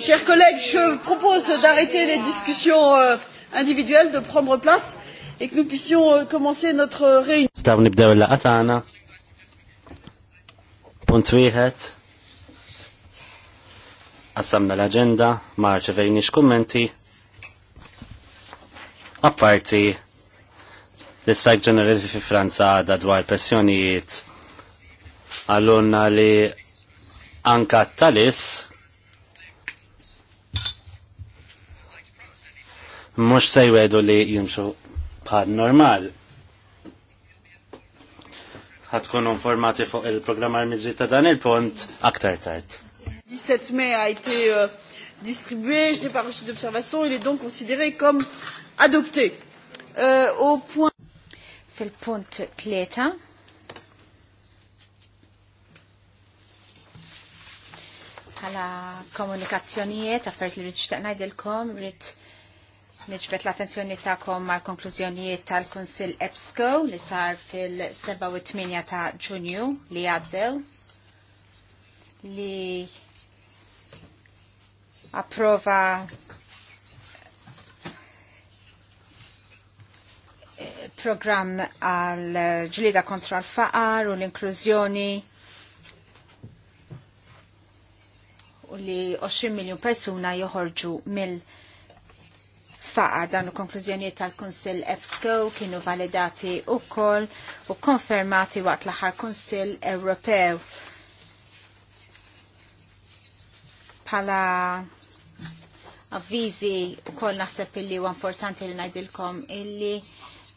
Chers collègues, je propose d'arrêter les discussions euh, individuelles, de prendre place et que nous puissions euh, commencer notre réunion. Staw nibdew il-laqa tagħna. Punt wieħed. Qassamna l-aġenda ma rċevejniex kummenti. Apparti l-istrajk ġenerali fi Franza għadha dwar pressjonijiet għallunna li anka talis mux se jwedu li jimxu bħad normal. Ħatkun informati fuq il-programm armiġi ta' dan il punt aktar tard. 17 mai a été euh, distribué, je n'ai pas reçu d'observation, il est donc considéré comme adopté. Euh, au point... Fil-punt tleta. Għala komunikazzjonijiet, affert li rrit xtaqnajdilkom, rrit Nġbet l-attenzjoni ta'kom mal konklużjonijiet tal-Konsil EBSCO li sar fil-7 ta' ġunju li għaddew li approva eh, program għal ġlida kontra l-faqar u l-inklużjoni u li 20 miljon persuna joħorġu mill- faqar dan il konklużjonijiet tal kunsill Epsco kienu validati u koll u konfermati waqt l-aħħar Kunsill Ewropew. Pala avvizi u koll naħseb illi u importanti li najdilkom illi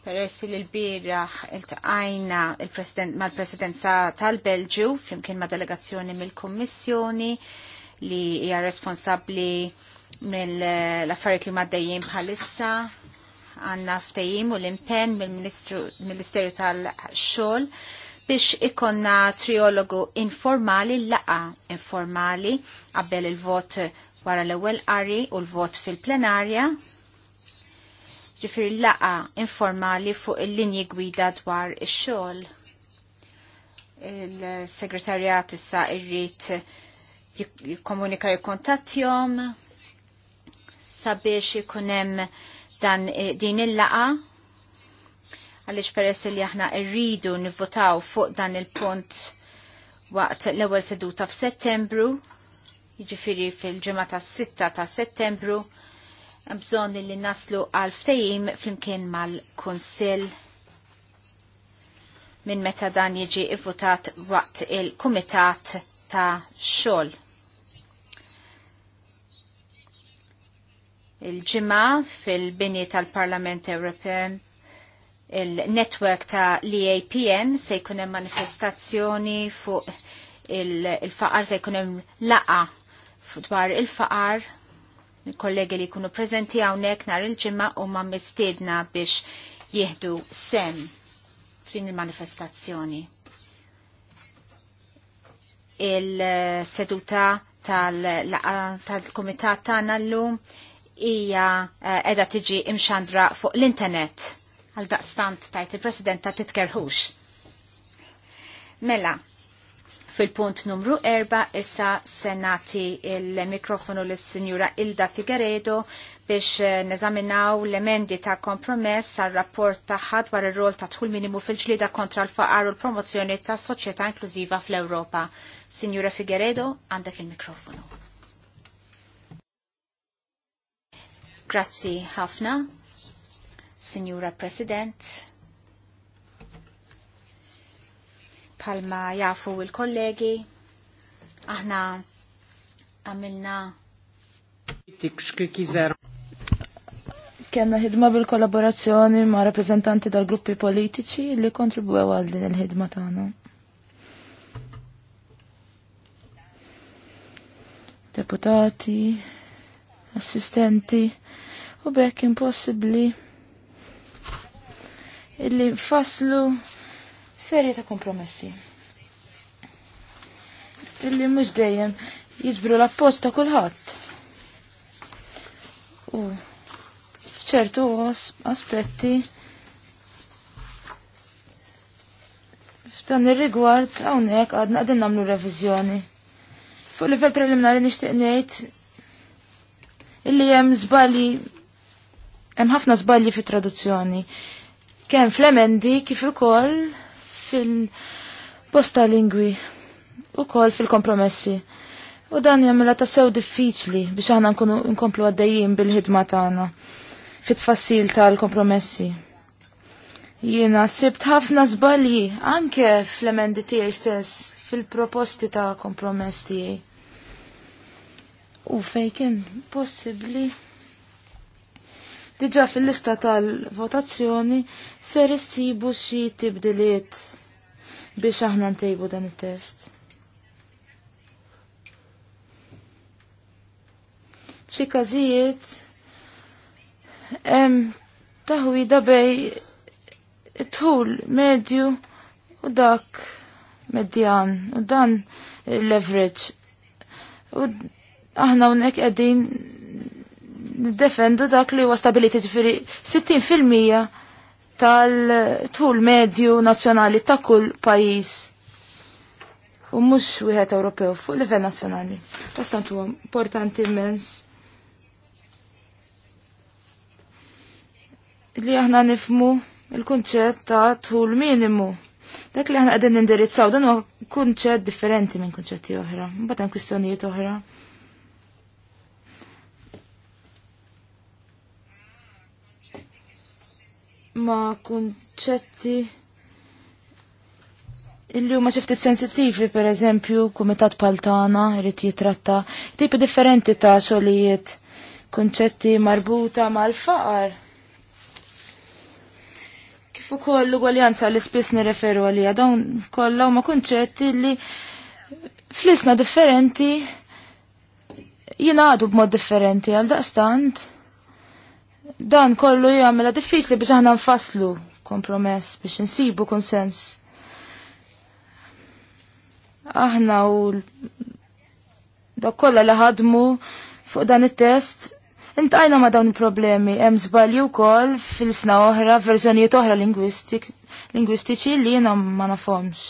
peress li l birraħ il-tqajna mal-presidenza tal-Belġu, flimkien ma' delegazzjoni mill-Kommissjoni li hija responsabbli mill-affarijiet li maddejjin bħalissa għanna ftejim u l-impen mill-Ministeru tal-Xol biex ikonna triologu informali laqa informali qabel il-vot wara l-ewwel qari u l-vot fil-plenarja ġifir laqa informali fuq il-linji gwida dwar ix-xogħol. Il-segretarjat issa irrid jikkomunika jikkontattjom, sabiex ikunem dan eh, din il-laqa għalix peress li aħna irridu nivvotaw fuq dan il-punt waqt l-ewwel seduta f'Settembru, jiġifieri fil-ġimgħa tas-6 ta' Settembru, bżonn li naslu għal ftehim flimkien mal-Kunsill minn meta dan jiġi ivvotat waqt il-Kumitat ta' xogħol. il-ġimma fil-bini tal-Parlament Ewropew il-network ta' l-EAPN se jkun hemm manifestazzjoni fuq il-faqar se jkun hemm laqa dwar il-faqar il-kollegi li jkunu preżenti hawnhekk nhar il-ġimgħa huma mistiedna biex jieħdu sem f'din il-manifestazzjoni. Il-seduta tal-laqa tal-kumitat tagħna llum hija eh, edha tiġi imxandra fuq l-internet għal daqstant tajt il-President ta' titkerħux. Mela, fil-punt numru 4 issa senati il-mikrofonu l-Sinjura Ilda Figueredo biex eh, neżaminaw l-emendi ta' kompromess għal rapport taħħa dwar ir-rol ta' tħul minimu fil-ġlida kontra l-faqar u l-promozzjoni ta' soċjetà inklużiva fl-Ewropa. Sinjura Figueredo, għandek il-mikrofonu. Grazzi ħafna, Signora President. Palma jafu il-kollegi, aħna għamilna Kenna ħidma bil-kollaborazzjoni ma' rappresentanti tal-gruppi politiċi li kontribwew għal din il-ħidma tagħna. Deputati, assistenti u bekk impossibbli illi faslu serje ta' kompromessi. Illi mhux dejjem jiġbru l-appoġġ ta' kulħadd. U f'ċertu aspetti f'dan ir-rigward hawnhekk għadna qegħdin nagħmlu reviżjoni. Fuq livell preliminari nixtieq ngħid illi hemm żbalji hemm ħafna żbalji fit-traduzzjoni. Kemm fl-emendi kif ukoll fil posta lingwi ukoll fil-kompromessi. U dan jagħmilha tassew diffiċli biex aħna nkunu nkomplu għaddejjin bil-ħidma tagħna fit-tfassil tal-kompromessi. Jiena sibt ħafna żbalji anke fl-emendi tiegħi stess fil-proposti ta' kompromess tiegħi u fej possibli. possibbli diġa fil-lista tal-votazzjoni ser issibu xi tibdiliet biex aħna ntejbu dan it-test. Xi każijiet hemm taħwida bej it-tul medju u dak medjan u dan leverage u aħna hawnhekk qegħdin niddefendu dak li huwa stabiliti ġifieri 60% tal-tul medju nazzjonali ta' kull pajjiż. U mhux wieħed Ewropew fuq livell nazzjonali. Bastant huwa importanti immens. Li aħna nifmu il-kunċett ta' tul minimu. Dak li aħna qegħdin nindirizzaw dan huwa kunċett differenti minn kunċetti oħra, mbagħad hemm kwistjonijiet oħra. ma' kunċetti illi huma xi ftit sensittivi pereżempju kumitat paltana irid jitratta tipi differenti ta' xolijiet, kunċetti marbuta mal-faqar. Kif ukoll l-ugwaljanza li spiss nirreferu għalija dawn kollha huma kunċetti li flisna differenti għadu b'mod differenti għal daqstant. Dan kollu jagħmilha diffiċli biex aħna nfasslu kompromess biex insibu konsens. Aħna u dak kollha li ħadmu fuq dan it-test intajna ma dawn il-problemi hemm żbalju wkoll fil-sna oħra, verżjonijiet oħra lingwistiċi li jiena ma nafhomx.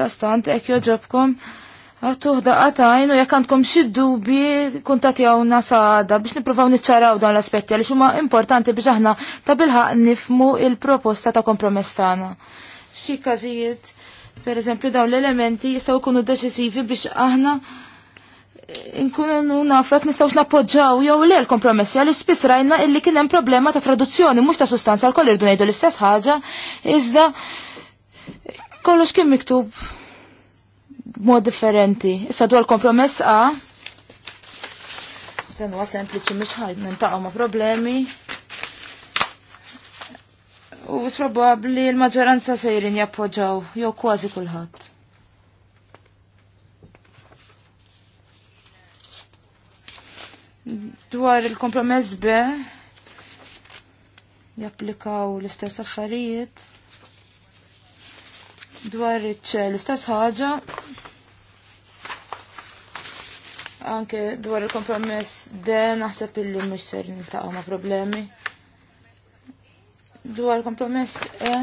Dastant hekk joġobkom Għattuħ daqatajn għajnu jekk għandkom xi dubi kuntati għawna saħda biex nippruvaw niċċaraw dawn l-aspetti għaliex huma importanti biex aħna ta' bilħaq nifmu il-proposta ta' kompromess tagħna. F'xi każijiet, pereżempju dawn l-elementi jistgħu jkunu deċisivi biex aħna nkunu nafu jekk nistgħux nappoġġaw jew le l-kompromessi għaliex spiss rajna illi kien hemm problema ta' traduzzjoni mhux ta' sustanza l kollir ngħidu l-istess ħaġa iżda kollox kien miktub mod differenti. Issa dwar kompromess A. Dan huwa sempliċi mhux ħajt nintaqgħu ma' problemi. U probabbli l-maġġoranza sejrin jappoġġaw jew kważi kulħadd. Dwar il-kompromess B japplikaw l-istess affarijiet dwar l-istess ħaġa anke dwar il-kompromess de naħseb illi mux ser niltaqgħu ma' problemi. Dwar kompromess e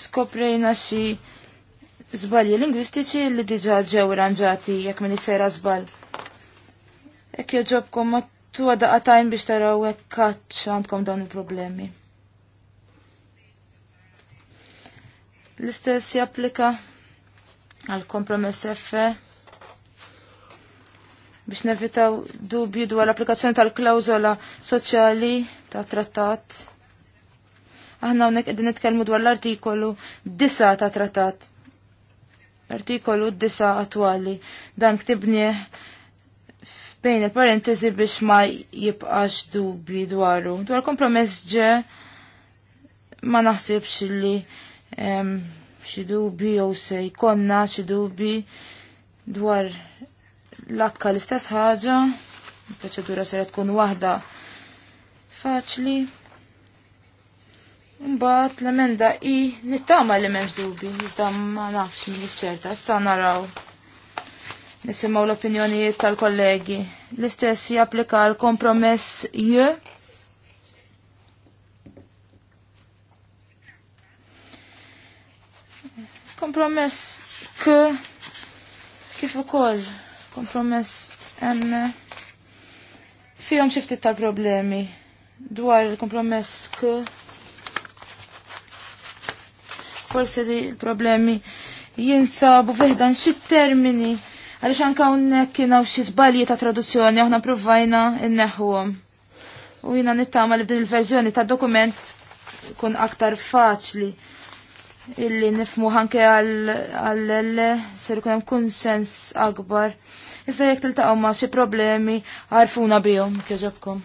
skoprejna xi żbalji lingwistiċi li diġà ġew ranġati jekk min isejra zbal. Jekk joġobkom ma tuwa tajn biex taraw hekk kaċċ għandkom dawn il-problemi. L-istess japplika għal kompromess F biex nevitaw dubju dwar l-applikazzjoni tal-klawżola soċjali ta' trattat. Aħna hawnhekk qegħdin nitkellmu dwar l-artikolu 9 ta' trattat. Artikolu 9 attwali dan ktibnieh bejn il-parentesi biex ma jibqax dubji dwaru. Dwar kompromess ġe ma naħsibx li xi dubi jew se jkollna xi dubi dwar l-akka l-istess ħaġa, il-proċedura se tkun waħda faċli. Mbagħad l-emenda i nittama li m'hemmx dubi, iżda ma nafx mhix ċerta, issa naraw. Nisimgħu l-opinjonijiet tal-kollegi. L-istess japplika l-kompromess J Kompromess k kif ukoll kompromess hemm fihom xi ftit tal-problemi dwar il-kompromess k forsi li l-problemi jinsabu fiħdan xi termini għaliex anke hawnhekk kienu xi żbalji ta' traduzzjoni aħna pruvajna inneħħuhom. U jiena nittama li b'din il-verżjoni tad dokument kun aktar faċli illi nifmu ħanke għall ser ikun hemm kunsens akbar. Iżda jekk tiltaqgħu ma' xi problemi għarfuna bihom kieġobkom.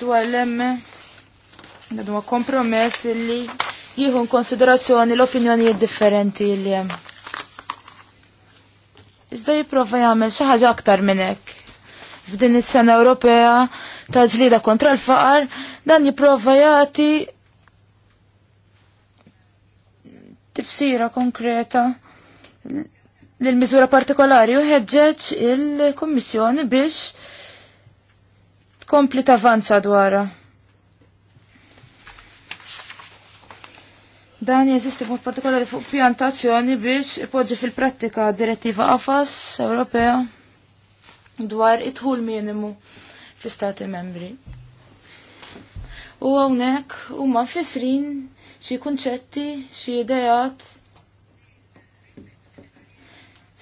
Dwar l-emme għadu kompromess illi jieħu konsiderazzjoni l-opinjonijiet differenti illi hemm. Iżda jipprova jagħmel xi ħaġa aktar minn hekk. F'din is-sena Ewropea ta' ġlida kontra l-faqar dan jipprova jagħti tifsira konkreta l-miżura partikolari u ħeġġeġ il-Kommissjoni biex tkompli tavanza dwarha. Dan jeżisti mod partikolari fuq pjantazzjoni biex ipoġġi fil-prattika direttiva AFAS Ewropea dwar it-ħul minimu fl-Stati membri. U hawnhekk huma fisrin xi kunċetti, xi ideat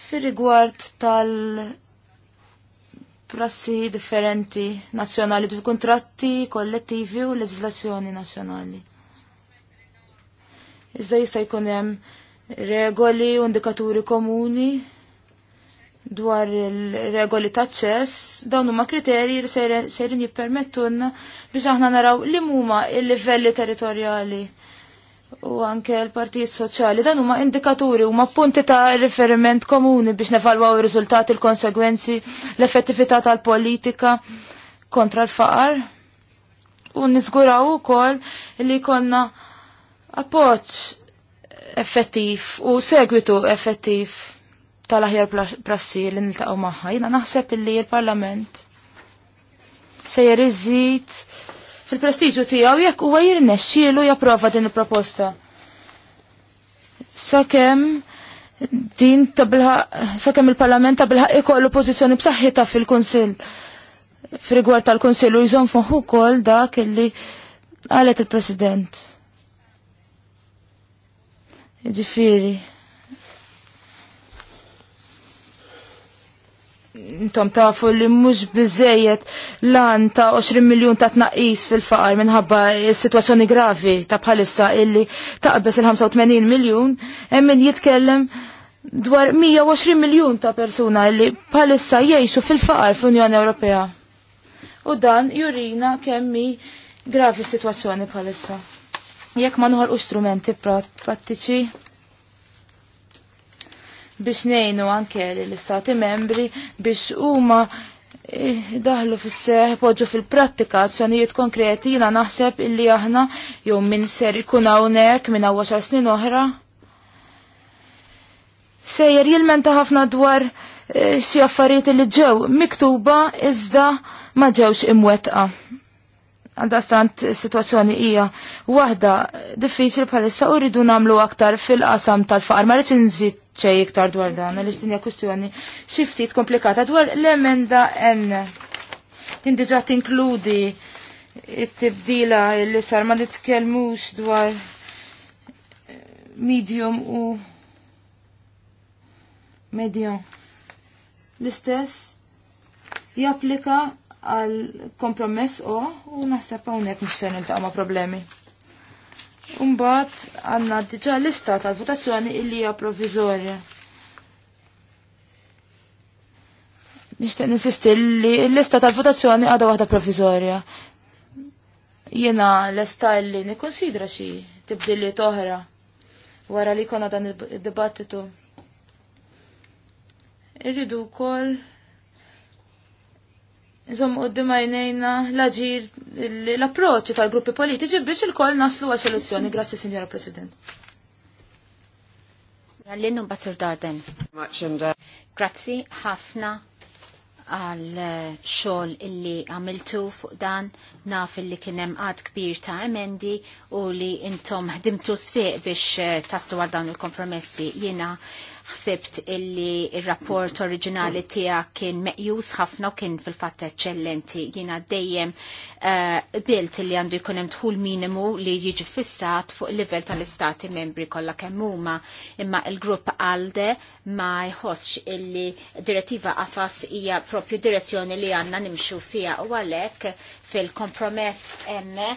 fir-rigward tal- prassi differenti nazzjonali fi kontratti kollettivi u leġislazzjoni nazzjonali. Iżda jista' jkun hemm regoli u indikaturi komuni dwar il-regoli ta' ċess, dawn huma kriterji li sejrin jippermettunna biex aħna naraw li huma il-livelli territorjali u anke l-Partijiet Soċjali dan huma indikaturi huma punti ta' riferiment komuni biex nevalwaw ir-riżultati, il-konsegwenzi, l-effettività tal-politika kontra l-faqar. U niżguraw ukoll li konna appoġġ effettiv u segwitu effettiv tal-aħjar prassi li niltaqgħu magħha. Jiena naħseb illi l-Parlament se jeriżid fil-prestiġu tiegħu jekk huwa jirnexxielu japprova din il-proposta. Sakemm din tabilħa sakem il-Parlament tabilħa ikollu pożizzjoni b'saħħitha fil-Kunsill f'rigward tal konsil u jizom fuħu kol dak illi qalet il-President. Ġifieri. intom tafu li mhux biżejjed lan ta' 20 miljun ta' tnaqqis fil-faqar minħabba situazzjoni sitwazzjoni gravi ta' bħalissa illi taqbes il-85 miljun hemm min jitkellem dwar 120 miljun ta' persuna illi bħalissa jgħixu fil-faqar fl-Unjoni Ewropea. U dan jurina kemmi gravi situazzjoni sitwazzjoni bħalissa. Jekk ma noħolqu strumenti prattiċi biex nejnu anke l-istati membri biex huma eh, daħlu fis-seħ poġġu fil-prattika azzjonijiet konkreti jiena naħseb illi aħna jew min ser ikun hawnhekk minn hawn xar snin oħra. Sejjer jilmenta ħafna dwar eh, xi affarijiet li ġew miktuba iżda ma ġewx imwetqa stant situazzjoni hija waħda diffiċli bħalissa u rridu nagħmlu aktar fil-qasam tal-faqar. Ma rridx inżid ċej iktar dwar dan, għaliex din kustjoni kwistjoni xi ftit komplikata dwar l-emenda N. Din diġà tinkludi it-tibdila li sar ma nitkellmux dwar eh, medium u medium. L-istess japplika għal kompromess o u naħseb hawnhekk nixser niltaqa' ma' problemi. Umbat għanna diġa lista tal-votazzjoni illi hija provizorja. Nishtiq nisisti li l-lista tal-votazzjoni għadha waħda provizorja. Jiena l-lista illi nikkonsidra xi tibdilli toħra wara li kona dan id-dibattitu. Irridu wkoll Nżom u d-dimajnejna laġir l-approċ tal-gruppi politiċi biex il-koll naslu għal soluzzjoni. Grazie, Signora President. Għallinnu Bazzur Darden. Grazzi ħafna għal eh, xol illi għamiltu fuq dan naf illi kienem għad kbir ta' emendi u li intom ħdimtu sfiq biex eh, tastu għal dawn il-kompromessi jina ħsibt illi il-rapport oriġinali tija kien meqjus ħafna u kien fil-fatt eccellenti. Jina dejjem uh, bilt illi għandu jkun hemm minimu li jiġi fissat fuq il-livell tal-istati membri kollha kemm huma. Imma il-grupp ALDE ma jħossx illi direttiva qafas hija propju direzzjoni li għandna nimxu fija u għalhekk fil-kompromess emme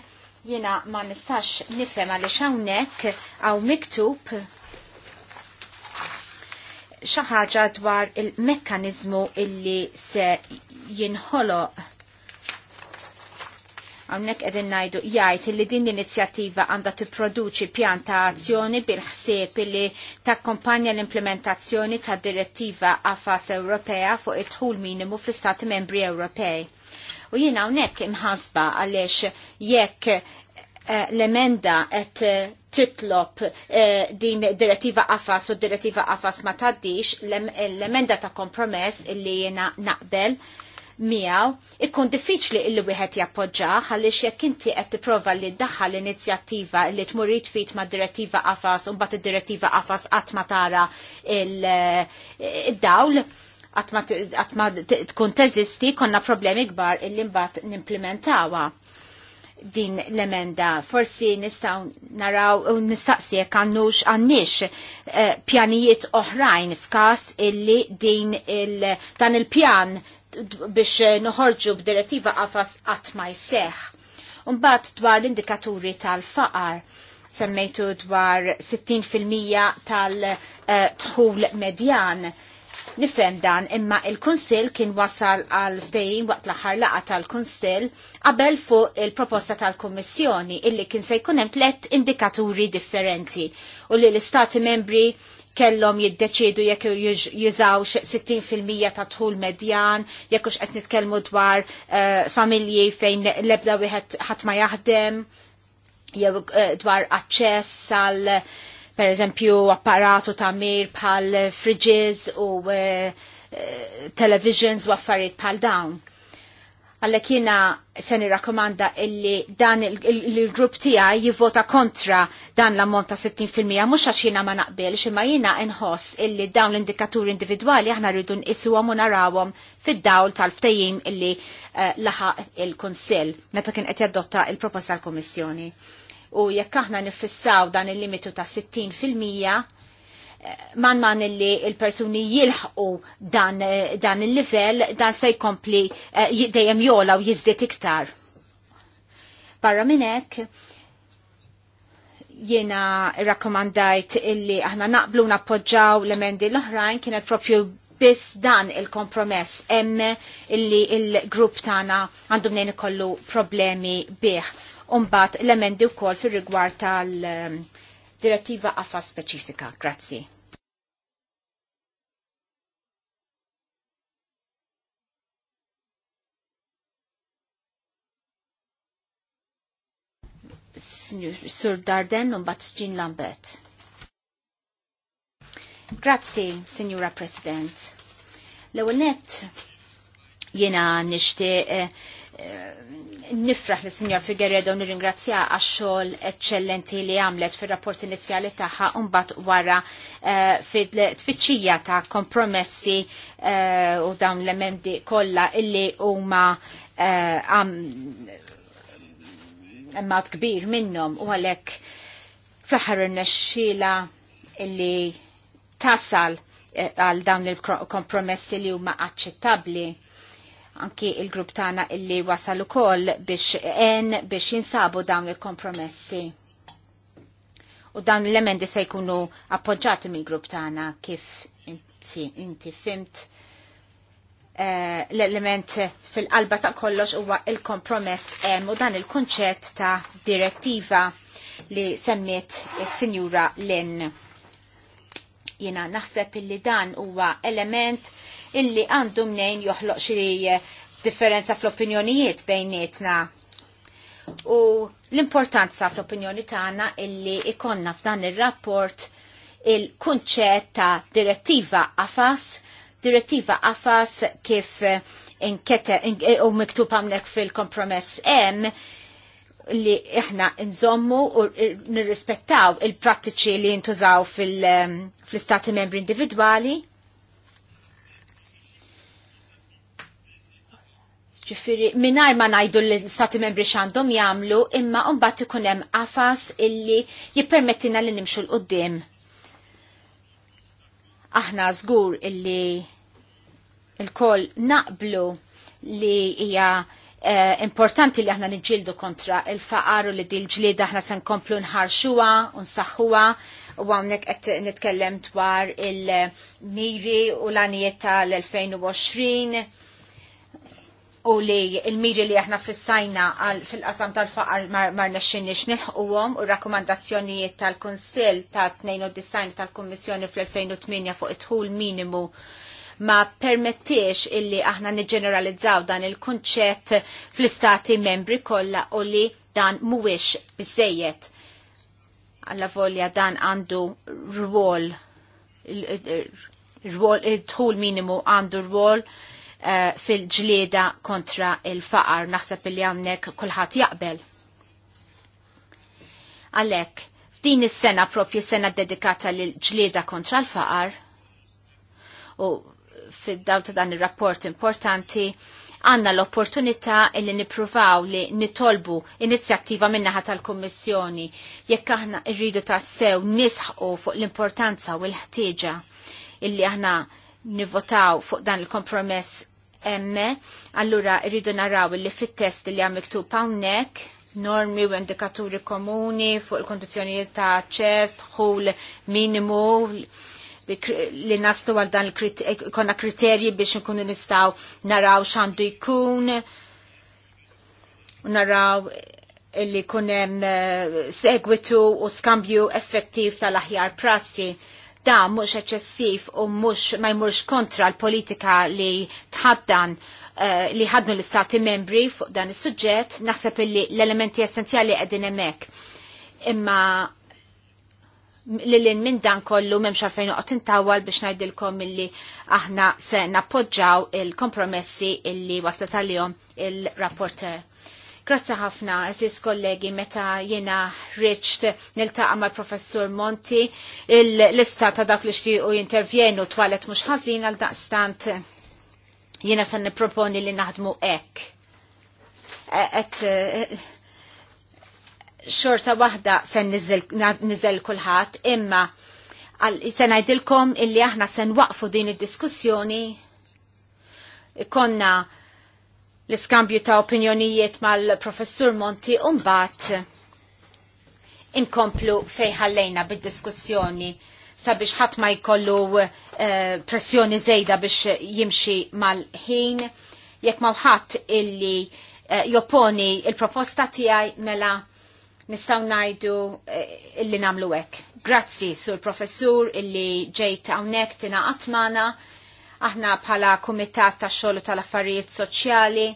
jina ma nistax nifhem għaliex hawnhekk għaw miktub xaħġa ħaġa dwar il-mekkaniżmu illi se jinħoloq għamnek edin najdu jajt li din l-inizjattiva għanda t-produċi pjanta azzjoni bil-ħsieb ta' kompanja l-implementazzjoni ta' direttiva għafas Ewropea fuq it-tħul minimu fl-Stati membri Ewropej. U jiena hawnhekk imħasba għaliex jekk Eh, l-emenda et eh, titlop eh, din direttiva qafas u direttiva qafas ma taddix l-emenda ta' kompromess illi jena naqbel miegħu ikun diffiċli illi wieħed jappoġġa għaliex jekk inti qed tipprova li ddaħħal inizjattiva li tmurit fit ma' direttiva qafas u mbagħad id-direttiva qafas qatt ma tara d dawl qatt ma tkun teżisti konna problemi kbar illi mbagħad nimplementawha din l-emenda. Forsi nistaw naraw u nistaqsi għannux għannix eh, pjanijiet oħrajn f'kas illi din il, dan il-pjan biex noħorġu b'direttiva għafas għatma jseħ. Umbat dwar l-indikaturi tal-faqar semmejtu dwar 60% tal-tħul eh, medjan Nifhem dan imma il-Kunsill kien wasal għal fdejn waqt l-aħħar laqgħa tal-Kunsill qabel fuq il-proposta tal-Kummissjoni illi kien se jkun hemm tliet indikaturi differenti u li l-Istati membri kellhom jiddeċidu jekk jużaw 60% ta' tħul medjan, jekk hux qed niskellmu dwar uh, familji fejn l-ebda wieħed ħadd ma jaħdem, jew uh, dwar aċċess għal per eżempju apparatu ta' mir pal fridges u eh, eh, televisions u affarijiet pal dawn. Għallek jina se nirrakkomanda illi dan il-grupp tija jivvota kontra dan l-ammont ta' 60% mux għax jina ma naqbel xima jina nħoss illi dawn l-indikaturi individuali aħna rridu nqisuhom u narawhom fid-dawl tal-ftejjim illi eh, laħaq il-Kunsill meta kien qed jadotta il-proposta tal-Kummissjoni. il proposta l kummissjoni il kummissjoni u jekk aħna nifissaw dan il-limitu ta' 60 fil-mija, man man li il-persuni jilħqu dan, dan il-livell, dan se jkompli eh, dejjem jola u jizdiet iktar. Barra minnek, jena rakkomandajt illi aħna naqblu nappoġġaw l-emendi l-oħrajn kienet propju biss dan il-kompromess emme illi il-grupp tana għandu mnejn ikollu problemi bih umbat l-emendi u kol fil rigward tal-direttiva għafa specifika. Grazzi. Sur Darden umbat Jean Lambert. Grazzi, Signora President. L-ewel Jena nishti eh, eh, nifraħ li Signor Figueredo nirringrazzja għax xogħol eċċellenti li għamlet fir-rapport inizjali tagħha mbagħad wara eh, fit-tfittxija ta' kompromessi u dawn l-emendi kollha illi huma mat kbir minnom u għalek fl-ħar n-nexxila illi tasal għal dawn il-kompromessi li huma aċċettabbli anki il-grupp tagħna illi wasal ukoll biex en biex jinsabu dawn il-kompromessi. U dawn l-emendi se jkunu appoġġati mill-grupp tagħna kif inti, inti fimt uh, l-element fil-qalba ta' kollox huwa il-kompromess hemm u dan il-kunċett ta' direttiva li semmiet is-Sinjura Lin. Jiena naħseb illi dan huwa element illi għandu mnejn joħloq xi eh, differenza fl-opinjonijiet bejnietna. U l-importanza fl-opinjoni tagħna illi ikonna f'dan ir-rapport il kunċett ta' direttiva AFAS direttiva Afas kif eh, inkete eh, u miktub għamlek fil-kompromess M li iħna nżommu u nirrispettaw il-prattiċi li jintużaw fil-istati membri individwali. ġifiri, minar ma najdu l-stati membri xandom jamlu, imma unbat ikunem għafas illi jippermettina li nimxu l-qoddim. Aħna zgur illi il-koll naqblu li hija eh, importanti li aħna nġildu kontra il-faqar u li di l-ġlida aħna sen komplu nħarxuwa, unsaxuwa, u għamnek għet nitkellem dwar il-miri u l-għanijiet tal-2020 u li il-miri li aħna fissajna fil-qasam tal-faqar mar nexxinix nilħquhom u rakkomandazzjonijiet tal-Kunsill ta' 92 tal-Kummissjoni fl-2008 fuq it-tħul minimu ma permettiex illi aħna niġġeneralizzaw dan il-kunċett fl-istati membri kollha u li dan mhuwiex biżejjed. Alla volja dan għandu rwol rwol il-tħul minimu għandu rwol Eh, fil-ġlieda kontra il-faqar. Naħseb li għamnek kullħat jaqbel. Għalek, f'din is-sena propju sena dedikata lil ġlieda kontra l-faqar u fid-daw ta' dan il-rapport importanti għanna l-opportunità illi nipruvaw li nitolbu inizjattiva minnaħa tal-Kommissjoni jekk aħna rridu tassew nisħu fuq l-importanza u l-ħtieġa illi aħna nivotaw fuq dan il-kompromess emme, allura rridu naraw li fit-test li għam iktub hawnhekk normi u indikaturi komuni fuq il-kondizjonijiet ta' ċest, xul, minimu li nastu għal dan konna kriterji biex nkunu nistaw naraw xandu jkun, naraw li kunem eh, segwitu u skambju effettiv tal-aħjar prassi da mhux eċċessiv u mhux ma jmurx kontra l-politika li tħaddan uh, li ħadnu l-istati membri fuq dan is-suġġett, naħseb li l-elementi essenzjali qegħdin hemmhekk. Imma lilin minn dan kollu memx għalfejn uqt intawal biex najdilkom illi aħna se nappoġġaw il-kompromessi illi waslet għal-jom il-rapporter. Grazzi ħafna, eżis kollegi, meta jena nil niltaqa ma' professur Monti, l-lista ta' dak li u jintervjenu twalet mux ħazin għal daqstant jena san niproponi li naħdmu ek. E, et, e, xorta wahda sen nizzel kulħat, imma sen għajdilkom illi aħna sen waqfu din id-diskussjoni, konna l-iskambju ta' opinjonijiet mal-professur Monti umbat inkomplu fejħallejna bid-diskussjoni sabiex ħadd ma jkollu eh, pressjoni zejda biex jimxi mal-ħin jekk ma ħadd illi eh, joponi jopponi il-proposta tiegħi mela nistaw najdu eh, illi namlu hekk. Grazzi sur professur illi ġejt hawnhekk tina għatmana. Aħna bħala Kumitat ta' xogħol tal-affarijiet soċjali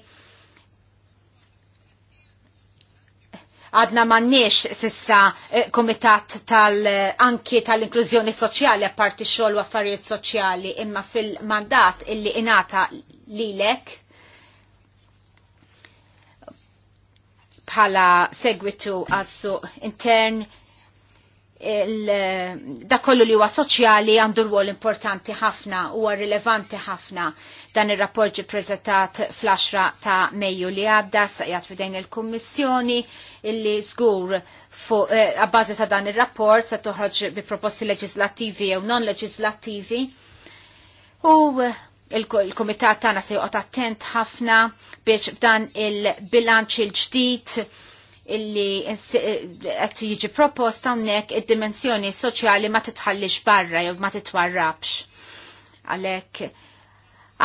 għadna m'għandniex sissa eh, komitat tal-anki eh, tal-inklużjoni soċjali apparti xogħol u affarijiet soċjali imma fil-mandat illi inata lilek bħala segwitu għassu intern da kollu li huwa soċjali għandu rwol importanti ħafna u rilevanti ħafna dan ir-rapport ġi preżentat fl-10 ta' Mejju li għadda saqjat f'dejn il-Kummissjoni illi żgur fuq eh, għabbażi ta' dan ir-rapport se toħroġ bi proposti leġislattivi jew non leġislattivi. U eh, il-Kumitat tagħna se joqgħod attent ħafna biex f'dan il-bilanċ il-ġdid il bilanċ il ġdid illi qed jiġi propost hawnhekk id-dimensjoni soċjali ma titħallix barra jew ma titwarrabx. Għalhekk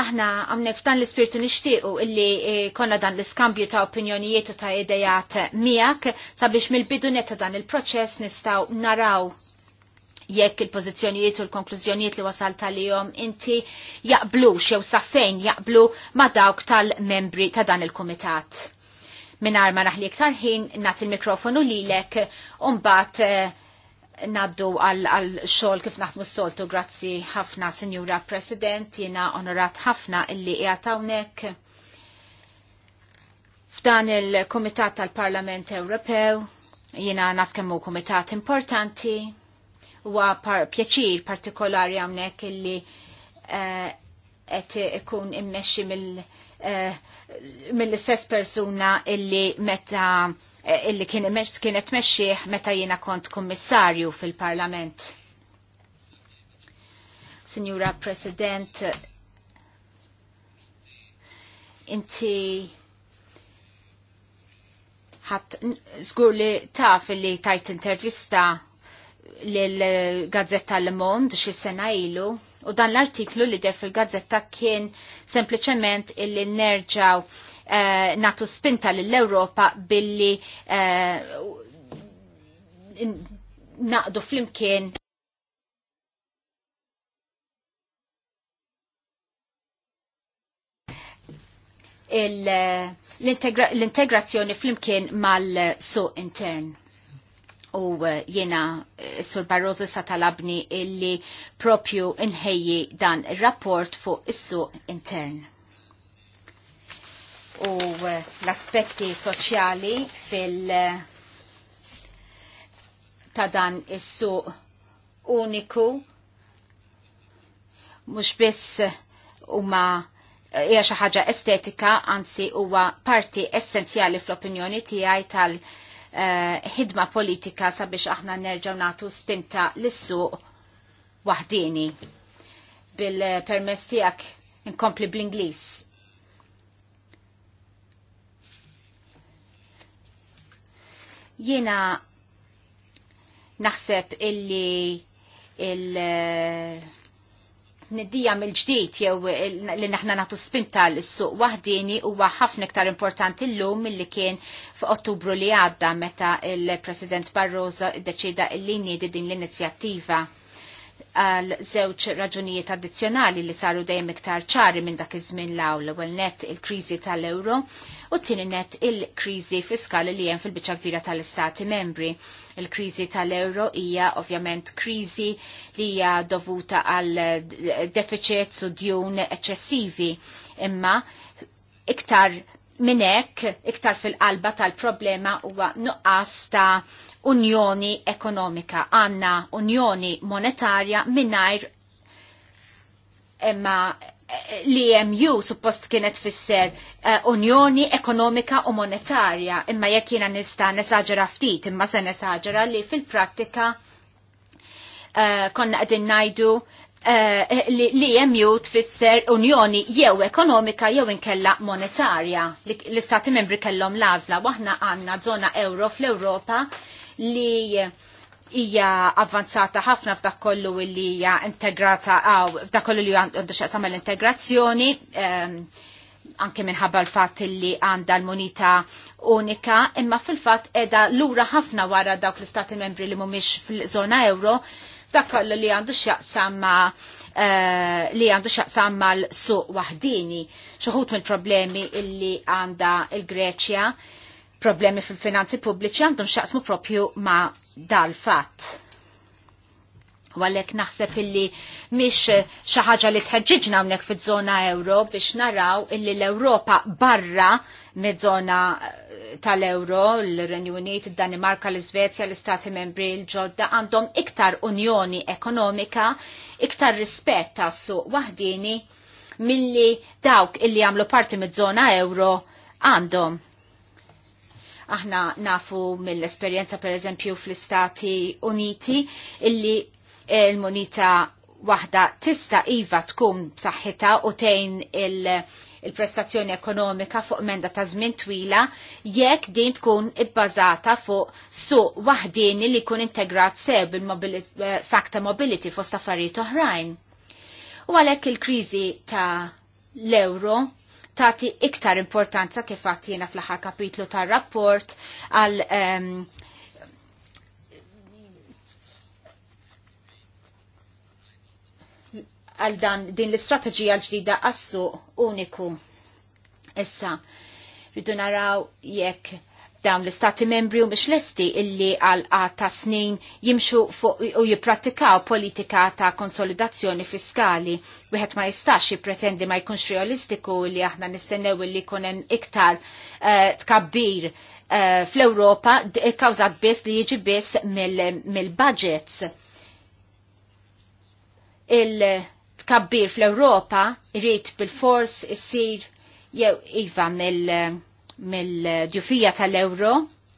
aħna għamnek f'dan l-ispirtu nixtiequ illi e, konna dan l-iskambju ta' opinjonijiet u ta' idejat miegħek sabiex mill-bidu netta dan il-proċess nistgħu naraw jekk il-pozizjonijiet u l-konklużjonijiet li wasal tal-jom inti jaqblu xew saffejn jaqblu ma dawk tal-membri ta' dan il kumitat minn arma naħli iktar ħin nat il-mikrofonu lilek umbat eh, naddu għal xol kif naħdmu s-soltu. Grazzi ħafna, Signora President, jina onorat ħafna illi jgħatawnek f'dan il-Komitat tal-Parlament Ewropew. jina naf kemmu komitat importanti u par pjaċir partikolari għamnek illi eh, qed ikun immexxi mill- uh, mill-istess persuna illi meta eh, illi kien kienet mexxieħ meta jiena kont kummissarju fil-Parlament. Signora President, inti ħat zgur li taf li tajt intervista l gazzetta Le Monde xi sena ilu U dan l-artiklu li der fil-gazzetta kien sempliciment illi nerġaw uh, natu spinta l-Europa billi uh, naqdu fl-imkien eh, l-integrazzjoni fl-imkien mal-suq -so intern u eh, jena eh, Sur Barroso sa talabni illi propju inħeji dan il-rapport fuq issu intern. U eh, l-aspetti soċjali fil- ta' dan issu uniku mux biss u ma' hija xi ħaġa estetika, anzi huwa parti essenzjali fl-opinjoni tiegħi tal- Eh, ħidma politika sabiex aħna nerġaw natu spinta l-suq wahdini bil-permess tijak inkompli bl-Inglis. Jena naħseb illi il- niddija mill-ġdid jew li naħna nagħtu spinta l-suq wahdini huwa ħafna iktar importanti llum milli kien f'Ottubru li għadda meta il-President Barroso deċida l-linji din l-inizjattiva għal żewġ raġunijiet addizzjonali li saru dejjem iktar ċari minn dak iż-żmien l-awl l net il-kriżi tal-euro u t-tieni net il-kriżi fiskali li hemm fil-biċċa kbira tal-istati membri. Il-kriżi tal-euro hija ovvjament kriżi li hija dovuta għal deficits u djun eċċessivi imma iktar minnek iktar fil-qalba tal-problema huwa nuqqas ta' unjoni ekonomika. Għanna unjoni monetarja minnajr imma l-EMU suppost kienet fisser uh, unjoni ekonomika u monetarja imma jekk jiena nista' nesaġera ftit imma se nesaġera li fil-prattika uh, konna qegħdin ngħidu uh, Eh, li jemju tfisser unjoni jew ekonomika jew inkella monetarja. L-istati membri kellhom lażla waħna għandna żona euro fl-Ewropa li hija avvanzata ħafna f'dak kollu li hija integrata għaw f'dak kollu li għandu xaqsam l-integrazzjoni ehm, anke minħabba l-fat li għanda l-monita unika, imma fil-fat edha l-ura ħafna wara dawk l-istati membri li mumiex fil-zona euro dak kollu li għandu x'jaqsam ma' eh, li għandu x'jaqsam mal-suq waħdini. Xuħut mill-problemi illi għanda il-Greċja, problemi fil-finanzi pubbliċi għandhom x'jaqsmu propju ma' dal fat Għalek naħseb illi miex xaħġa li tħedġiġna unnek fil-zona euro biex naraw illi l-Europa barra mezzona żona eh, tal-euro, l-Renju Unit, id-Danimarka, l-Svezja, l-Istati Membri, l-ġodda għandhom iktar unjoni ekonomika, iktar rispett tassu wahdini milli dawk illi għamlu parti mezzona żona euro għandhom aħna nafu mill-esperienza per eżempju fl-Istati Uniti illi il-monita eh, waħda tista iva tkun saħħita u tejn il- il-prestazzjoni ekonomika fuq menda ta' żmien twila jekk din tkun ibbażata fuq suq waħdien li jkun integrat seb il-fakta eh, mobility fost affarijiet oħrajn. U għalhekk il-kriżi ta' l-euro tagħti iktar importanza kif għattina fl aħħar kapitlu tar rapport għal um, għal dan din l-istrateġija l-ġdida għassu uniku. Issa, rridu naraw jekk dawn l-istati membri u biex lesti illi għal ta' snin jimxu fuq u jipratikaw politika ta' konsolidazzjoni fiskali. Wieħed ma jistax jipretendi ma jkunx realistiku li aħna nistennew illi kunen iktar uh, tkabbir uh, eh, fl-Europa kawzat biss li jiġi biss mill-budgets. Mil il- tkabbir fl-Europa irrit bil-fors issir jew iva mill-ġufija mil tal-euro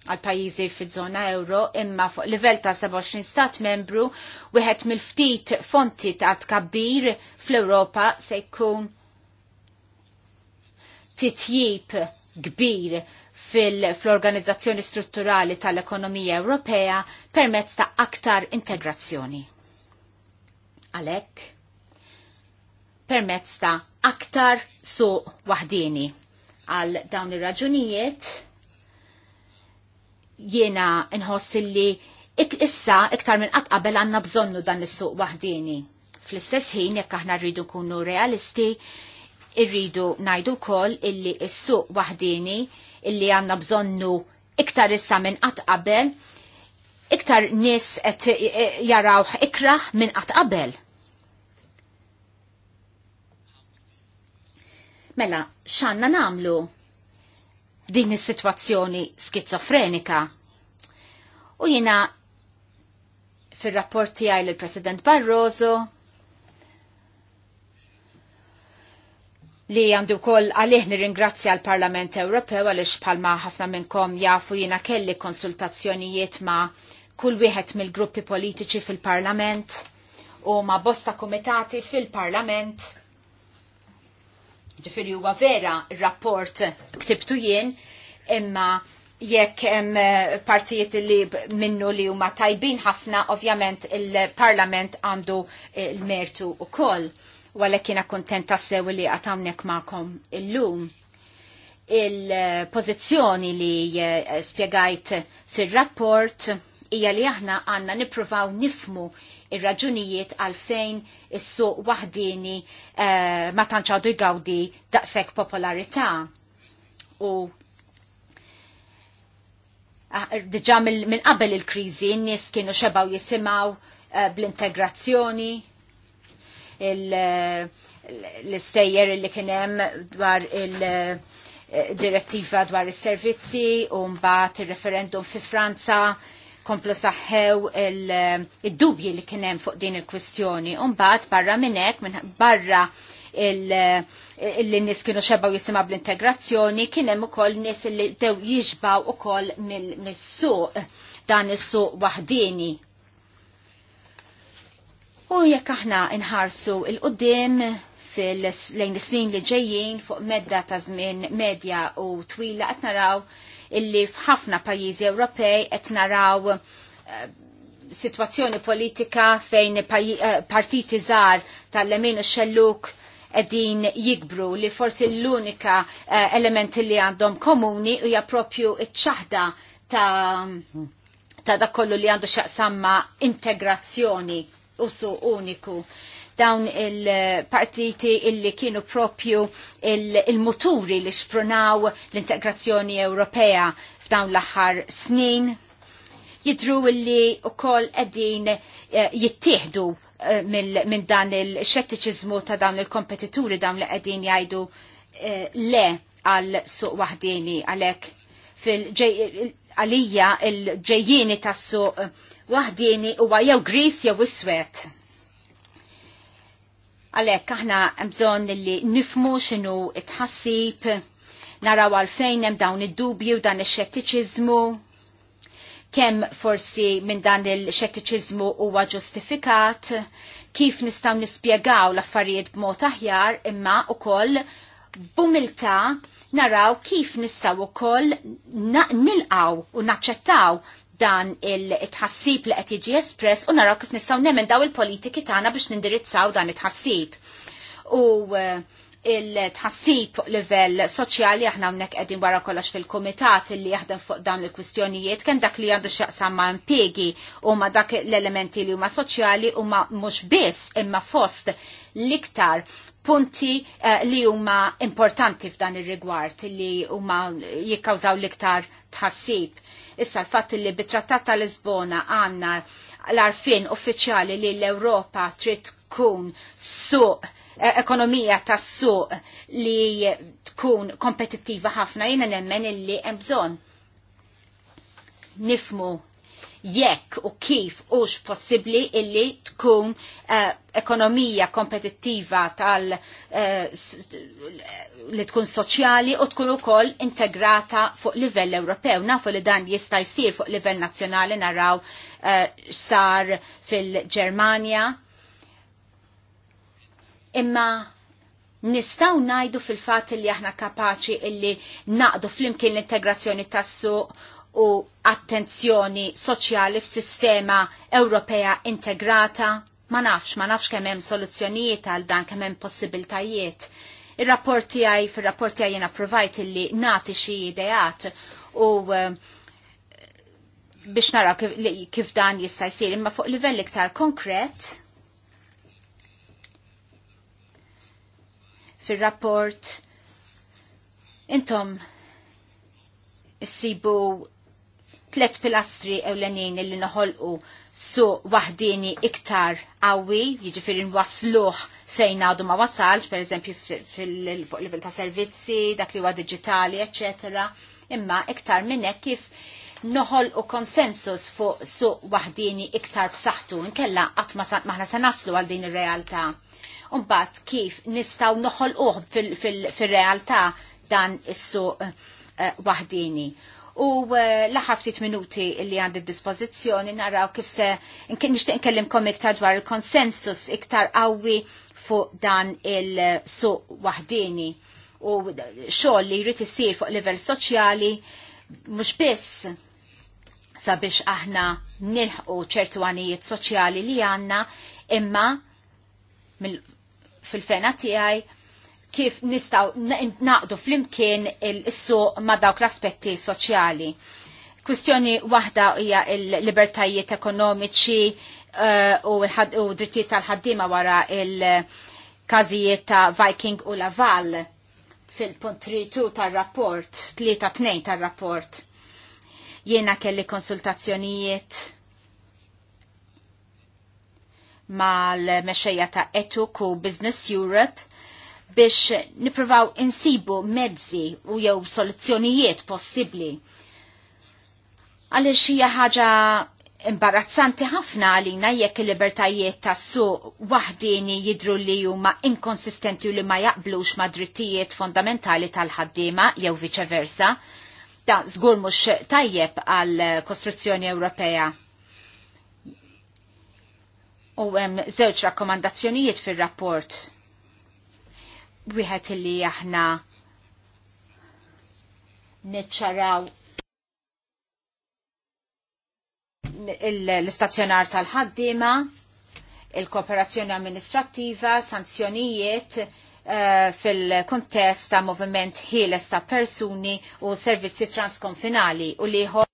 għal pajjiżi fil-żona euro imma fuq livell ta' 27 stat membru wieħed mill-ftit fonti ta' tkabbir fl-Ewropa se jkun titjib kbir fl organizzazzjoni strutturali tal-ekonomija Ewropea permezz ta' aktar integrazzjoni. Għalhekk permezz ta' aktar suq wahdini. Għal dawn ir-raġunijiet jiena nħoss li issa iktar minn qatt qabel għandna bżonnu dan is-suq waħdini. Fl-istess ħin jekk aħna rridu nkunu realisti, irridu ngħidu wkoll illi s-suq waħdini illi għandna bżonnu iktar issa minn qatt qabel, iktar nies qed jarawh ikraħ minn qatt qabel Mela, xanna namlu din is-sitwazzjoni skizofrenika? U jina fil-rapporti għaj l-President Barroso, li għandu kol għalih nirringrazzja l-Parlament Ewropew għalix palma ħafna minnkom jafu jina kelli konsultazzjonijiet ma kull wieħed mill-gruppi politiċi fil-Parlament u ma bosta komitati fil-Parlament Ġifiri huwa vera rapport ktibtu jien, imma jekk hemm eh, partijiet li minnu li huma tajbin ħafna, ovvjament il-Parlament għandu eh, l-mertu il ukoll. Walek kontenta sew li għatamnek ma'kom illum. Il-pożizzjoni eh, li spjegajt fil-rapport ija li aħna għanna nipruvaw nifmu ir-raġunijiet għalfejn is-suq wahdini eh, ma tantx jgawdi daqshekk popolarità. U ah, diġà minn qabel il-kriżi n-nies kienu xebaw jisimaw eh, bl-integrazzjoni eh, l-istejjer li kien hemm dwar il- direttiva dwar is-servizzi u mbagħad ir-referendum fi Franza komplu saħħew il-dubji eh, li kienem fuq din il-kwistjoni. Umbat barra minnek, minn barra il-nis eh, kienu xebaw jisima bl-integrazzjoni, kienem u koll nis li dew jiġbaw u koll mill-suq dan il-suq wahdini. U jekk aħna inħarsu il-qoddim fil-lejn snin li ġejjin fuq medda ta' żmien medja u twila qed naraw illi f'ħafna pajjiżi Ewropej qed naraw eh, situazzjoni politika fejn eh, partiti żgħar tal-lemin u xelluk edin jikbru li forsi l-unika eh, element li għandhom komuni u jappropju iċ-ċaħda ta' ta' kollu li għandu xaqsamma integrazzjoni u su uniku dawn il-partiti illi kienu propju il-muturi li xprunaw l-integrazzjoni Ewropea f'dawn l-aħħar snin jidru illi u koll edin eh, jittieħdu eh, minn dan il-xettiċizmu ta' dawn il-kompetituri dawn li edin jajdu eh, le għal suq wahdini għalek għalija il-ġejjini tas suq wahdini u jew gris jew iswet. Għalek, aħna bżon li nifmu xinu tħassib, naraw għalfejn hemm dawn id-dubju, dan ix-xettiċiżmu, kemm forsi minn dan il-xettiċiżmu huwa ġustifikat, kif nistaw nispjegaw l-affarijiet b'mod aħjar imma ukoll bumilta naraw kif nistaw ukoll nilqaw u naċċettaw dan il-tħassib li qed jiġi espress u naraw kif nistgħu nemmen daw il-politiki tagħna biex nindirizzaw dan it-tħassib. U eh, il-tħassib fuq livell soċjali aħna hawnhekk qegħdin wara kollox fil-kumitat li jaħdem fuq dawn il-kwistjonijiet kemm dak li għandu x'jaqsam ma' impjegi huma dak l-elementi li huma soċjali huma mhux biss imma fost l-iktar punti uh, li huma importanti f'dan ir-rigward li huma jikkawżaw l-iktar tħassib Issa l-fatt li bit-trattat ta' Lisbona għanna l-arfin uffiċjali li l-Ewropa trid tkun suq eh, ekonomija ta' suq li tkun kompetittiva ħafna jiena nemmen illi hemm bżonn nifmu jekk u kif ux possibli illi tkun uh, ekonomija kompetittiva tal uh, li tkun soċjali u tkun ukoll integrata fuq livell Ewropew. Nafu li dan jista' jsir fuq livell nazzjonali naraw uh, sar fil-Ġermanja. Imma nistaw najdu fil-fat li aħna kapaċi illi naqdu fl-imkien l-integrazzjoni tas-suq u attenzjoni soċjali f'sistema Ewropea integrata? Ma nafx, ma nafx kemm hemm soluzzjonijiet għal dan kemm hemm possibiltajiet. Ir-rapporti għaj, fir-rapporti għaj jena provajt illi nati xi ideat u eh, biex naraw kif, kif dan jista' jsir, imma fuq livell iktar konkret fir-rapport intom issibu tlet pilastri ewlenin li noħolqu su wahdini iktar għawi, jiġifieri nwasluh fejn għadu ma wasalx, per eżempju fuq livell ta' servizzi, dak li huwa digitali, eċetera. Imma iktar minn hekk kif noħol u konsensus fuq suq wahdini iktar b'saħħtu, nkella qatt maħna se naslu għal din ir-realtà. Umbat kif nistaw noħol uħ fil-realtà dan is-suq eh, wahdini u eh, ftit minuti li għandi dispozizjoni naraw kif se nishtiq nkellimkom iktar dwar il-konsensus iktar qawwi fuq dan il-suq wahdini u xogħol li jrid isir fuq livell soċjali mhux biss sabiex aħna nilħqu ċertu għanijiet soċjali li għanna imma fil-fena tiegħi kif nistaw naqdu fl-imkien il-suq ma dawk l-aspetti soċjali. Kwistjoni waħda hija l-libertajiet ekonomiċi uh, u drittijiet tal-ħaddiema wara il-każijiet ta' Viking u Laval fil-punt 3 tal-rapport, 3-2 tal-rapport. Jiena kelli konsultazzjonijiet mal-mexxejja ta' Etuk u Business Europe biex niprovaw insibu mezzi u jew soluzzjonijiet possibli. Għalix hija ħaġa imbarazzanti ħafna għalina jekk il-libertajiet tas suq waħdini jidru li huma inkonsistenti u li ma jaqblux ma' drittijiet fondamentali tal-ħaddiema jew versa, ta' żgur mhux tajjeb għal kostruzzjoni Ewropea. U hemm żewġ rakkomandazzjonijiet fir-rapport wieħed illi aħna niċċaraw l-istazzjonar tal-ħaddima, il-kooperazzjoni amministrattiva, sanzjonijiet eh, fil-kontest ta' moviment ħieles ta' persuni u servizzi transkonfinali u liħor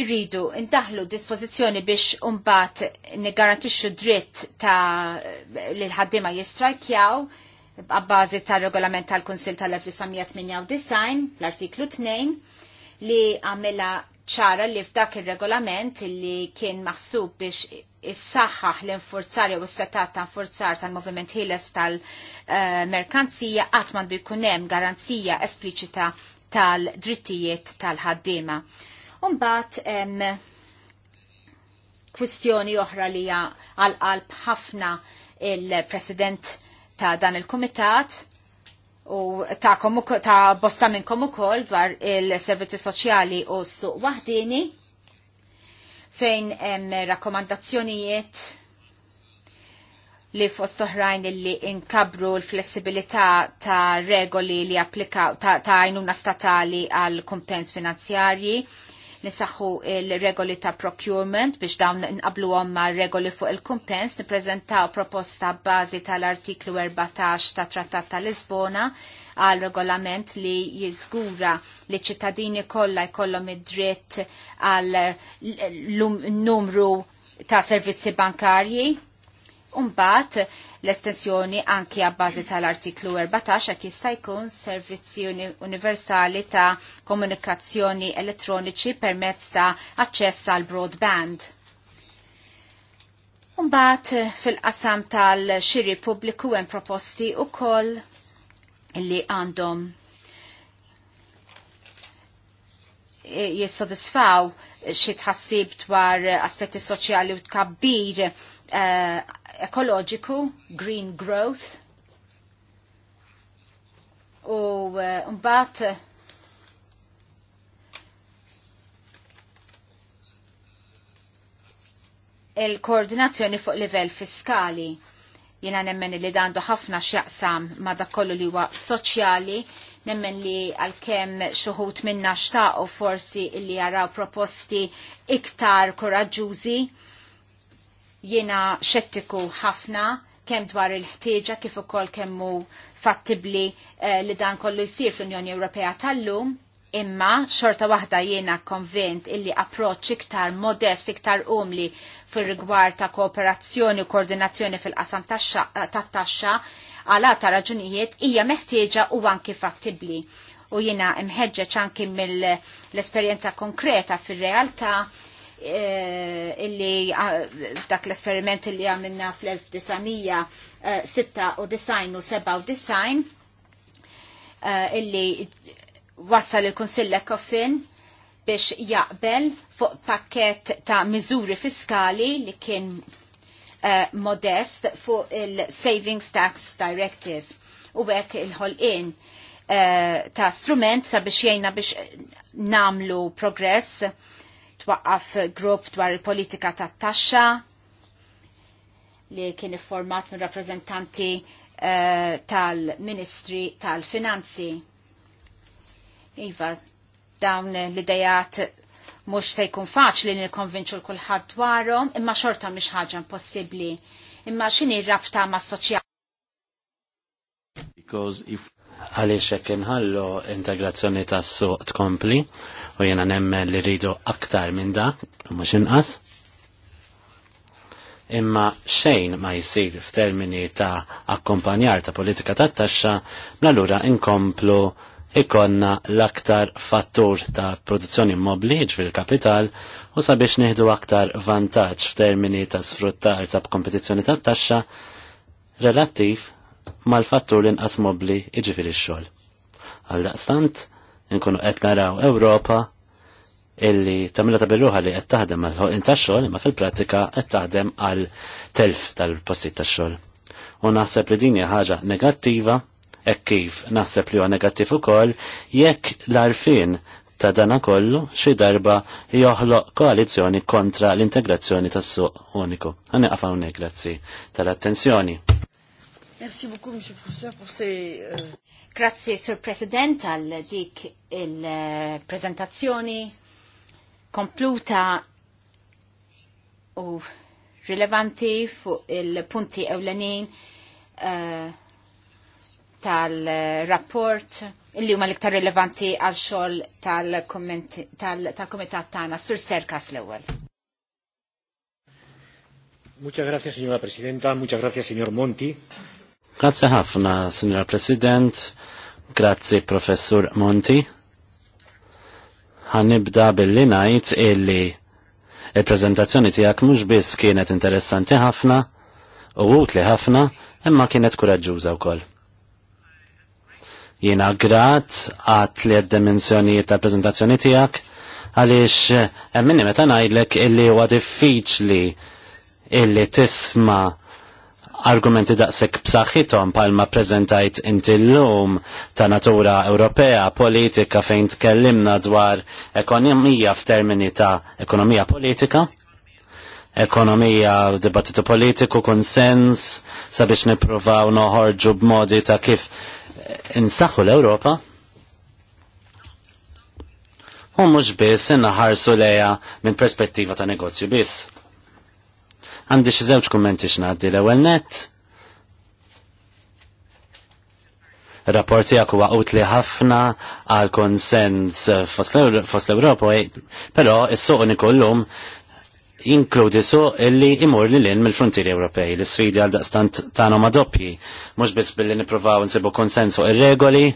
irridu indaħlu dispożizzjoni biex umbat negarantixxu dritt ta' li l-ħaddima jistrajkjaw għabbażi ta' regolament tal-Kunsil tal-1998 l-artiklu 2 li għamela ċara li f'dak il-regolament li kien maħsub biex is-saħħaħ l-infurzar jew is-setat ta' infurzar tal-moviment ħieles tal-merkanzija qatt m'għandu jkun hemm garanzija espliċita tal-drittijiet tal-ħaddiema. tal drittijiet tal tal drittijiet tal ħaddiema Umbat um, kwistjoni oħra li għal-qalb ħafna il-president ta' dan il-komitat u ta', ta bosta minnkom ukoll dwar il-servizzi soċjali u suq waħdini fejn hemm rakkomandazzjonijiet li fost oħrajn li inkabru l-flessibilità ta' regoli li applikaw ta' għajnuna statali għal kumpens finanzjarji nisaxħu il-regoli ta' procurement biex dawn nqablu għomma regoli fuq il-kumpens, niprezentaw proposta bazi tal-artiklu 14 ta' Trattat ta' Lisbona għal regolament li jizgura li ċittadini kollha jkollhom id-dritt għal numru ta' servizzi bankarji. Umbat, L-estensjoni anki għabbażi tal-artiklu 14 għak jista' jkun servizzi universali ta' komunikazzjoni elettroniċi permezz ta' aċċess għal broadband. Umbat fil-qasam tal-xiri pubbliku hemm proposti wkoll li għandhom e, jissodisfaw xi tħassib dwar aspetti soċjali u tkabbir uh, ekoloġiku, green growth, u uh, mbagħad il-koordinazzjoni fuq livell fiskali jina nemmen li dandu ħafna x'jaqsam ma dak kollu li huwa soċjali nemmen li għal-kem xuħut minna xtaq u forsi illi jaraw proposti iktar koraġġużi Jiena xettiku ħafna kemm dwar il-ħtieġa kif ukoll kemm hu fattibli eh, li dan kollu jsir fl-Unjoni Ewropea tal-lum, imma xorta waħda jiena konvent illi approċċ iktar modest, iktar umli fil-rigward ta' kooperazzjoni u koordinazzjoni fil-qasam tat-taxxa għal ta' raġunijiet hija meħtieġa u anki fattibli u jina mħeġġeġ anki mill l-esperjenza konkreta fil-realtà Eh, illi eh, f'dak l-esperiment illi għamilna fl-1996 u 97 eh, illi wassal il-Konsill Ekofin biex jaqbel fuq pakket ta' miżuri fiskali li kien modest fuq il-Savings Tax Directive u għek il-ħolqin ta' strument sabiex jajna biex namlu progress twaqqaf grupp dwar il-politika tat taxxa li kien iformat minn rappreżentanti uh, tal-Ministri tal-Finanzi. Iva, dawn l-idejat mhux se jkun faċli nikkonvinċu l-kulħadd dwarhom, imma xorta mhix ħaġa impossibbli. Imma x'inhi rabta mas soċjali? Because if għaliex hekk inħallu integrazzjoni tas-suq tkompli u jiena nemmen li rridu aktar minn dak mhux inqas. Imma xejn ma jsir f'termini ta' akkompanjar ta' politika tat-taxxa, mlalura inkomplu ikonna l-aktar fattur ta' produzzjoni immobli ġvil kapital u sabiex neħdu aktar vantaġġ f'termini ta' sfruttar ta' kompetizzjoni ta' taxxa relattiv mal-fattur li inqas mobli iġifiri x-xol. Għal-daqstant, nkunu qed naraw Ewropa illi tamilla ta' birruħa li qed taħdem għal ħoqin tax-xogħol imma fil-prattika qed taħdem għal telf tal-postijiet tax-xogħol. U naħseb li din hija ħaġa negattiva hekk kif naħseb li huwa negattiv ukoll jekk l-arfin ta' dana kollu xi darba joħloq koalizzjoni kontra l-integrazzjoni tas-suq uniku. Għanni għafaw grazzi tal-attenzjoni. Merci beaucoup, Monsieur le Professeur, pour ces... Euh, Grazie, Sir President, għal dik il-prezentazzjoni kompluta u rilevanti fuq il-punti ewlenin eh, tal-rapport illi huma l-iktar rilevanti għal xogħol tal-Kumitat tagħna sur Serkas l-ewwel. Muchas gracias, señora presidenta. Muchas gracias, señor Monti. Grazie ħafna, Signor President. Grazie, Professur Monti. Għanibda billi najt illi il-prezentazzjoni tijak mux biss kienet interessanti ħafna u utli ħafna imma kienet kuraġġuża wkoll. Jiena grat għat li d-dimensjonijiet tal-prezentazzjoni tijak għaliex eh, minni meta ngħidlek illi huwa diffiċli illi tisma' argumenti daqsek b'saħħithom palma preżentajt inti l-lum ta' natura Ewropea politika fejn tkellimna dwar ekonomija f'termini ta' ekonomija politika, ekonomija dibattitu politiku, konsens sabiex nippruvaw noħorġu b'modi ta' kif insaħħu l-Ewropa. U mhux biss innaħarsu lejha minn perspettiva ta' negozju biss Għandi xi żewġ kummenti x'ngħaddi l-ewwel net. Rapport tiegħek huwa utli ħafna għal konsens fost l-Ewropa, però is-suq nikollhom jinkludi suq illi imur li l-in mill-frontieri Ewropej. L-sfidi għal daqstant tagħna ma doppji, mhux biss billi nippruvaw nsibu konsensu ir-regoli,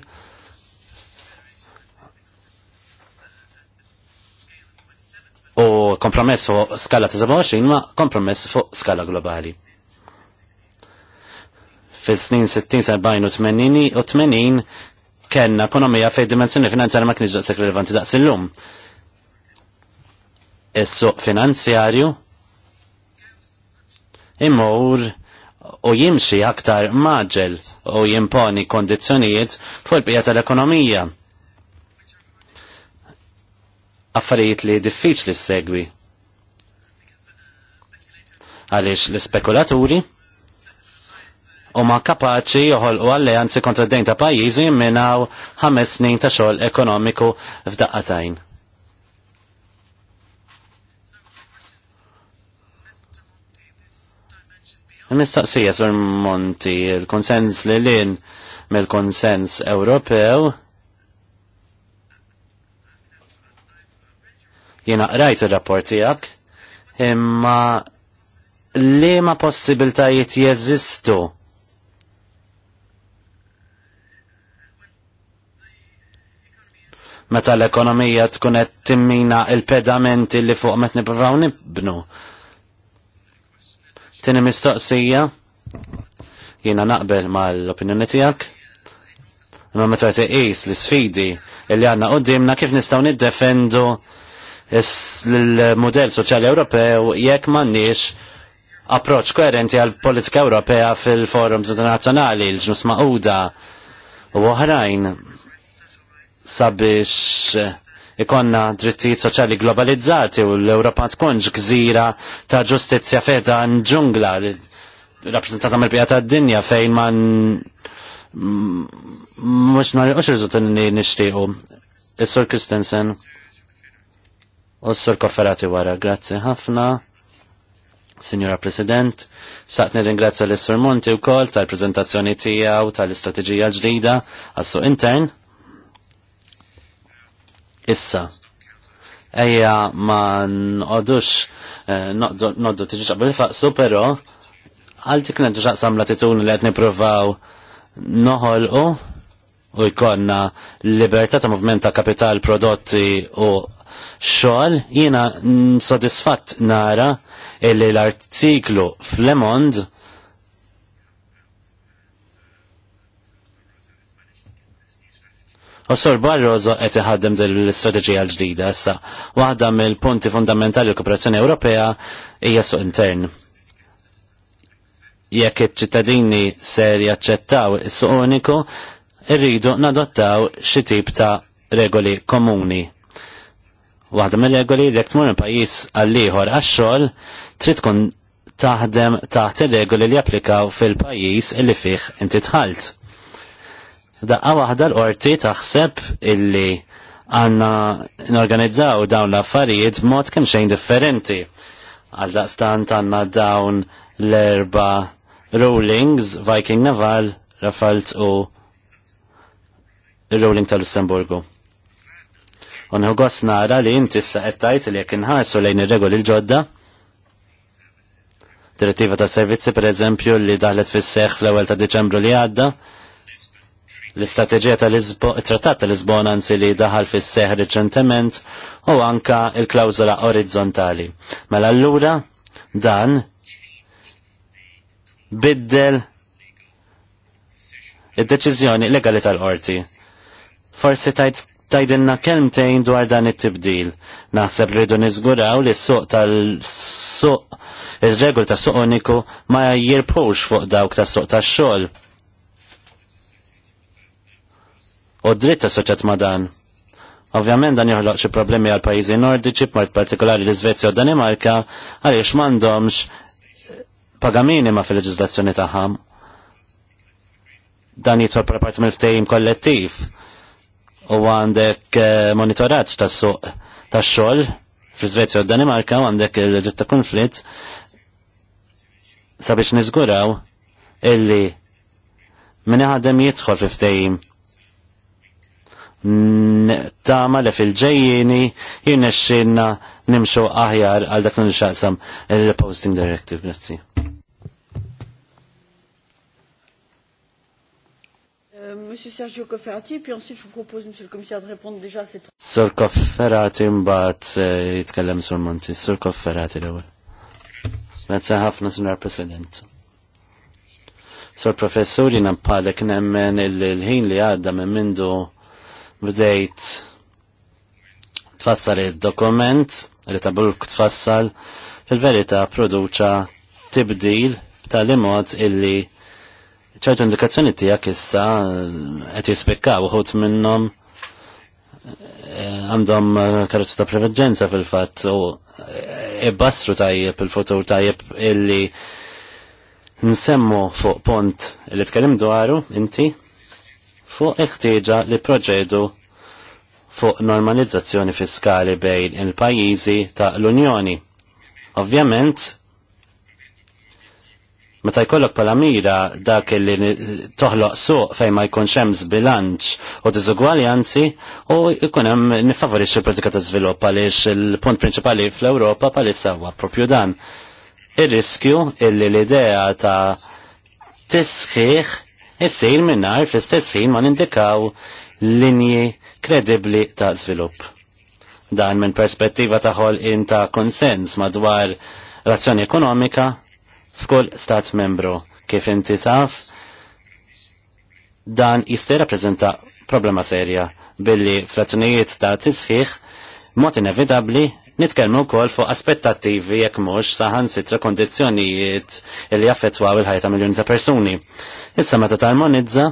u kompromess fuq skala ta' 27 ma kompromess fuq skala globali. Fis-snin 60, 40 u 80 kellna ekonomija fej dimensjoni finanzjarja ma kienx daqshekk rilevanti daqs illum. Is-suq finanzjarju imur u jimxi aktar maġel u jimponi kondizzjonijiet fuq il-bija tal-ekonomija affarijiet li diffiċli segwi. Għaliex l-spekulaturi u ma kapaċi joħolqu alleanzi kontra d-dejn ta' pajizu jimminaw ħames snin ta' xogħol ekonomiku f'daqqatajn. Mistaqsija sur Monti, il-konsens li l-in mill-konsens Ewropew Jena rajt il-rapport tijak, imma li ma possibiltajiet jeżistu meta l-ekonomija tkun qed timmina l pedamenti li fuq qed nipprovaw nibnu. Tieni mistoqsija jiena naqbel mal-opinjoni tiegħek. Imma meta tqis l-sfidi li għandna qudiemna kif nistgħu niddefendu l-modell soċjali Ewropew jekk m'għandniex approċċ koerenti għal politika Ewropea fil-forums internazzjonali l-ġnus maquda u oħrajn sabiex eh, ikonna drittijiet soċjali globalizzati u l-Ewropa tkunx gżira ta' ġustizzja feta ġungla rappresentata mill-bija tad-dinja fejn man mux nariqux rizultati nixtiequ. Is-Sur Christensen. U sur kofferati wara, grazzi ħafna. Signora President, Saqt nirringrazzja l sur Monti u kol tal-prezentazzjoni tijaw tal-istrategija ġdida għassu intern. Issa, eja ma n-oddu eh, t tiġi bil faqsu, pero għal tikna ġaq samla titun li għet niprofaw noħolqu u jkonna libertà ta' movimenta ta' kapital prodotti u xogħol jiena sodisfatt nara illi l-artiklu f'Lemond Osor Barroso qed iħaddem din l-istrateġija l-ġdida issa waħda mill-punti fundamentali l-Kooperazzjoni Ewropea hija suq intern. Jekk iċ-ċittadini ser jaċċettaw is-suq uniku, irridu nadottaw xi tip ta' regoli komuni Waħda mill-regoli li tmur minn pajjiż għall-ieħor għax-xogħol trid tkun taħdem taħt ir-regoli li applikaw fil-pajjiż li fih inti tħalt. Daqqa waħda l-qorti taħseb illi għanna norganizzaw dawn l-affarijiet mod kemm xejn differenti. Għal daqstant għanna dawn l-erba rulings Viking Naval, Rafalt u Ruling tal-Lussemburgu. Unħu gos nara li inti issa qed li jekk inħarsu lejn ir-regoli l-ġodda. Direttiva ta' servizzi per eżempju li daħlet fis-seħħ fl-ewwel ta' Diċembru li għadda. L-istrateġija tal-Trattat tal-Lisbona anzi li daħal fis-seħħ riċentement u anka il klawzola orizzontali. Mela allura dan biddel id-deċiżjoni legali tal-qorti. Forsi tajt tajdinna kelmtejn dwar dan it-tibdil. Naħseb rridu niżguraw li s-suq tal-suq ir-regol ta' suq uniku ma jirpux fuq dawk ta' suq ta' xogħol. U dritt soċet ma' dan. Ovvjament dan joħloq xi problemi għal pajjiżi nordiċi, mart partikolari l-Iżvezja u Danimarka, għaliex m'għandhomx pagamini ma fil-leġiżlazzjoni tagħhom. Dan jitwa parti mill-ftehim kollettiv u għandek eh, monitoraġġ tas-suq tax-xogħol fl-Svezja u Danimarka u għandek il-ġitta konflitt sabiex niżguraw illi minn ħadem jidħol fi ftehim. Tama li fil-ġejjini jinnexxinna nimxu aħjar għal dak li nixaqsam il-Posting Directive. Grazzi. Euh, Monsieur Sergio Cofferati, puis ensuite je vous propose, Monsieur le Commissaire, de répondre déjà à cette question. Sir Cofferati, mbaħt euh, jitkellem sur Monti. Sir Cofferati, l-ewel. Grazie ħafna, Signor President. Sir Professor, jina mpalek nemmen il-ħin li għadda minn mindu bdejt tfassal il-dokument, li tabulk tfassal, fil-verita produċa tibdil tal-imod illi ċertu indikazzjoni tiegħek issa eh, qed jispikkaw uħut minnhom eh, għandhom eh, karozza ta' preveġenza fil-fatt u ebbastru tajjeb il-futur tajjeb illi nsemmu fuq pont li tkellim dwaru inti fuq iħtieġa li proġedu fuq normalizzazzjoni fiskali bejn il-pajjiżi ta' l-Unjoni. Ovvjament, Meta jkollok pala mira dak li toħloq suq fejn ma jkunx hemm zbilanċ u diżugwaljanzi u jkun hemm nifavorixxi l-politika ta' żvilupp għaliex il-punt prinċipali fl-Ewropa palissa huwa propju dan. Ir-riskju illi l-idea ta' tisħiħ issir minnar fl-istess ħin ma nindikaw linji kredibbli ta' żvilupp. Dan minn perspettiva ta' ħolqien ta' konsens madwar razzjoni ekonomika f'kull stat membru. Kif inti taf, dan jista' jirrappreżenta problema serja billi fl frazzjonijiet ta' tisħiħ mod inevitabbli nitkellmu wkoll fuq aspettattivi jekk mhux saħan sitra kondizzjonijiet li jaffettwaw il-ħajja miljoni ta' persuni. Issa meta tarmonizza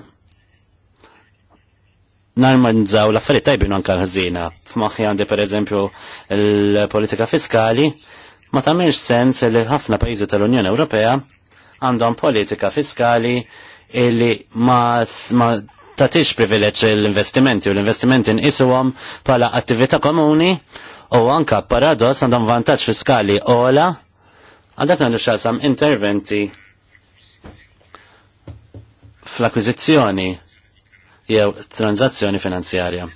narmanizzaw l-affarijiet tajbin anke l-ħażina. F'moħħi għandi pereżempju l-politika fiskali Ma tamiex sens li ħafna pajjiżi tal-Unjoni Ewropea għandhom politika fiskali illi ma, ma tatix privileġġ l-investimenti u l-investimenti nqisuhom bħala attività komuni u anka paradoss għandhom vantaġġ fiskali ola għandak għandu xasam interventi fl-akkwizizjoni jew tranzazzjoni finanzjarja.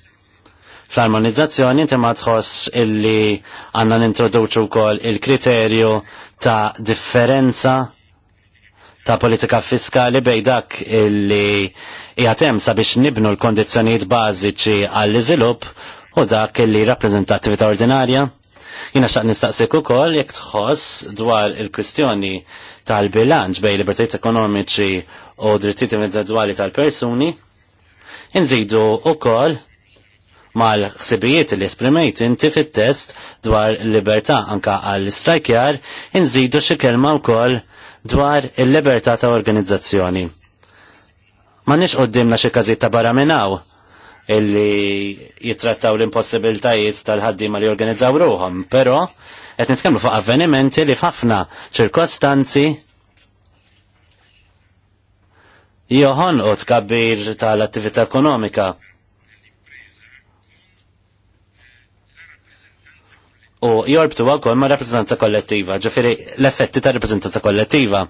Fl-armonizzazzjoni inti ma tħoss illi għandna nintroduċu wkoll il-kriterju ta' differenza ta' politika fiskali bej dak illi jgħatem sabiex nibnu l kondizzjonijiet bażiċi għall-iżvilupp u dak illi attività ordinarja? Jina xaq nistaqsik ukoll jekk tħoss dwar il-kwistjoni tal-bilanċ bej libertajiet ekonomiċi u drittijiet individwali tal-persuni, inżidu ukoll mal-ħsibijiet li esprimejt inti fit-test dwar libertà anka għall strajkjar inżidu xi kelma wkoll dwar il-libertà ta' organizzazzjoni. Ma nix qoddimna xi każijiet ta' barra minnaw illi jitrattaw l-impossibiltajiet tal-ħaddiema li jorganizzaw ruhom, però qed nitkellmu fuq avvenimenti li f'ħafna ċirkostanzi joħonqu tkabbir tal-attività ekonomika u jorbtu wkoll ma' rappresentanza kollettiva, ġifieri l-effetti ta' rappresentanza kollettiva.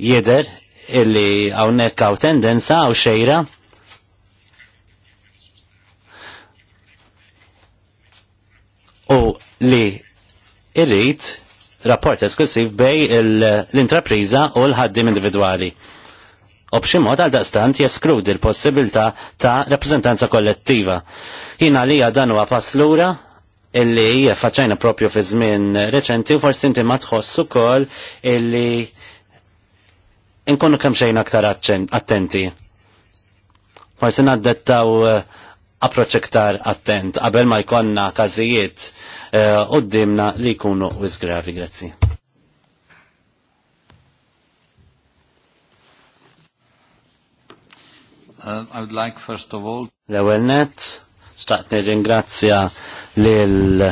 Jidher illi hawnhekk hawn tendenza hawn xejra u li irrit rapport esklusiv bej l-intrapriza u l-ħaddim individuali. U b'xi mod għal daqstant jeskrud l-possibilità ta' rappreżentanza kollettiva. Jina li dan huwa pass lura illi faċċajna propju fi żmien reċenti u forsi inti ma tħoss ukoll illi inkunu kemm xejn aktar attenti. Forsi naddettaw eh, approċ iktar attent qabel ma jkollna każijiet eh, qudiemna uh, li jkunu wis gravi, grazzi. Uh, I would like first of all l-ewwel net Staqt nirringrazzja lil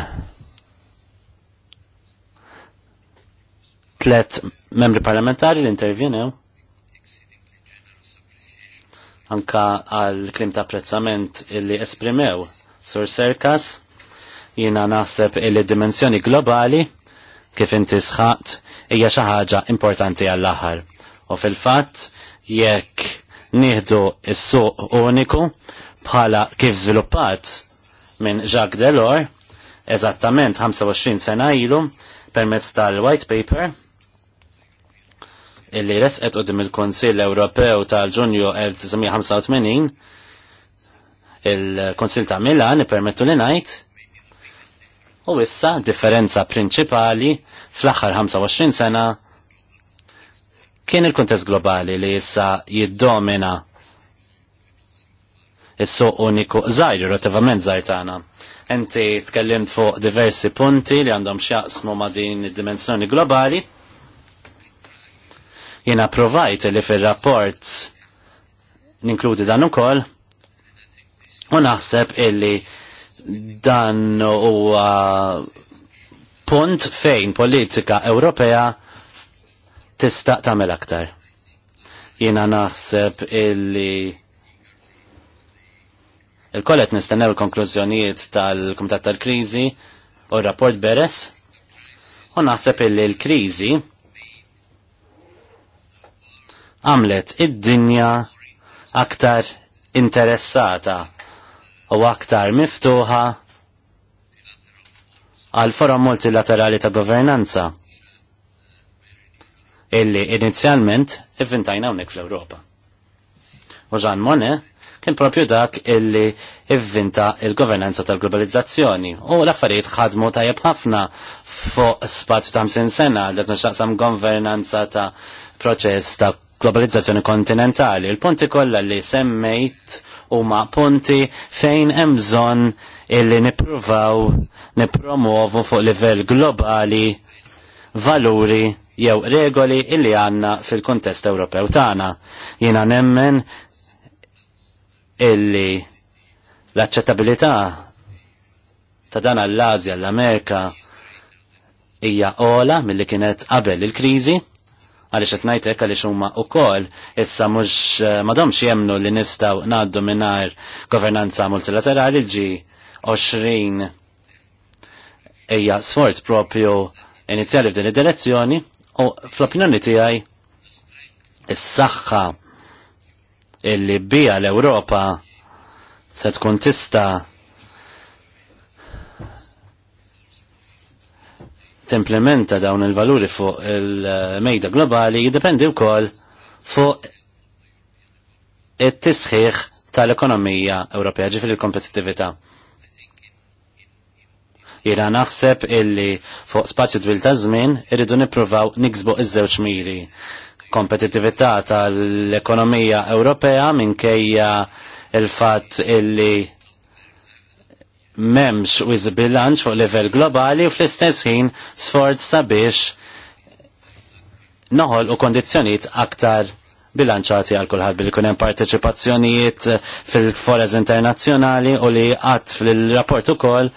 tlet membri parlamentari li intervjenew. Anka għal klim ta' apprezzament illi esprimew sur Serkas, jina naħseb illi dimensjoni globali kif inti sħat hija xi ħaġa importanti għall-aħħar. U fil-fatt jekk nieħdu is-suq uniku bħala kif żviluppat minn Jacques Delors eżattament 25 sena ilu permezz tal-White Paper illi resqet qudiem il konsil Ewropew tal-Ġunju 1985 il konsil ta' Milan permettu li ngħid u issa differenza prinċipali fl-aħħar 25 sena kien il-kuntest globali li issa jiddomina is-suq uniku zaħir, relativament zaħir tagħna. Enti tkellimt fuq diversi punti li għandhom x'jaqsmu ma' din id-dimensjoni globali. Jiena provajt li fir-rapport ninkludi dan ukoll u naħseb illi dan huwa punt fejn politika Ewropea tista' tagħmel aktar. Jiena naħseb illi Il-kollet nistennew il-konklużjonijiet tal-Kumitat tal-Kriżi u r-rapport Beres u naħseb illi l-kriżi għamlet id-dinja aktar interessata u aktar miftuħa għal forum multilaterali ta' governanza illi inizjalment ivvintajna hawnhekk fl-Ewropa. U Jean Monnet kien propju dak illi ivvinta il-governanza tal-globalizzazzjoni. U l-affarijiet ħadmu tajjeb ħafna fuq spazju ta' 50 sena li qed nixtaqsam governanza ta' proċess ta' globalizzazzjoni kontinentali. Il-punti kollha li semmejt huma punti fejn hemm bżonn illi nippruvaw nippromuovu fuq livell globali valuri jew regoli illi għanna fil-kontest Ewropew tagħna. Jiena nemmen illi l-aċċettabilità ta' dan għall-Azja, l-Amerika hija ola milli kienet qabel il-kriżi għaliex qed ngħid hekk għaliex huma wkoll issa mhux eh, m'għadhomx jemnu li nistgħu ngħaddu mingħajr governanza multilaterali ġi 20 hija sforz propju inizjali f'din id-direzzjoni u fl-opinjoni tiegħi is-saħħa illi bija l-Ewropa se tkun tista' timplementa dawn il-valuri fuq il-mejda globali jiddependi wkoll fuq it-tisħiħ tal-ekonomija Ewropea ġifi il-kompetittività. Jira naħseb illi fuq spazju twil ta' żmien irridu nippruvaw niksbu iż-żewġ miri kompetitività tal-ekonomija Ewropea minkejja il-fatt illi memx u bilanċ fuq livell globali u fl-istess ħin sforz sabiex noħol u kondizjoniet aktar bilanċati għal kulħadd billi kunem parteċipazzjonijiet fil-forez internazzjonali u li għat fil-rapport ukoll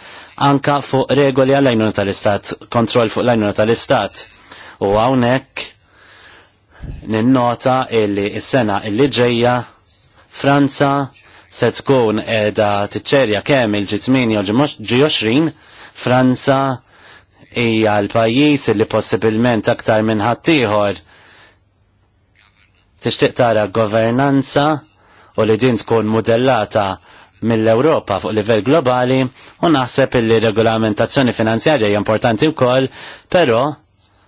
anka fuq regoli għal lajnuna tal-istat, kontroll fuq l lajnuna tal-istat. U għawnek ninnota illi s-sena illi ġeja Franza se tkun edha tiċċerja kemm il-ġitmini u ġi Franza hija l-pajjiż illi possibilment aktar minn ħaddieħor tixtieq tara governanza u li din tkun modellata mill-Europa fuq livell globali u naħseb li regolamentazzjoni finanzjarja hija importanti wkoll, però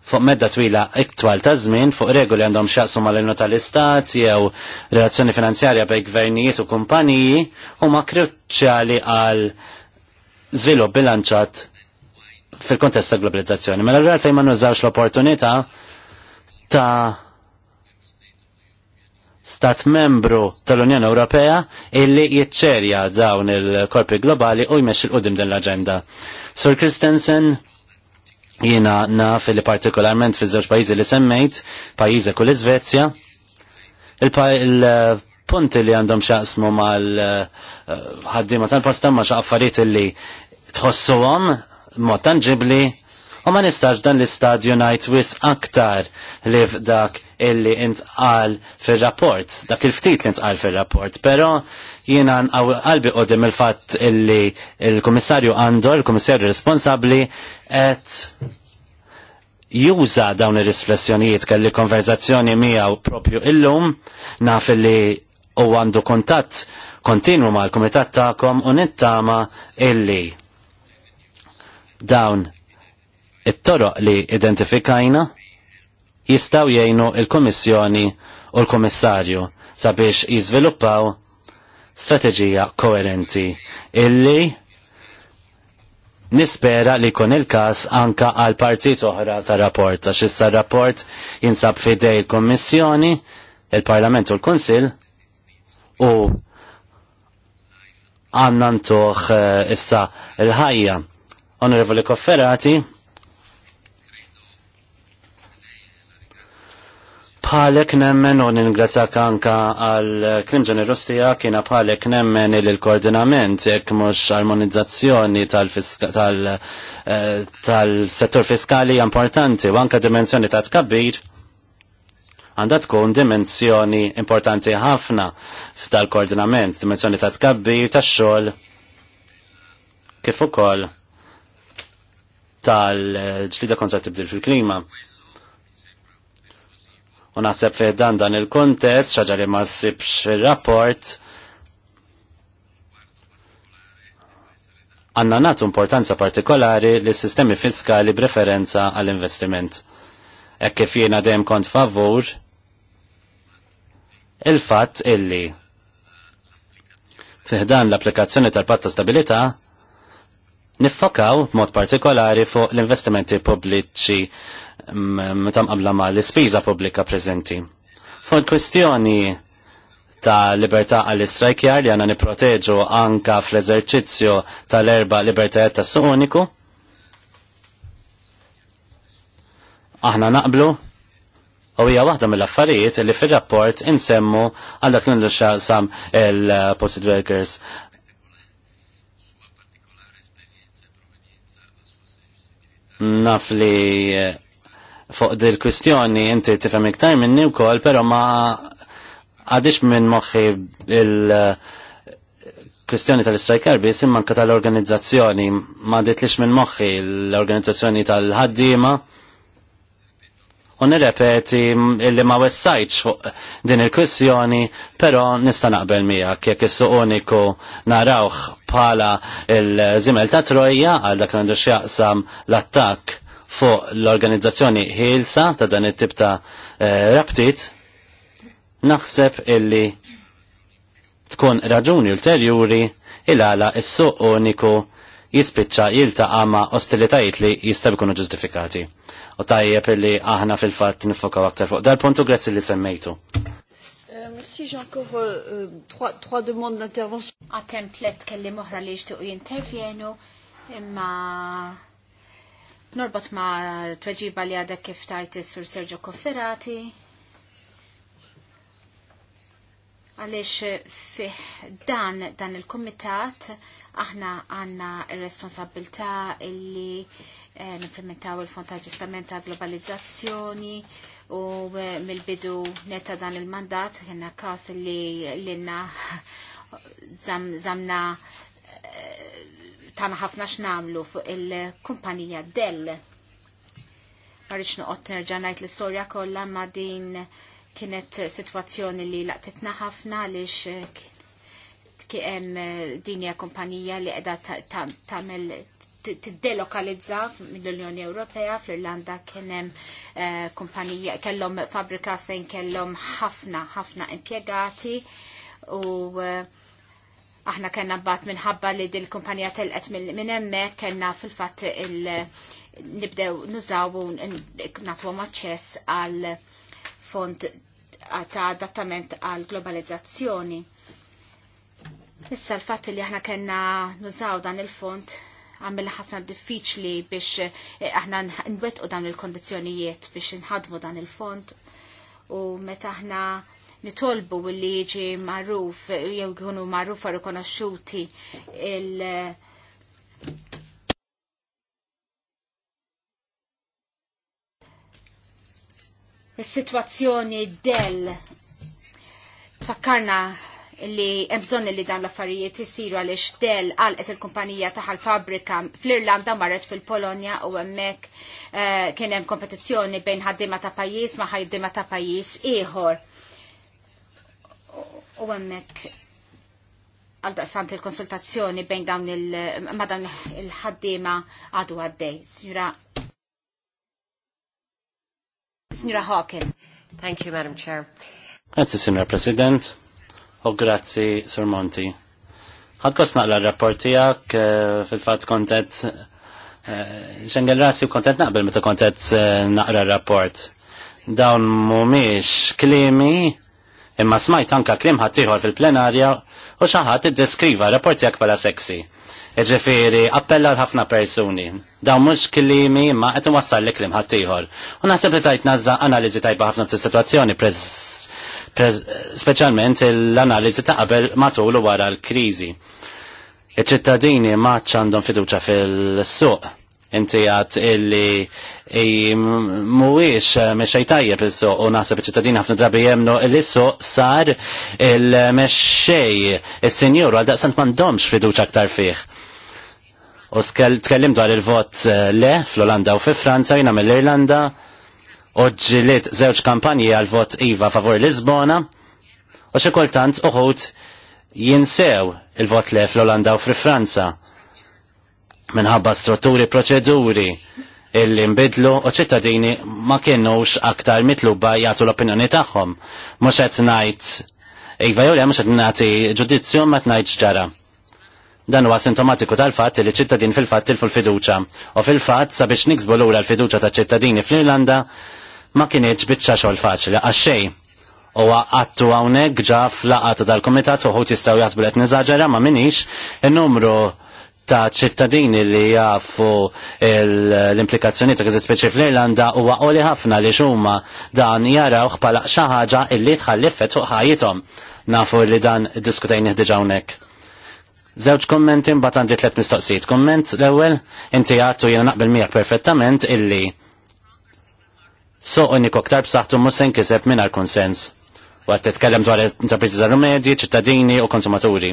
fuq medda twila iktwal ta' żmien fuq regoli għandhom xaqsu mal tal-istat jew relazzjoni finanzjarja bej gvernijiet u kumpaniji huma kruċjali għal żvilupp bilanċat fil-kontest ta' globalizzazzjoni. Mela l fejn ma nużawx l-opportunità ta' stat membru tal-Unjoni Ewropea illi jiċċerja dawn il-korpi globali u jmex il-qudim din l-agenda. Sir Christensen Jiena naf li partikolarment fi żewġ pajjiżi li semmejt, pajjiżek u l-Iżvezja, il-punti eh, li għandhom xaqsmu mal-ħaddima eh, eh, tal-posta ma xaqfariet affarijiet li tħossuhom mod tanġibli U ma nistax dan l-istadju ngħid wis aktar li f'dak illi intqal fil-rapport, dak il-ftit li intqal fil-rapport, pero jiena qalbi qodim il-fatt illi il-komissarju Andor, il-komissarju responsabli, et juża dawn ir-riflessjonijiet kelli konverzazzjoni miegħu propju illum naf illi u għandu kontatt kontinu mal-kumitat tagħkom u nittama illi dawn it-toroq li identifikajna jistaw jgħinu il-Komissjoni u l-Komissarju sabiex jizviluppaw strateġija koerenti illi nispera li kun il-kas anka għal partit oħra ta' rapport għax issa rapport jinsab fidej il-Kommissjoni, il-Parlament u l-Konsil u għannan tuħ eh, issa il-ħajja. Onorevoli Kofferati, Bħalek nemmen u ningrazzak anka għal klim ġenerus kiena bħalek nemmen il-koordinament jekk mux armonizzazzjoni eh, tal-settur fiskali importanti u anka dimensjoni ta' tkabbir għandha tkun dimensjoni importanti ħafna tal-koordinament, dimensjoni ta' tkabbir tax-xogħol kif ukoll tal-ġlida kontra tibdil fil-klima. U naħseb fi dan dan il-kontest, xaġa li ma sibx il-rapport, għanna natu importanza partikolari li sistemi fiskali preferenza għall-investiment. Ek kif jena dem kont favur il-fatt illi fiħdan l-applikazzjoni tal-patta stabilita' niffokaw b'mod partikolari fuq l-investimenti pubbliċi meta mqabla ma l-ispiża pubblika preżenti. Fuq kwestjoni ta' libertà għall istrajkjar li għana niproteġu anka fl-eżerċizzju tal-erba libertajiet ta' suq uniku. Aħna naqblu u hija waħda mill-affarijiet li fir-rapport insemmu għal dak l sam il-posted workers. Naf li fuq dil kwistjoni inti tifhem iktar minni wkoll, però ma għadix minn moħħi il-kwistjoni eh, tal-istrajkar biss imma anke tal-organizzazzjoni ma ditlix minn moħħi l-organizzazzjoni tal-ħaddiema u nirrepeti illi ma wessajċ fuq din il-kwissjoni, pero nista' naqbel miegħek jekk is uniku narawh bħala il-żimel ta' Trojja għal dak għandu l-attakk fuq l-organizzazzjoni ħilsa ta' dan it-tip ta' eh, raptit, naħseb illi tkun raġuni ulterjuri il-għala is-suq uniku jispiċċa jiltaqa' ma' ostilitajiet li jista' jkunu ġustifikati. U tajjeb illi aħna fil-fatt nifokaw aktar fuq dal-puntu grazzi li semmejtu. Eh, merci, j'ai encore eh, trois demandes d'intervention. Għatem tlet kelli moħra li jishtuq jintervjenu imma Norbot ma' tweġiba li għadek kif tajt sur Sergio Kofferati. Għalix fih dan dan il-komitat aħna għanna il-responsabilta illi eh, nimplementaw il-fond ta' ġustament ta' globalizzazzjoni u eh, mill-bidu netta dan il-mandat jenna kas li l-inna zamna eh, tana ħafna x'namlu fuq il-kumpanija Dell. Marriċ noqgħod nerġa' ngħid l-istorja kollha ma' din kienet sitwazzjoni li laqtitna ħafna għaliex eh, kien eh, din hija kumpanija li qiegħda tagħmel tiddelokalizza mill-Unjoni Ewropea fl-Irlanda kien hemm eh, kumpanija kellhom fabrika fejn kellhom ħafna ħafna impjegati u uh, Aħna kena bat minħabba li dil-kumpanija telqet minn emme kena fil-fat nibdew nużaw u natwa maċċess għal fond ta' adattament għal globalizzazzjoni. Issa l-fat li aħna kena nużaw dan il-fond għamil ħafna diffiċli biex eh, aħna nwetqu dan il-kondizjonijiet biex nħadmu dan il-fond u meta aħna nitolbu li jiġi magħruf jew jkunu magħruf rikonoxxuti il- is sitwazzjoni del fakkarna li bżonn li dan l-affarijiet isiru għaliex Del għalqet il-kumpanija taħal fabrika fl-Irlanda marret fil-Polonja u hemmhekk eh, kien hemm kompetizzjoni bejn ħaddiema ta' pajjiż ma' ħaddiema ta' pajjiż ieħor u għemmek għal-daqsant il-konsultazzjoni bejn dawn il-madan il-ħaddima għadu għaddej. Signora Signora Hawken. Thank you, Madam Chair. Grazie, Signora President. U grazzi, Sir Monti. kos naqla r għak eh, fil-fat kontet ċengel eh, rasi u kontet naqbel meta kontet eh, naqra r-rapport. Dawn mumiex klimi imma smajt anka klim ħaddieħor fil-plenarja u xi ħadd iddeskriva r-rapporti jak bħala seksi. Ġifiri, appella l-ħafna persuni. Daw mux klimi ma għet wassal li klim ħattijħor. U naħseb li tajt nazza analizi tajba ħafna t situazzjoni specialment l-analizi ta' qabel matul u wara l-krizi. Iċ-ċittadini ma fiduċa fil-suq inti għat illi muwix eh, meċċaj tajjeb il u nasab ċittadin ħafna drabi jemnu il-so sar il-meċċej il-senjur għal daqsant mandomx fiduċ aktar fiħ. U tkellim dwar il-vot eh, le fl-Olanda u fi Franza jina mill-Irlanda u ġilit zewċ kampanji għal-vot Iva favor Lisbona u xekoltant uħut jinsew il-vot le fl-Olanda u fri Franza minħabba strutturi proċeduri illi mbidlu u ċittadini ma kienux aktar mitluba jgħatu l-opinjoni tagħhom. Mhux qed ngħid iva jew mhux qed nagħti ġudizzju ma tnajt ġara. Dan huwa sintomatiku tal-fatt li ċittadin fil-fatt tilfu l-fiduċa u fil-fatt sabiex niksbu lura l-fiduċa ta' ċittadini fl-Irlanda ma kienieċ biċċa xogħol faċli għax xejn. U għattu għawnek ġaf laqat dal-komitat għut jistaw jgħatbu l ma minix il-numru ta' ċittadini li jafu l-implikazzjoni ta' għazet speċi fl-Irlanda u għoli ħafna li xumma dan jarawħ pala xaħġa illi tħallifet fuq ħajitom. Nafu li dan diskutajn diġa Zewċ Zewġ kommenti mbagħad għandi tliet mistoqsijiet. Komment l-ewwel inti għattu jena naqbel miegħek perfettament illi so uniku ktar b'saħħtu mhux se nkiseb mingħajr konsens u t titkellem dwar interprizi zaru medji, ċittadini u konsumaturi.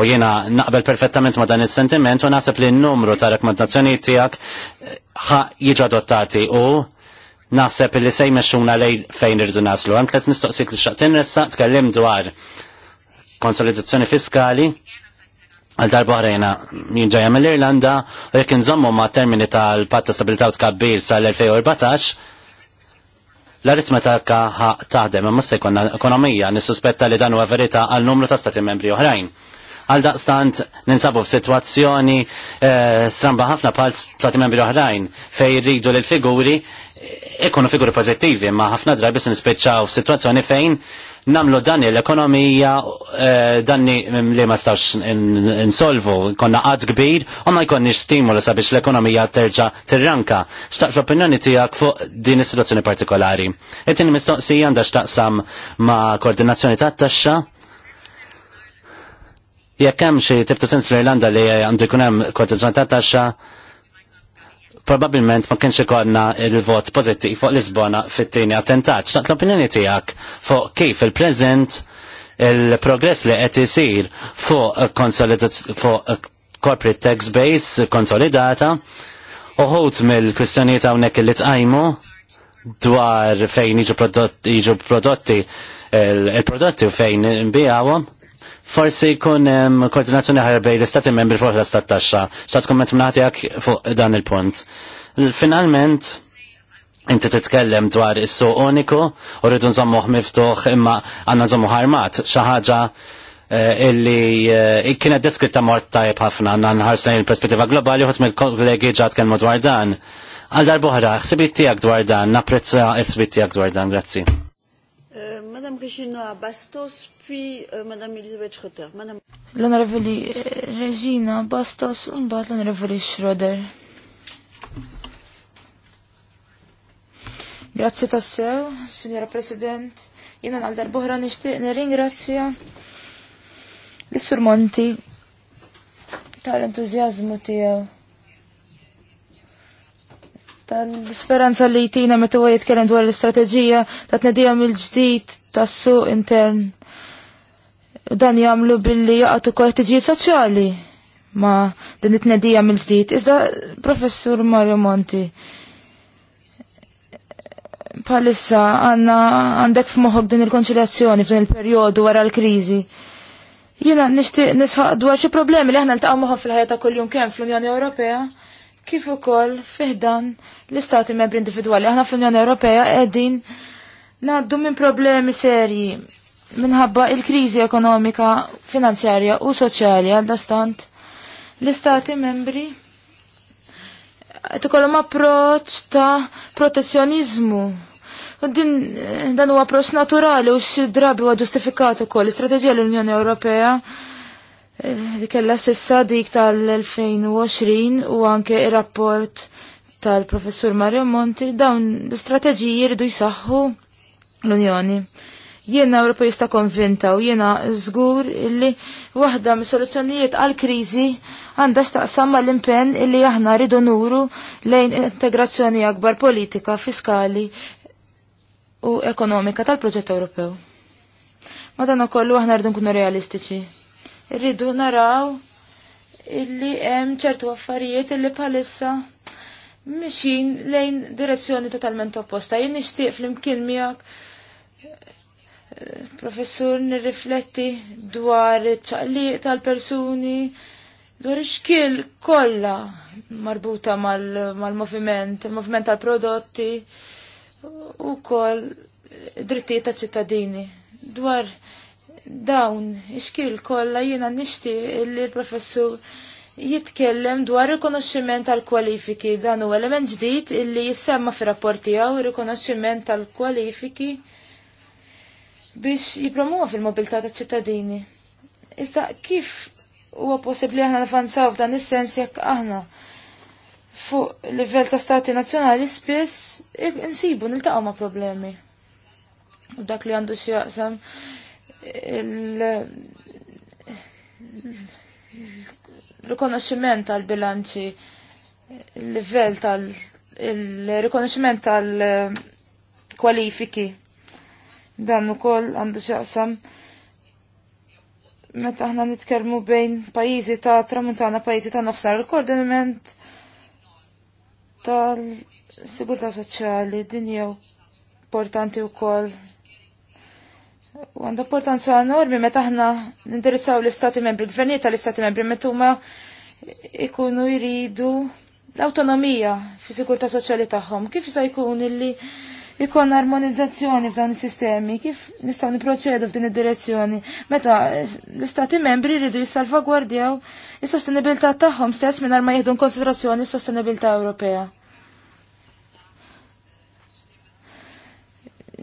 U jena naqbel perfettament ma dan il-sentiment u naħseb li n-numru ta' rekomendazzjoni tijak eh, ħa jiġu adottati u naħseb li sej meċuna lej fejn irridu naslu. Għam tlet mistoqsik li xaqtin t tkellim dwar konsolidazzjoni fiskali għal darba għarajna jinġajja mill-Irlanda u jekin zommu ma' termini tal-patta stabilitaw t tkabbir sal-2014 l-aritmetika taħdem imma se ekonomija nissuspetta li dan huwa verità għal numru ta' stati membri oħrajn. Għal daqstant ninsabu f'sitwazzjoni eh, stramba ħafna bħal stati membri oħrajn fejn jridu l figuri eh, ikunu figuri pożittivi, ma ħafna drabi se nispiċċaw f'sitwazzjoni fejn namlu dan l-ekonomija eh, danni mm, li ma stawx insolvu, konna għad kbir, u ma jkonni stimolu sabiex l-ekonomija terġa tirranka. Xtaqt l-opinjoni tijak fuq din is-situazzjoni partikolari. Etini mistoqsija għandha xtaqsam ma koordinazzjoni ta' taxxa jekk hemm xi tibta sens fl-Irlanda li għandu jkun hemm koordinazzjoni ta' taxxa probabilment ma kienx ikonna il-vot pozittiv fuq Lisbona fit-tieni attentat. X'naqt l-opinjoni tiegħek fuq kif il-preżent il-progress li qed isir fuq fuq corporate tax base konsolidata uħut mill-kwistjonijiet hawnhekk li tqajmu dwar fejn jiġu prodotti il-prodotti u fejn nbijawhom forsi jkun hemm koordinazzjoni ħarbej l-istati membri fuq l-istat taxxa. X'tat komment mnaħtijak fuq dan il-punt. Finalment, inti titkellem dwar is-suq uniku u rridu nżommuh miftuħ imma għandna nżommu ħarmat xi ħaġa eh, illi eh, kienet deskritta mort tajb ħafna għandna nħarsna il-perspettiva globali uħut mill-kollegi ġat kelmu dwar dan. Għal darbuħra, xsibit tijak dwar dan, napprezza il tijak dwar dan, grazzi. Madame Regina Bastos, puis euh, Madame Elisabeth Schroeder. Madame... L'onorevoli eh, Regina Bastos, un bat l'onorevoli Schroeder. Grazie tassew, signora President. Jena għaldar darbohra nishtiq nirringrazzja l-surmonti tal-entuzjazmu tijaw tal-speranza li jtina meta tuwa jitkellem dwar l-istrateġija ta' tnedija mill-ġdid tas-suq intern. dan jagħmlu billi jaqgħu kortiġijiet soċjali ma' din it-tnedija mill-ġdid. Iżda professur Mario Monti. Palissa għanna għandek f'moħħok din il-konċiljazzjoni f'din il-perjodu wara l-kriżi. Jiena nixtieq nisħaq dwar xi problemi li aħna l moħħok fil-ħajja ta' kuljum kemm fl-Unjoni Ewropea kif ukoll fiħdan l-istati membri individwali. Aħna fl-Unjoni Ewropea qegħdin ngħaddu minn problemi serji minħabba il-kriżi ekonomika, finanzjarja u soċjali għaldastant l-istati membri qed ikollhom approċċ ta' protezzjonizmu. U din eh, dan huwa approċċ naturali u xi drabi huwa ġustifikat ukoll l-istrateġija l-Unjoni Ewropea li eh, kella sissa dik tal-2020 u anke il rapport tal-professur Mario Monti dawn l-istrateġiji jiridu jisaxħu l-Unjoni. Jiena jista' konvinta u jiena żgur illi waħda mis soluzzjonijiet għal kriżi għandha x'taqsam mal-impenn illi aħna rridu nuru lejn integrazzjoni akbar politika, fiskali u ekonomika tal-proġett Ewropew. Madonna kollu aħna rridu nkunu realistiċi Irridu naraw illi hemm ċertu affarijiet illi bħalissa mixin lejn direzzjoni totalment opposta. Jien nixtieq flimkien miegħek eh, professur nirrifletti dwar ċaqliq tal-persuni, dwar ix-xkil kollha marbuta mal-moviment, mal il-moviment tal-prodotti u koll drittijiet ta' ċittadini dwar dawn iskil kolla kollha jiena illi li l-professur jitkellem dwar rikonoxximent tal-kwalifiki dan u element ġdid illi jissemma fir rapporti għaw rikonoxximent tal-kwalifiki biex jipromuwa fil-mobilità taċ-ċittadini. Iżda kif huwa possibbli aħna nafanzaw f'dan is-sens jekk aħna fuq livell ta' stati nazzjonali spiss insibu niltaqgħu ma' problemi. U dak li għandu xi jaqsam il-rikonoxximent tal-bilanċi, il level tal-rikonoxximent tal-kwalifiki. Dan ukoll għandu xaqsam meta aħna nitkellmu bejn pajjiżi ta' tramuntana, pajjiżi ta' nofsar, il-koordinament tal-sigurtà soċjali din jew importanti wkoll U għandu importanza enormi meta aħna nindirizzaw l-istati membri, gvernijiet tal-istati membri, meta huma ikunu jridu l-autonomija fi sikurta soċjali tagħhom. Kif se jkun illi ikun armonizzazzjoni f'dawn is-sistemi, kif nistgħu niproċedu f'din id-direzzjoni meta l-istati membri jridu jissalvagwardjaw is-sostenibilità tagħhom stess mingħajr ma jieħdu konsiderazzjoni s-sostenibilità Ewropea.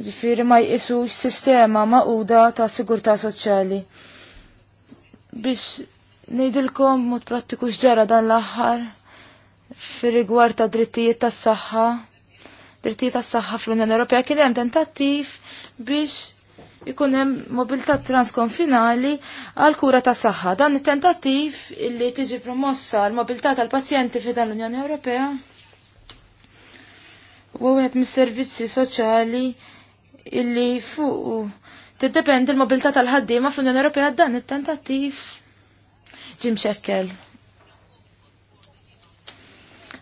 ġifiri ma jqisu sistema uda ta' sigurtà soċjali. Biex nejdilkom mut prattiku xġara dan l-aħħar fi rigward ta' drittijiet tas saħħa drittijiet tas saħħa fl-Unjoni Ewropea kien hemm tentattiv biex ikun hemm mobilità transkonfinali għal kura tas saħħa. Dan it-tentattiv illi tiġi promossa l-mobilità tal-pazjenti fi dan l-Unjoni Ewropea u għed mis-servizzi soċjali illi fuq tiddependi l mobilità tal-ħaddiema fl-Unjoni Ewropea dan it-tentattiv ġim xekkel.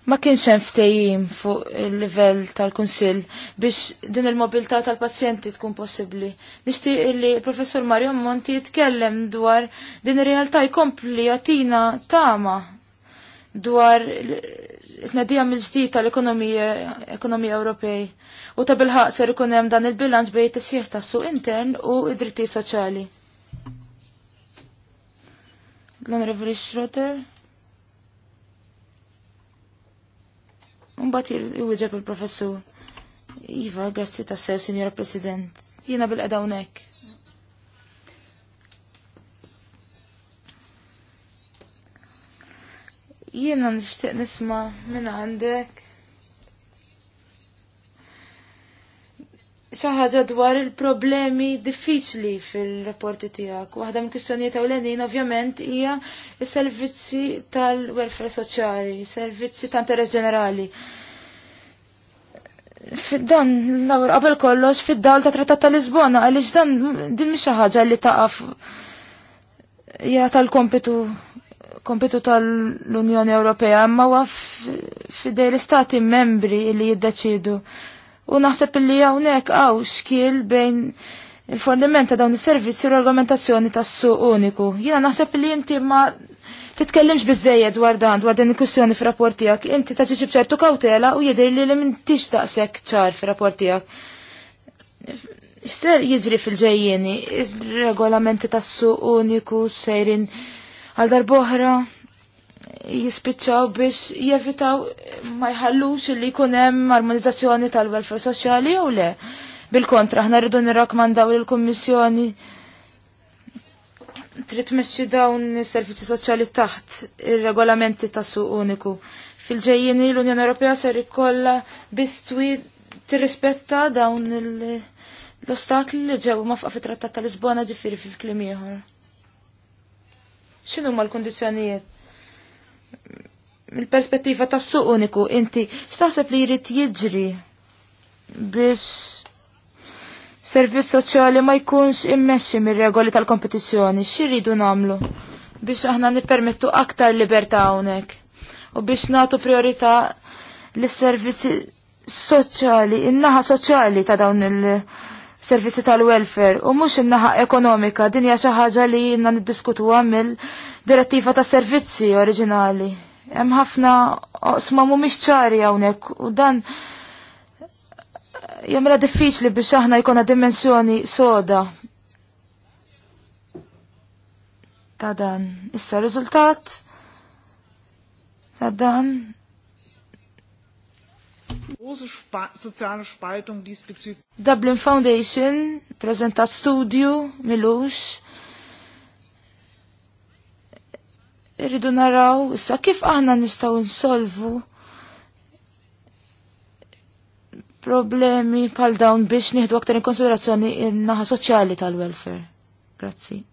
Ma kienx hemm ftehim fuq il-livell tal-Kunsill biex din il-mobilità tal-pazjenti tkun possibbli. Nixtieq illi l-Professur Mario Monti jitkellem dwar din ir-realtà jkompli jagħtina tama dwar it-nedija mill-ġdid tal-ekonomija ekonomija Ewropej u ta' bilħaq ser ikun hemm dan il-bilanċ bejn tisjieħ tas-suq intern u id-dritti soċjali. L-Onorevoli Schroeder. Mbagħad iwieġeb il-professur. Iva, grazzi sew Sinjora President. Jiena bil-qeda hawnhekk. Jiena nixtieq nisma' minn għandek. Xi ħaġa dwar il-problemi diffiċli fil-rapporti tiegħek. Waħda mill kwistjonijiet ewlenin ovvjament hija s-servizzi tal-welfare soċjali, servizzi ta' interess ġenerali. Dan, qabel kollox, fid-dawl ta' Trattat ta' Lisbona, għaliex dan din mhix xi ħaġa li taqaf hija tal-kompitu kompetu tal-Unjoni Ewropea, ma huwa fidej l-istati membri li jiddeċidu. U naħseb li hawnhekk għaw xkil bejn il-forniment ta' dawn is-servizzi u l-argumentazzjoni tas-suq uniku. Jiena naħseb li inti ma titkellimx biżejjed dwar dan dwar din il-kwistjoni f'rapport tiegħek. Inti taġi bċertu kawtela u jidher li li m'intix daqshekk ċar f'rapport tiegħek. X'ser jiġri fil-ġejjieni? Ir-regolamenti tas-suq uniku sejrin għal darboħra jispiċċaw biex jevitaw ma jħallux li jkun hemm armonizzazzjoni tal-welfare soċjali jew le. Bil-kontra, aħna rridu nirrakmandaw lill-Kummissjoni trid tmexxi dawn is-servizzi soċjali taħt ir-regolamenti ta' suq uniku. Fil-ġejjien l-Unjoni Ewropea ser ikolla biss tirrispetta dawn l-ostakli li ġew mafqa fit-Trattat ta' Lisbona ġifieri fil-klim ieħor xinu ma l kondizjonijiet Mill-perspettiva tas suq uniku, inti x'taħseb li jrid jiġri biex servizz soċjali ma jkunx immexxi mir-regoli tal-kompetizzjoni, x'iridu nagħmlu biex aħna nippermettu aktar libertà hawnhekk u biex nagħtu priorità lis-servizzi soċjali, in-naħa soċjali ta' dawn il- servizzi tal-welfare u mhux in-naħa ekonomika din hija xi ħaġa li jiena niddiskutuha mill-direttiva tas servizzi oriġinali. Hemm ħafna oqsma mhumiex ċari hawnhekk u dan jagħmilha diffiċli biex aħna jkollna dimensjoni soda ta' dan. Issa riżultat ta' dan Große spa soziale Spaltung diesbezüglich. Dublin Foundation prezentat studio milux. Irridu naraw issa kif aħna nistgħu nsolvu problemi pal dawn biex nieħdu aktar in konsiderazzjoni in-naħa soċjali tal-welfare. Grazzi.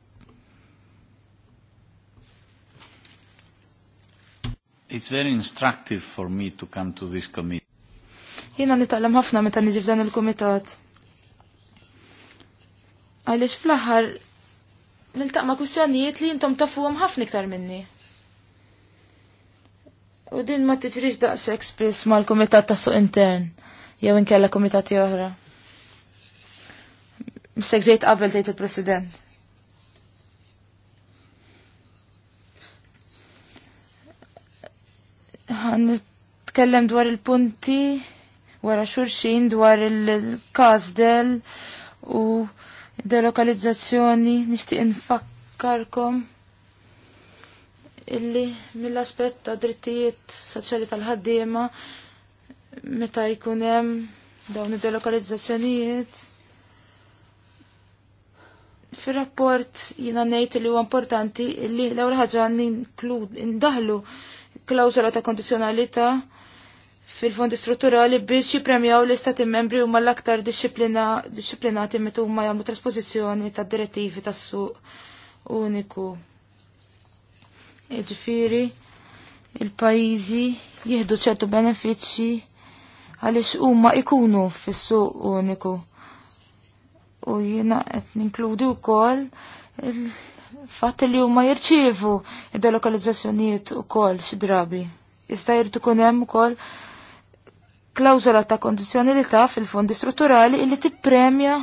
It's very instructive for me to come to this committee. Jiena nitaqlam ħafna meta niġi f'dan il-kumitat. Għaliex fl-aħħar niltaq ma' kwistjonijiet li jintom tafuhom ħafna iktar minni. U din ma tiġrix daqshekk spiss mal-kumitat tas suq intern jew inkella kumitati oħra. Msek ġejt qabel tgħid il-President. Tkellem dwar il-punti wara xurxin dwar il del u delokalizzazzjoni nixtieq infakkarkom illi mill-aspett ta' drittijiet soċjali tal-ħaddiema meta jkun hemm dawn id-delokalizzazzjonijiet fil-rapport jina nejt li huwa importanti li l-ewwel ħaġa indaħlu klawżola ta' kondizzjonalità fil-fondi strutturali biex jipremjaw l-istati membri u mal-aktar disciplinati metu ma jamlu trasposizjoni ta' direttivi ta' suq uniku. Iġifiri, il-pajizi jihdu ċertu benefiċi għalix huma ikunu fis-suq uniku. U jina qed ninkludi wkoll il-fatt li huma jirċievu id delokalizzazzjoniet ukoll xi drabi. Iżda jirtu u hemm ukoll klawzola ta' kondizjonalità fil-fondi strutturali illi tippremja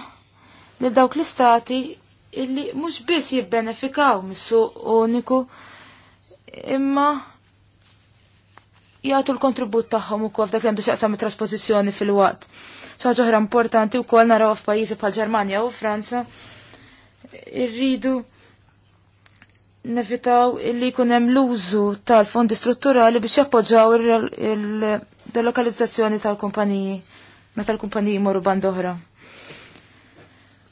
lil dawk l-istati illi mhux biss jibbenefikaw mis-suq uniku imma jgħatu l-kontribut tagħhom ukoll f'dak li għandu xaqsam it-trasposizzjoni fil-waqt. Sa oħra importanti wkoll naraw f'pajjiżi bħal Ġermanja u Franza irridu nevitaw illi jkun hemm l-użu tal-fondi strutturali biex jappoġġaw delokalizzazzjoni tal-kumpaniji meta l-kumpaniji morru band oħra.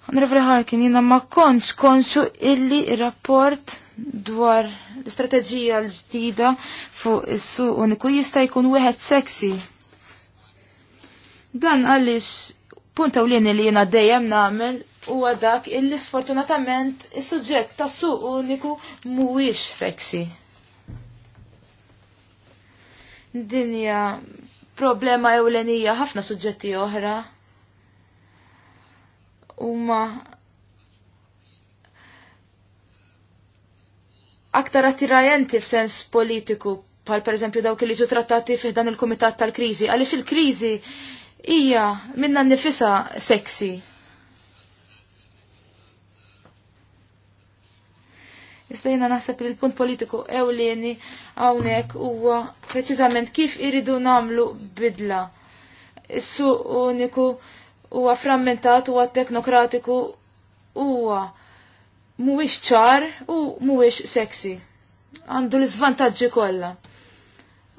Onorevoli Harkin, jina ma konċ konxu illi rapport dwar l-istrateġija l-ġdida fuq is-su uniku jista' jkun wieħed seksi. Dan għaliex punta u li jina dejjem nagħmel huwa dak illi sfortunatament is-suġġett tas-suq uniku mhuwiex seksi. Dinja problema ewlenija ħafna suġġetti oħra. Huma aktar attirajenti f'sens politiku bħal pereżempju dawk li ġu trattati fih dan il-kumitat tal-kriżi għaliex il-kriżi hija minna nifisa seksi. Jista'jna jiena naħseb li l-punt politiku ewlieni hawnhekk huwa preċiżament kif iridu nagħmlu bidla. Is-suq uniku huwa frammentat huwa teknokratiku huwa mhuwiex ċar u mhuwiex seksi. Għandu l-iżvantaġġi kollha.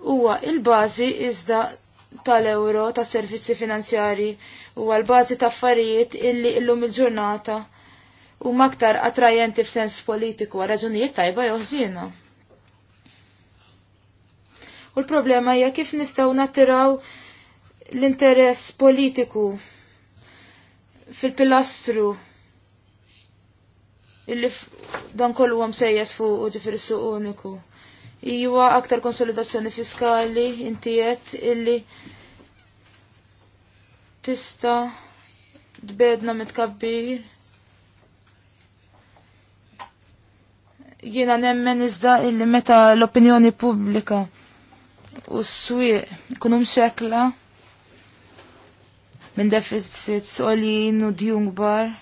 Huwa il-bażi iżda tal-euro, tas servizzi finanzjari, u għal-bazi ta' affarijiet illi illum il-ġurnata u maktar attrajenti f'sens politiku raġunijiet tajba jew U l-problema hija kif nistgħu nattiraw l-interess politiku fil-pilastru illi dan kollu għam sejjes fuq u ġifir suq uniku. Iwa aktar konsolidazzjoni fiskali intijet illi tista tbedna mitkabbir Jiena nemmen iżda illi meta l-opinjoni pubblika u s-swieq kunum xekla minn deficit solin u djung bar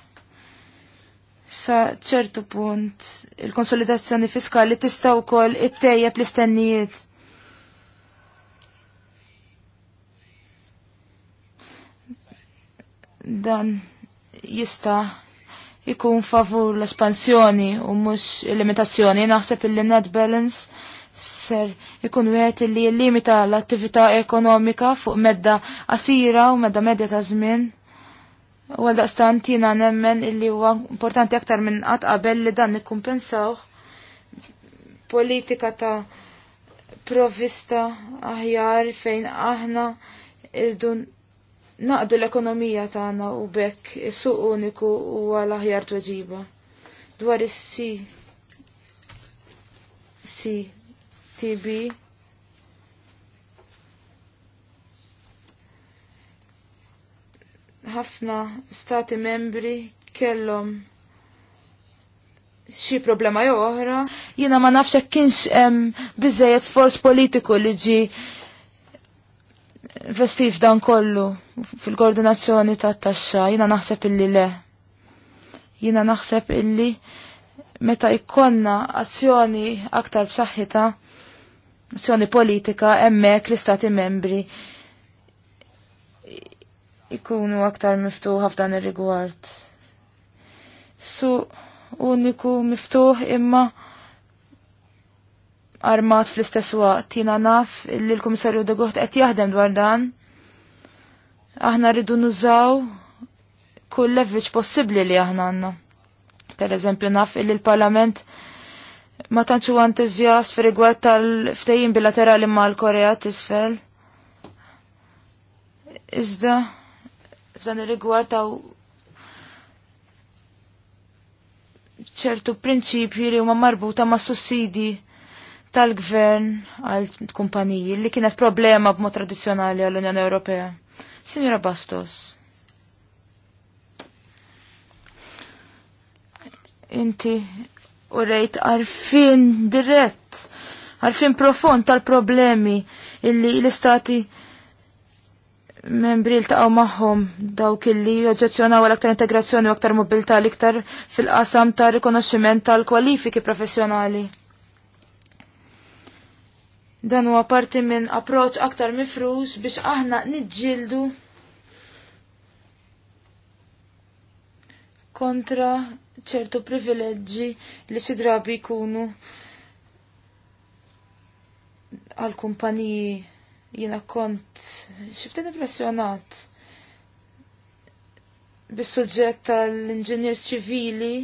sa ċertu punt il-konsolidazzjoni fiskali tista' wkoll ittejjeb l-istennijiet. Dan jista' ikun favur l-espansjoni u mux il-limitazzjoni. Naħseb il net balance ser ikun wieħed li limita l-attività ekonomika fuq medda qasira u medda medja ta' żmien. U għaldaqstant jiena nemmen illi huwa importanti aktar minn qatt qabel li dan nikkumpensaw politika ta' provvista aħjar fejn aħna irdun naqdu l-ekonomija tagħna u bekk is-suq uniku u għal aħjar tweġiba. Dwar is c si TB ħafna stati membri kellhom xi problema jew oħra, jiena ma nafx hekk kienx biżejjed sforz politiku li ġi festif dan kollu fil-koordinazzjoni ta' taxxa jina naħseb illi le. Jina naħseb illi meta jkonna azzjoni aktar b'saħħita, azzjoni politika hemmhekk l-istati membri ikunu aktar miftuħ f'dan ir-rigward. Su uniku miftuħ imma armat fl-istess waqt. Jina naf li l-Komissarju de Gucht qed jaħdem dwar dan. Aħna rridu nużaw kull leverage possibbli li aħna għandna. Per eżempju naf li l-Parlament ma tantxu huwa entużjast fi rigward tal-ftejjin bilaterali mal-Korea t'isfel. Iżda f'dan ir-rigward taw ċertu prinċipji li huma marbuta ma' sussidi tal-gvern għal kumpaniji li kienet problema b'mod tradizzjonali għall-Unjoni Ewropea. Signora Bastos. Inti u rejt għarfin dirett, għarfin profond tal-problemi illi l-istati membri l-taqaw maħħom dawk illi oġġezzjonaw għal-aktar integrazzjoni u aktar mobilta l-iktar fil-qasam ta' rikonoxximent tal-kwalifiki professjonali. Dan huwa parti minn approċ aktar mifrux biex aħna niġġieldu kontra ċertu privileġġi li xi drabi jkunu għal kumpaniji jiena kont xifti impressjonat bis-suġġett tal-inġiniers ċivili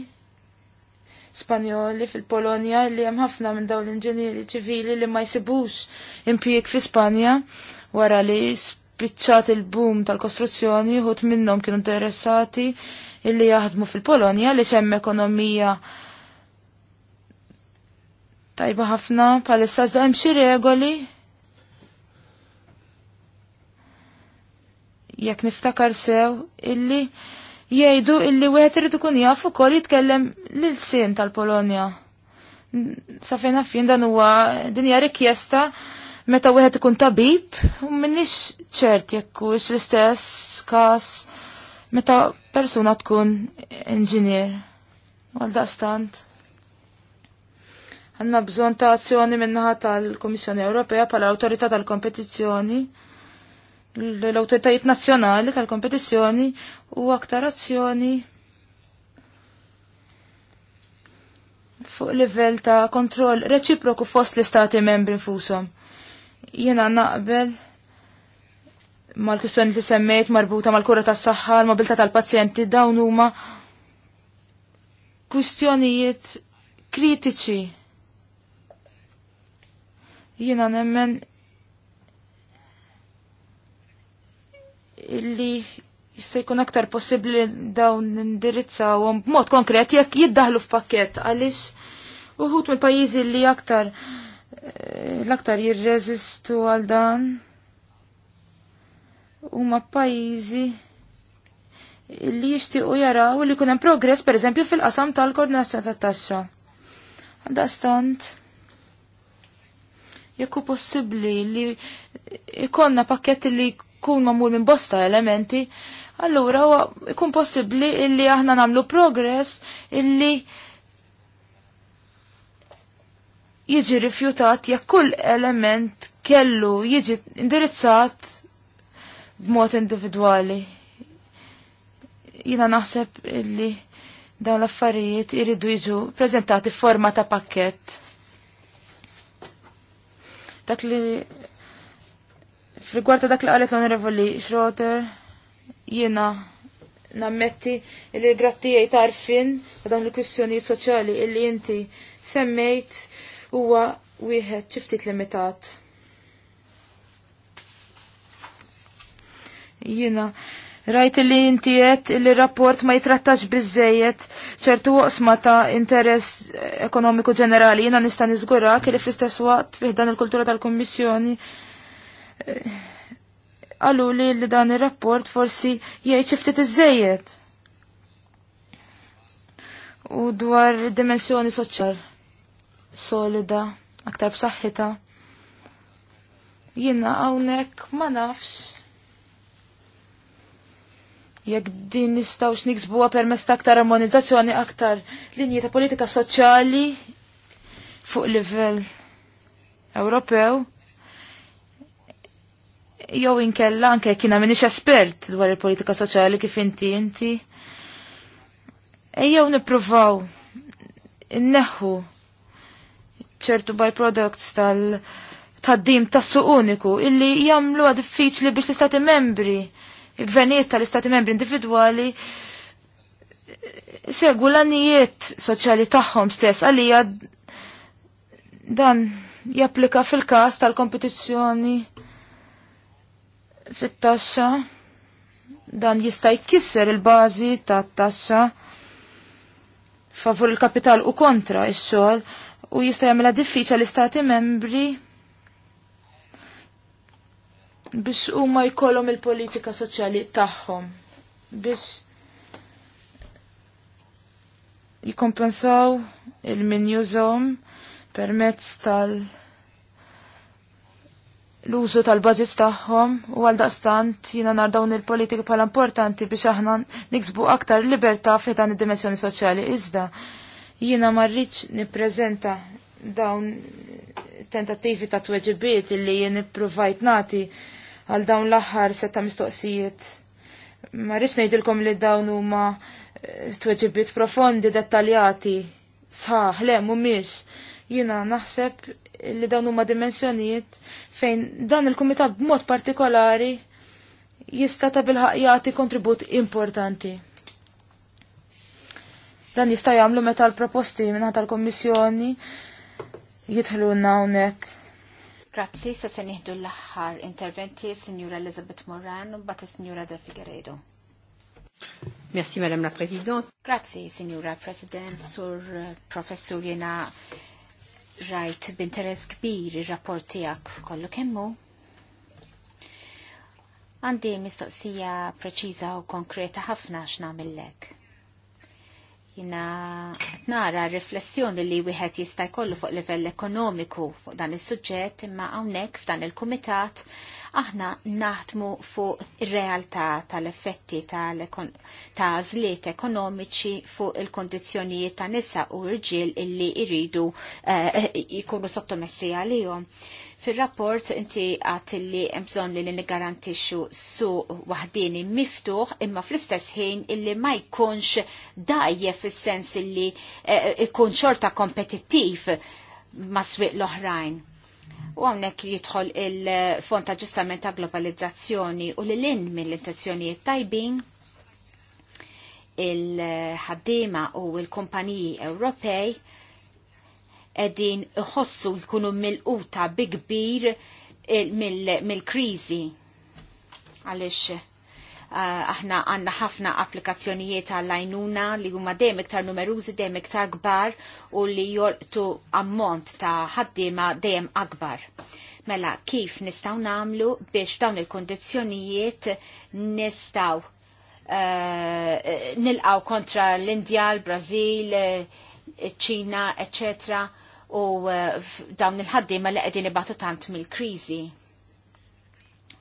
Spanjoli fil-Polonja li hemm ħafna minn dawn l-inġinieri ċivili li ma jsibux impjieg fi Spanja wara li spiċċat il-boom tal-kostruzzjoni uħut minnhom kienu interessati illi jaħdmu fil-Polonja li hemm ekonomija tajba ħafna palissa da hemm xi regoli jekk niftakar sew illi jgħidu illi wieħed irid ikun jaf ukoll jitkellem lil sin tal-Polonja. Sa fejn fin dan huwa din hija rikjesta meta wieħed ikun tabib u m'innix ċert jekk hux l-istess każ meta persuna tkun inġinier. Għal daqstant. Għanna bżon ta' azzjoni minnaħa tal-Komissjoni Ewropea pal autorità tal-kompetizzjoni. tal tal kompetizzjoni l-autoritajiet nazzjonali tal-kompetizzjoni u aktar azzjoni fuq livell ta' kontroll reċiproku fost l-istati membri nfushom. Jiena naqbel mal-kwistjoni li semmejt marbuta mal-kura tas-saħħa, l mobilta tal-pazjenti dawn huma kwistjonijiet kritiċi. Jiena nemmen illi jista' jkun aktar possibbli dawn indirizzawhom b'mod konkret jekk jiddaħlu f'pakkett għaliex uħut mill-pajjiżi li aktar eh, l-aktar jirreżistu għal dan huma pajjiżi li jixtiequ jaraw li jkun hemm progress pereżempju fil-qasam tal-koordinazzjoni tat-taxxa. Għaldaqstant jekk hu possibbli li ikonna pakketti li kun mamul minn bosta elementi, allura huwa jkun possibbli illi aħna nagħmlu progress illi jiġi rifjutat jekk kull element kellu jiġi indirizzat b'mod individwali. Jina naħseb illi dawn l-affarijiet iridu jiġu prezentati f'forma ta' pakkett. Dak li Fil-gwarta dak li qalet l-Onorevoli Schroeder, jiena nammetti li grattijaj tarfin ta' dawn il kwissjoni soċjali illi inti semmejt huwa wieħed ċiftit limitat. Jiena rajt li inti qed li rapport ma jitrattax biżejjed ċertu oqsma ta' interess ekonomiku ġenerali jiena nista' niżgura kelli fl-istess waqt fih dan il-kultura tal-Kummissjoni Għallu li li dan il-rapport forsi jgħid ftit iż U dwar dimensjoni soċjal solida, aktar b'saħħita. Jina hawnhekk ma nafx jekk din nistawx niksbuha permezz ta' aktar armonizzazzjoni aktar linji ta' politika soċjali fuq livell Ewropew jew inkella anke kina minix espert dwar il-politika soċjali kif inti inti. Ejjew nippruvaw inneħħu ċertu byproducts tal- tad-dim ta' suq uniku illi jagħmlu diffiċli biex l-istati membri, il-gvernijiet tal-istati membri individwali segwu l-anijiet soċjali tagħhom stess għalija dan japplika fil-każ tal-kompetizzjoni fit-taxxa dan jista' jkisser il-bażi tat-taxxa favur il-kapital u kontra ix-xogħol u jista' jagħmilha diffiċa l-istati membri biex huma jkollhom il-politika soċjali tagħhom biex jikompensaw il-min permezz tal- l-użu tal-budgets tagħhom u għal daqstant jiena nar dawn il-politika bħala importanti biex aħna niksbu aktar libertà fi dan id-dimensjoni soċjali. Iżda jiena ma rridx nippreżenta dawn tentattivi ta' tweġibiet illi jien ippruvajt nagħti għal dawn l-aħħar setta mistoqsijiet. Ma rridx ngħidilkom li dawn huma eh, tweġibiet profondi dettaljati saħ, le mhumiex. Jiena naħseb li dawn huma dimensjonijiet fejn dan il-kumitat b'mod partikolari jista' ta' bilħaq jagħti kontribut importanti. Dan jista' jagħmlu meta l-proposti minn tal-Kommissjoni jidħlu hawnhekk. Grazzi, se se nieħdu l-aħħar interventi Signora Elizabeth Moran u mbagħad is-Signora Del Figueredo. Merci, Madame la Présidente. Grazzi, Signora President, Sur Professur jena rajt b'interess kbir ir-rapport tiegħek kollu kemmu. Għandi mistoqsija preċiża u konkreta ħafna x'namillek. Jina nara riflessjoni li wieħed jista' jkollu fuq livell ekonomiku fuq dan is-suġġett imma hawnhekk f'dan il-kumitat il kumitat aħna naħdmu fuq ir-realtà tal-effetti ta' żliet ekonomiċi fuq il-kondizzjonijiet ta' nisa u rġiel illi jridu jkunu eh, sottomessi għalihom. Fil-rapport inti għat li bżon li n-garantixu su wahdini miftuħ imma fl-istess ħin illi ma jkunx dajje fil-sens illi jkun eh, xorta kompetittiv ma swiq l-oħrajn u għamnek jidħol il-Fond ta' Ġustament ta' Globalizzazzjoni u l-lin mill-intenzjonijiet tajbin il-ħaddima u il-kumpaniji Ewropej edin iħossu jkunu mil-quta bi kbir eh, mill-krizi. Għalix Eh, aħna għanna ħafna applikazzjonijiet għall-għajnuna li huma dejjem iktar numerużi, dejjem iktar kbar u li jorqtu ammont ta' ħaddiema dejjem akbar. Mela, kif nistaw namlu biex dawn il-kondizjonijiet nistaw uh, nilqaw kontra l-Indja, l-Brazil, eh, ċina, eccetera, u dawn il ħaddiema li qegħdin ibatu tant mill-kriżi.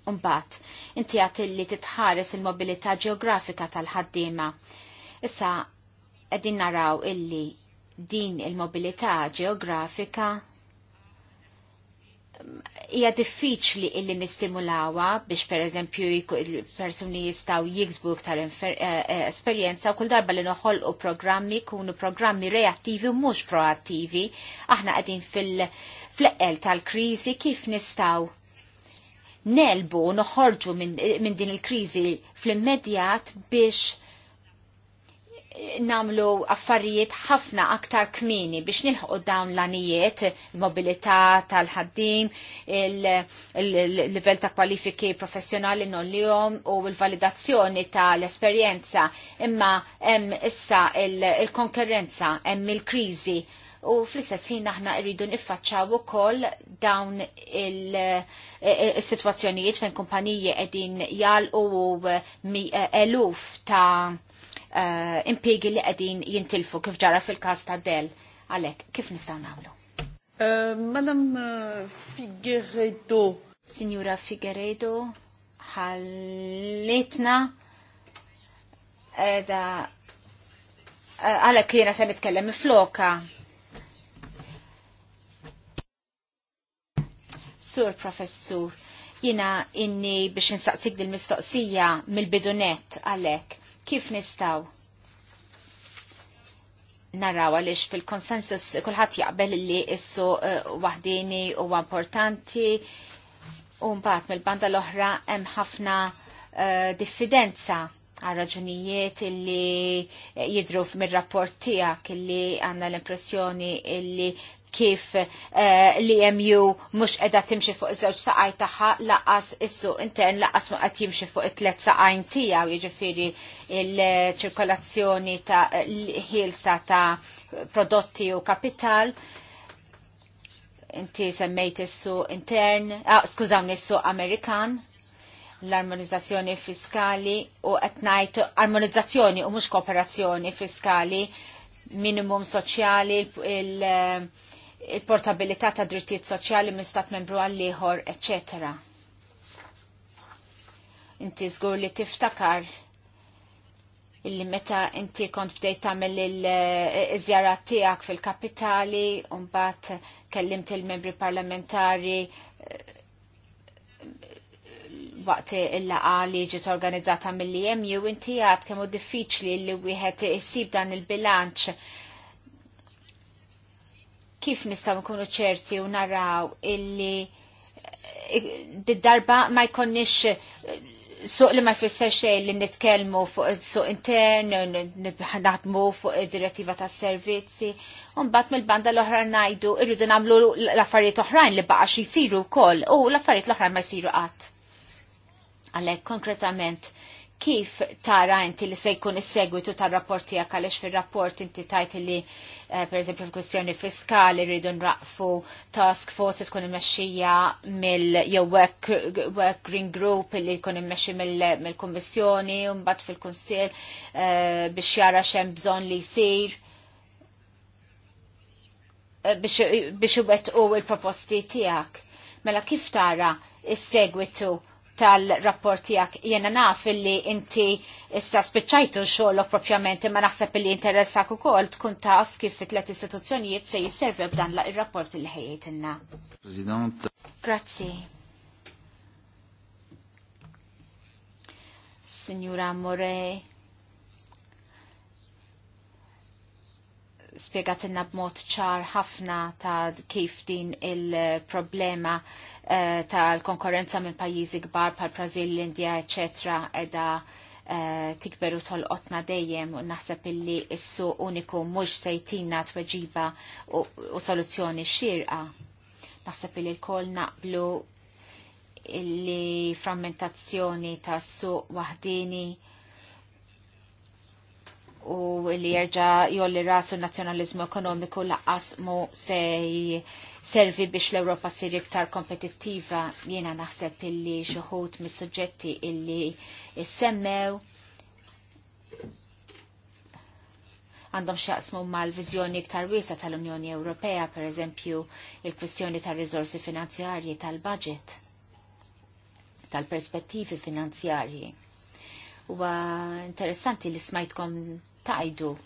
Umbat, inti għat li titħares il-mobilità ġeografika tal-ħaddima. Issa, għedin naraw illi din il-mobilità ġeografika hija diffiċli illi nistimulawa biex per eżempju persuni jistaw jiksbu iktar eh, eh, esperjenza u kull darba li noħolqu programmi kunu programmi reattivi u mhux proattivi aħna qegħdin fil-fleqqel tal-kriżi kif nistaw nelbu noħorġu minn min din il-krizi fl-immedjat biex namlu affarijiet ħafna aktar kmini biex nilħu dawn l-anijiet, il-mobilità tal-ħaddim, il-level ta' kwalifiki professjonali non u il-validazzjoni tal-esperienza imma hemm issa il-konkurrenza, hemm il-krizi. il konkurrenza hemm il krizi il il krizi u fl-istess ħin aħna rridu niffaċċaw ukoll dawn il-sitwazzjonijiet e- e- e- fejn kumpaniji qegħdin jalqu eluf ta' impjegi li qegħdin jintilfu kif ġara fil-każ ta' Dell. Għalhekk kif nistgħu nagħmlu? Eh, Madam eh, Figueredo. Signora Figueredo, ħallitna edha eh, għalek jena se nitkellem floka. Sur professur, jina inni biex nsaqsik dil-mistoqsija mill-bidunet għalek. Kif nistaw? Naraw għalix fil-konsensus kullħat jaqbel li issu uh, wahdini u importanti u mbagħad mill-banda l-oħra hemm ħafna uh, diffidenza għal raġunijiet illi jidruf mir rapport tijak illi għanna l-impressjoni illi kif eh, l jemju mux edha timxi fuq iż-żewġ saqaj taħħa laqas issu intern laqas ma qed jimxi fuq it-tlet saqajn tiegħu jiġifieri il-ċirkolazzjoni ta' ħielsa ta' prodotti u kapital inti semmejt issu intern, ah, skużawni issu Amerikan, l-armonizzazzjoni fiskali u qed ngħid armonizzazzjoni u mhux kooperazzjoni fiskali, minimum soċjali, il- il-portabilità ta' drittijiet soċjali minn stat membru għal ieħor, eċetera. Inti żgur li tiftakar illi meta inti kont bdejt tagħmel il-żjarat tiegħek fil-kapitali u mbagħad kellimt il-membri parlamentari eh, waqt il-laqa li ġiet organizzata mill-EMU inti għad kemm diffiċli li wieħed isib dan il-bilanċ kif nistaw nkunu ċerti u naraw illi eh, darba ma jkonniex eh, suq li ma jfisser xej li nitkelmu fuq suq intern, naħdmu fuq direttiva ta' servizzi, un bat mill-banda l-oħra najdu irridu namlu l-affarijiet oħrajn li baqax jisiru kol u l-affarijiet l-oħrajn ma jisiru qatt. Għalek, konkretament, kif tara inti li se jkun is-segwitu tar-rapport tiegħek għaliex fir-rapport inti tajt li per eh, pereżempju f'kwistjoni fiskali rridu nraqfu task force tkun imexxija mill jew work, work green group li jkun imexxi mill-kummissjoni mil u mbagħad fil-kunsill eh, biex jara x'hemm bżonn li jsir eh, biex biex iwettqu il-proposti tiegħek. Mela kif tara is-segwitu tal-rapport tijak jena naf illi inti issa spiċċajtu xogħlok propjament imma naħseb illi interessak ukoll tkun taf kif fitlet istituzzjonijiet se jisservi b'dan il-rapport li ħejjitilna. President. Grazzi. Signora More, spiegatilna b'mod ċar ħafna ta' kif din il-problema ta' eh, tal-konkurrenza minn pajjiżi kbar bħal Brażil, l-Indja, eċetera, edha eh, tikberu tikberu tolqotna dejjem u naħseb illi issu uniku mhux sejtina tweġiba u, soluzzjoni xirqa. Naħseb illi l-kol naqblu illi frammentazzjoni tas suq waħdini u li jerġa' jolli rasu nazjonalizmu ekonomiku laqqas mu se servi biex l-Europa sir iktar kompetittiva jiena naħseb illi xuħut mis suġġetti illi semmew għandhom xaqsmu mal-vizjoni iktar wiesa tal-Unjoni Ewropea, per eżempju, il-kwistjoni tal-rizorsi finanzjarji tal-budget, tal-perspettivi finanzjarji. Huwa interessanti li smajtkom tajdu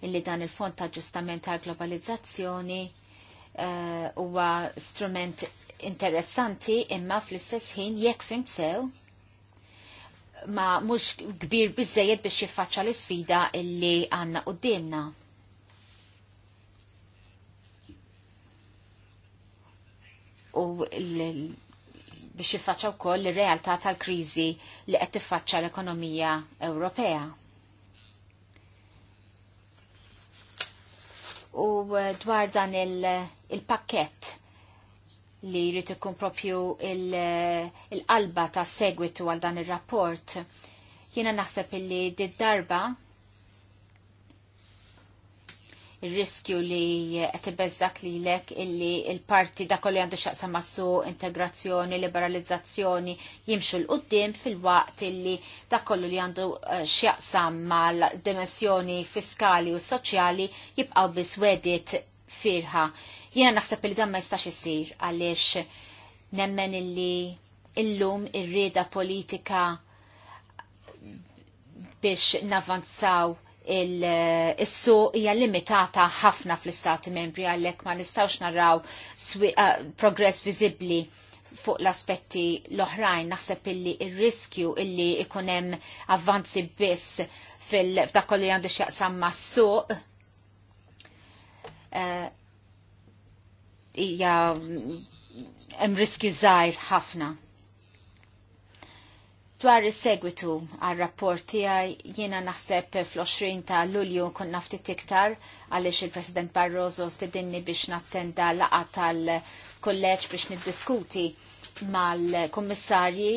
illi dan il-fond ta' ġustament ta' globalizzazzjoni eh, huwa uh, strument interessanti imma fl-istess ħin jekk fim sew ma mhux kbir biżejjed biex jiffaċċa l-isfida illi għandna qudiemna. U biex jiffaċċa wkoll ir-realtà tal-kriżi li qed tiffaċċa l-ekonomija Ewropea. u eh, dwar dan il-pakket il li jrid ikun propju eh, il-qalba il ta' segwitu għal dan ir rapport Jiena naħseb illi darba il-riskju li qed li lilek illi il-parti da kolli għandu xaqsa massu integrazzjoni, liberalizzazzjoni jimxu l-qoddim fil-waqt illi da kollu li għandu eh, xaqsa mal-dimensjoni fiskali u soċjali jibqaw bis wedit firħa. Jiena naħseb li dan ma jistax jisir għaliex nemmen illi illum ir-rieda politika biex navanzaw il-suq eh, hija limitata ħafna fl-istati membri għalhekk ma nistgħux narraw eh, progress viżibbli fuq l-aspetti l-oħrajn naħseb illi il riskju illi ikunem hemm avvanzi biss fil-f'dak kollu għandu x'jaqsam mas-suq eh, hija mm, hemm riskju żgħir ħafna. Dwar is-segwitu għal rapport tiegħi jiena naħseb fl-20 ta' Lulju kun nafti tiktar għaliex il-President Barroso stidinni biex nattenda laqa tal-kolleġġ biex niddiskuti mal-kummissarji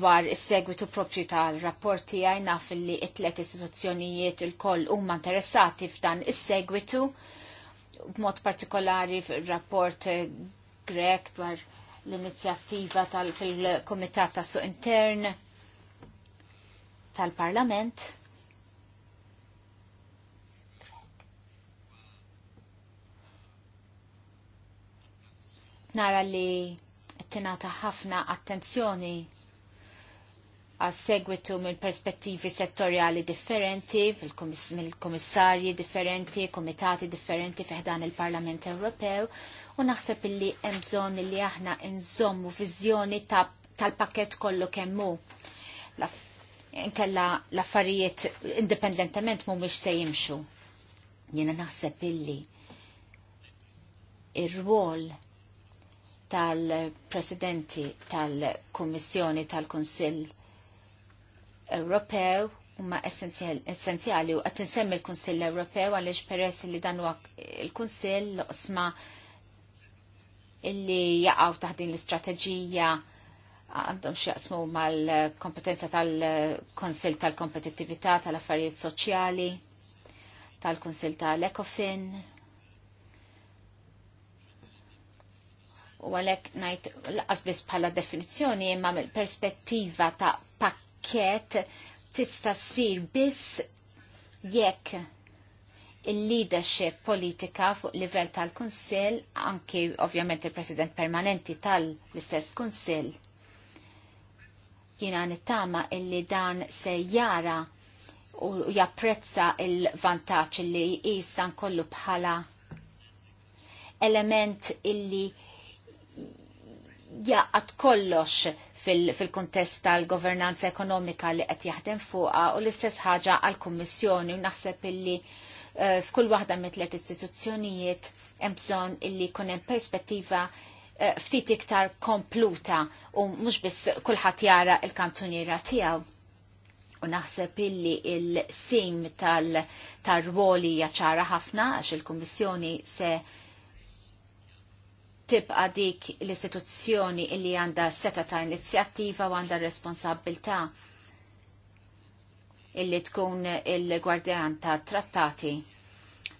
dwar is-segwitu propju tal-rapport tiegħi naf li it-tlet istituzzjonijiet il-koll huma interessati f'dan is-segwitu b'mod partikolari fir-rapport Grek dwar l-inizjattiva tal-Komitat ta' Suq Intern tal-Parlament. Nara li tinata ħafna attenzjoni għas segwitu mill perspettivi settorjali differenti, mill-komissarji differenti, komitati differenti fiħdan il-Parlament Ewropew, u naħseb illi hemm bżonn li aħna nżommu viżjoni tal-pakket kollu kemmu. Nkella l-affarijiet mu mhumiex se jimxu. Jiena naħseb illi ir-rwol tal-presidenti tal-Kummissjoni tal-Kunsill Ewropew huma essenzjali u qed insemmi l-Kunsill Ewropew għaliex peress li dan huwa l-Kunsill l-qosma illi jaqaw taħt din l-istrateġija għandhom xjaqsmu mal-kompetenza tal-Konsil tal-Kompetittività tal-Affarijiet Soċjali, tal-Konsil tal-Ecofin. U għalek najt laqasbis bħala definizjoni imma mill-perspettiva ta' pakket tista' ssir biss jekk il-leadership politika fuq livell tal-Kunsill, anki ovvjament il-President permanenti tal-istess Kunsill. Jina nittama illi dan se jara u japprezza il-vantaċ li jistan kollu bħala element illi jaqat kollox fil-kontest fil tal-governanza ekonomika li qed jaħdem fuqha u l-istess ħaġa għall kummissjoni u naħseb illi Eh, f'kull waħda mit tliet istituzzjonijiet hemm bżonn illi jkun hemm perspettiva eh, ftit iktar kompluta u mhux biss kulħadd jara l-kantuniera tiegħu. U naħseb illi il-sim tal-rwoli jaċara ħafna għax il-Kummissjoni se tibqa dik l-istituzzjoni illi għandha seta ta' inizjattiva u għandha responsabilta' illi tkun il-gwardjan ta' trattati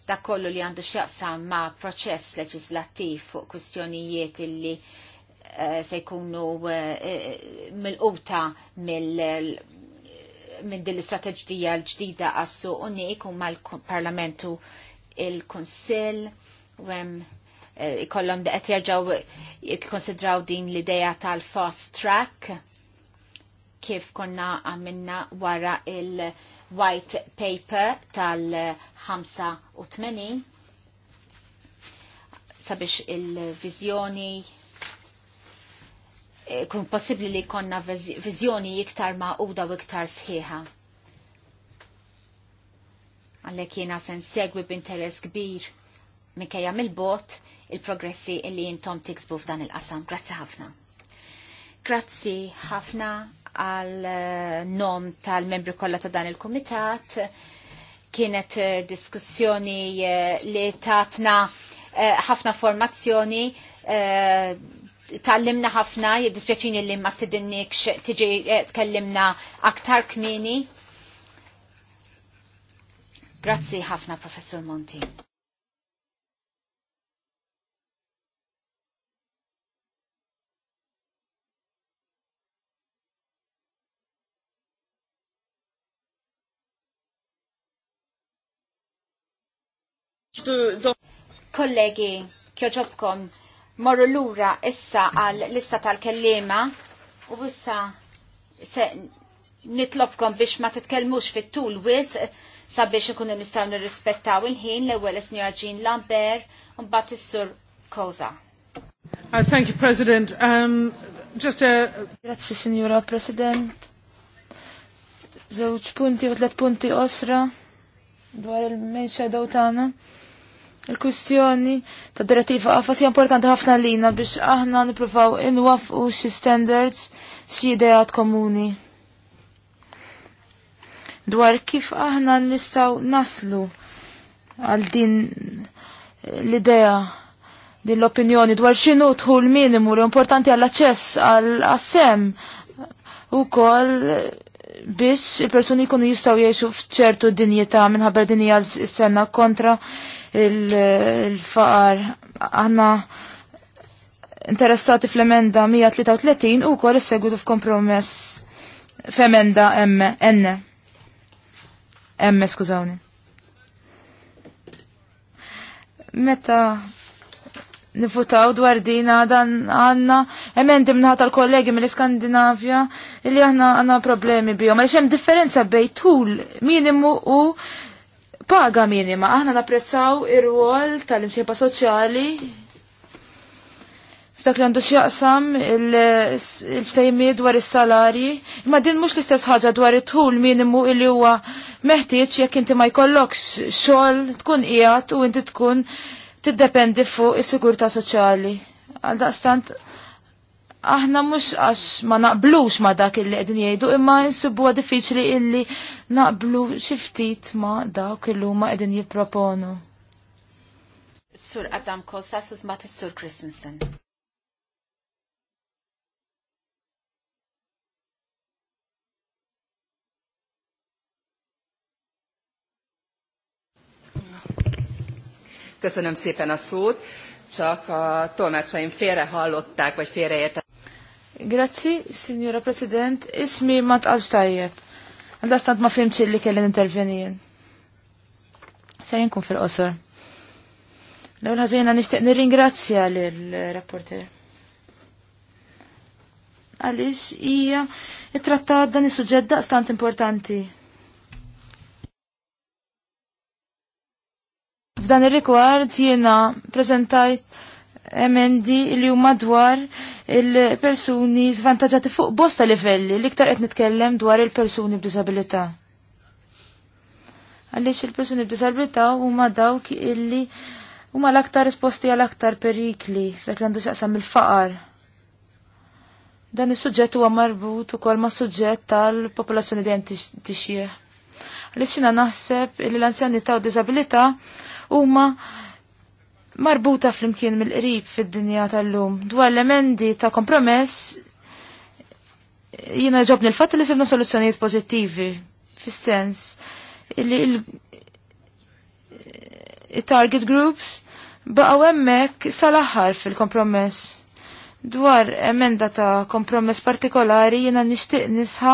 da kollu li għandu xaqsam ma' proċess leġislattiv fuq kwistjonijiet illi eh, se jkunu eh, mil-quta mill minn din l-istrateġija l-ġdida għassu unik u mal-parlamentu il-konsil u hemm eh, ikollhom qed jerġgħu jikkonsidraw din l-idea tal-fast track kif konna għamilna wara il-white paper tal-85 sabiex il-vizjoni eh, kun possibli li konna vizjoni iktar maquda u iktar sħiħa. Għallek jena sen segwi b'interess kbir minkejja mill-bot il-progressi li jintom tiksbu f'dan il-qasam. Grazzi ħafna. Grazzi ħafna għal eh, nom tal-membri kollha ta' dan il-kumitat. Kienet eh, diskussjoni eh, li tatna ħafna formazzjoni tallimna ħafna, jiddispjaċini li ma stidinnikx tiġi tkellimna aktar kmini. Grazzi ħafna, Professor Monti. Kollegi, kjoġobkom, morru lura issa għal lista tal-kellima u issa se nitlobkom biex ma titkellmux fit-tul wis sabiex ikunu nistgħu nirrispettaw il-ħin l-ewwel is-Sinjor Jean Lambert u mbagħad is-Sur Koza. Uh, thank you, President. Um, just a... Grazie, Signora President. Zewċ punti u tlet punti osra dwar il-mejxa dawtana. tagħna. Il-kwistjoni ta' direttiva għafa si importanti ħafna lina biex aħna nippruvaw inwafqu xi standards xi ideat komuni. Dwar kif aħna nistgħu naslu għal din l-idea din l-opinjoni dwar x'inhu tħul minimu li importanti għall aċċess għal assem ukoll biex il-persuni jkunu jistgħu jgħixu f'ċertu dinjità minħabba din hija s-sena kontra il-faqar għanna interessati fl-emenda 133 u kol is-segwitu f'kompromess f'emenda M, N. M, skużawni. Meta nifutaw dwar dina dan għanna emendi minnaħat tal-kollegi mill-Iskandinavja li għanna għanna problemi bijom. Għalix hemm differenza bej tul minimu u paga minima. Aħna napprezzaw ir-rwol tal imsieba soċjali f'dak li għandu x'jaqsam il-ftejmiet dwar is-salarji, imma din mhux l-istess ħaġa dwar it-tħul minimu li huwa meħtieġ jekk inti ma jkollokx xogħol tkun qiegħed u inti tkun tiddependi fuq is-sigurtà soċjali. Għal daqstant aħna mhux għax ma naqblux ma dak illi qegħdin jgħidu imma għad diffiċli illi naqblu xi ftit ma dak illi ma qegħdin jipproponu. Sur Adam Kosa susmat is-Sur Christensen. Köszönöm szépen a szót csak a tolmácsaim hallották, vagy félreértették. Grazzi, signora President, ismi ma tqalx tajjeb. Għaldastant ma film li kelli intervenijin. Ser fil-qosor. L-ewwel ħaġa nixtieq nirringrazzja lill-rapporter. Għaliex hija ittratta dan is-suġġett daqstant importanti. F'dan ir-rikward jiena preżentajt emendi li huma dwar il-persuni zvantaġġati fuq bosta livelli li ktar qed nitkellem dwar il-persuni b'disabilità. Għaliex il-persuni b'disabilità huma dawk illi huma l-aktar esposti għal aktar perikli dak li għandu xaqsam il-faqar. Dan is-suġġett huwa marbut ukoll ma' suġġett tal-popolazzjoni dejjem tixjih. Għaliex xina naħseb li l-anzjanità u disabilità huma marbuta flimkien mill-qrib fid-dinja tal-lum. Dwar l-emendi ta' kompromess jina ġobni l-fatt li sibna soluzzjonijiet pozittivi fis-sens li il-target groups baqgħu hemmhekk sal-aħħar fil-kompromess. Dwar emenda ta' kompromess partikolari jina nixtieq nisħa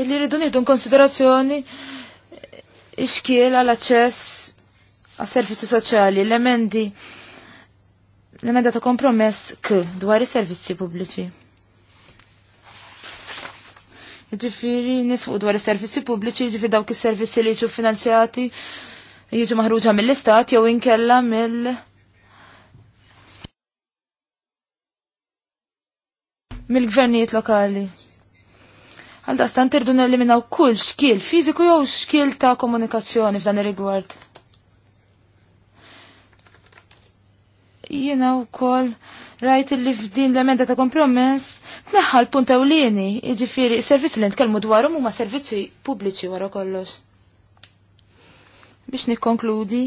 li rridu nieħdu konsiderazzjoni iskiel għal aċċess għas servizzi soċjali l-emendi l-emenda ta' kompromess k dwar is-servizzi pubbliċi. Ġifiri nisfuq dwar is-servizzi pubbliċi, ġifiri dawk is-servizzi li jiġu finanzjati jiġu maħruġa mill-istat jew inkella mill- mill-gvernijiet lokali. Għal dastan tirdu neliminaw kull xkiel fiziku jew xkil ta' komunikazzjoni f'dan ir-rigward. Jiena wkoll rajt li f'din l-emenda ta' kompromess tneħħa l-punt ewlieni, jiġifieri servizzi li nitkellmu dwarhom huma servizzi pubbliċi wara kollox. Biex nikkonkludi,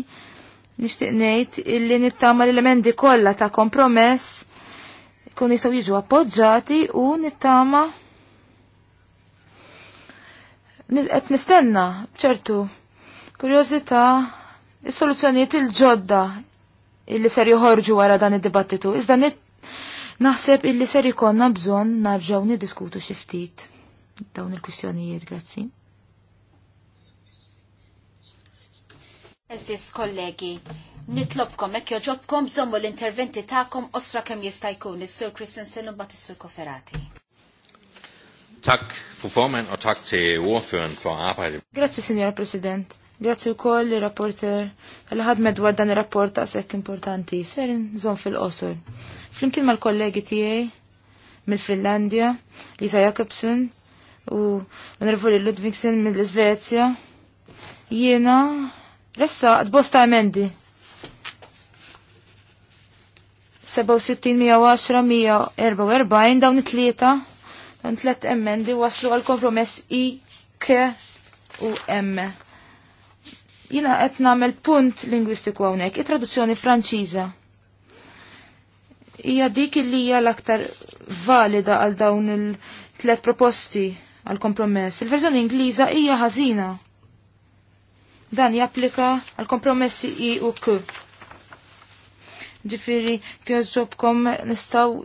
nixtieq ngħid illi nittama l-emendi kollha ta' kompromess kun jistaw jiġu appoġġjati u nittama qed nistenna bċertu kurjożità is-soluzzjonijiet il-ġodda illi ser joħorġu wara dan id-dibattitu. Iżda naħseb illi ser jikonna bżonn narġgħu niddiskutu xi ftit dawn il-kwistjonijiet, grazzi. Eżis kollegi, nitlobkom hekk joġobkom zommu l-interventi tagħkom osra kemm jista' jkun is-Sur Christensen u mbagħad is-Sur Koferati. Tak, fu formen og tak til ordføren for arbejdet. Grazie, signor President. Grazie u koll li rapporter għal-ħad medwar dan il-rapport ta' sekk importanti. Serin zon fil-qosor. Flimkien mal-kollegi tiegħi mill-Finlandja, Lisa Jakobsen u l-Nervoli Ludvigsen mill-Svezja, jiena ressa bosta emendi. 67, 110, 144 dawn it-tlieta tlet emmendi waslu għal kompromess I, K u M. Jina qed nagħmel punt lingwistiku hawnhekk, it-traduzzjoni Franċiża. Hija dik li hija l-aktar valida għal dawn il-tlet proposti għal kompromess. Il-verżjoni Ingliża hija ħażina. Dan japplika għal kompromessi I u K. Ġifiri, kjoġobkom nistaw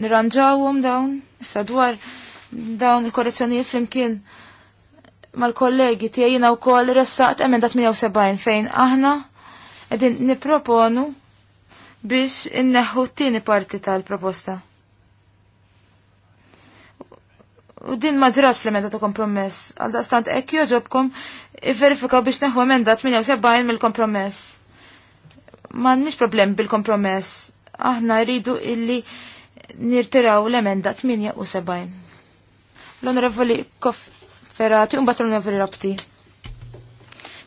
nirranġawhom dawn, issa dwar dawn il-korrezzjonijiet flimkien mal-kollegi tiegħina jiena wkoll ressaqt emenda 78 fejn aħna qegħdin nipproponu biex inneħħu t-tieni parti tal-proposta. U din ma fl-emenda ta' kompromess. Għal daqstant ekk joġobkom verifikaw biex neħu emenda 78 mill-kompromess. Ma nix problem bil-kompromess. Aħna rridu illi nirtiraw l-emenda 78. L-onorevoli kofferati un batru l-onorevoli rabti.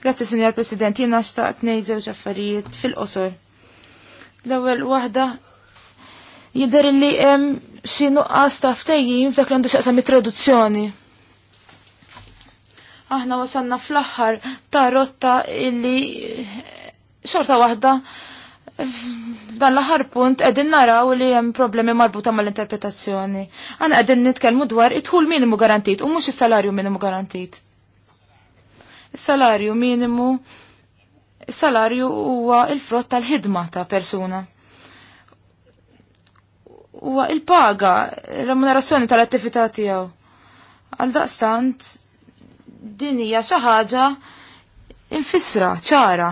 Grazie, Signor President, jina xtaqt nejżew affarijiet fil-qosor. L-ewel wahda jider li hemm xi nuqqas ta' ftejjim f'dak l għandu xaqsam traduzzjoni. Aħna wasanna fl-aħħar ta' rotta illi xorta waħda F'dan l-aħħar punt qegħdin naraw li hemm problemi marbuta mal-interpretazzjoni. Għan qegħdin nitkellmu dwar it-tħul minimu garantit u mhux is-salarju minimu garantit. Is-salarju minimu is-salarju huwa il-frott tal-ħidma ta' persuna. Huwa il-paga, remunerazzjoni tal-attività tiegħu. Għal daqstant din hija xi ħaġa infisra ċara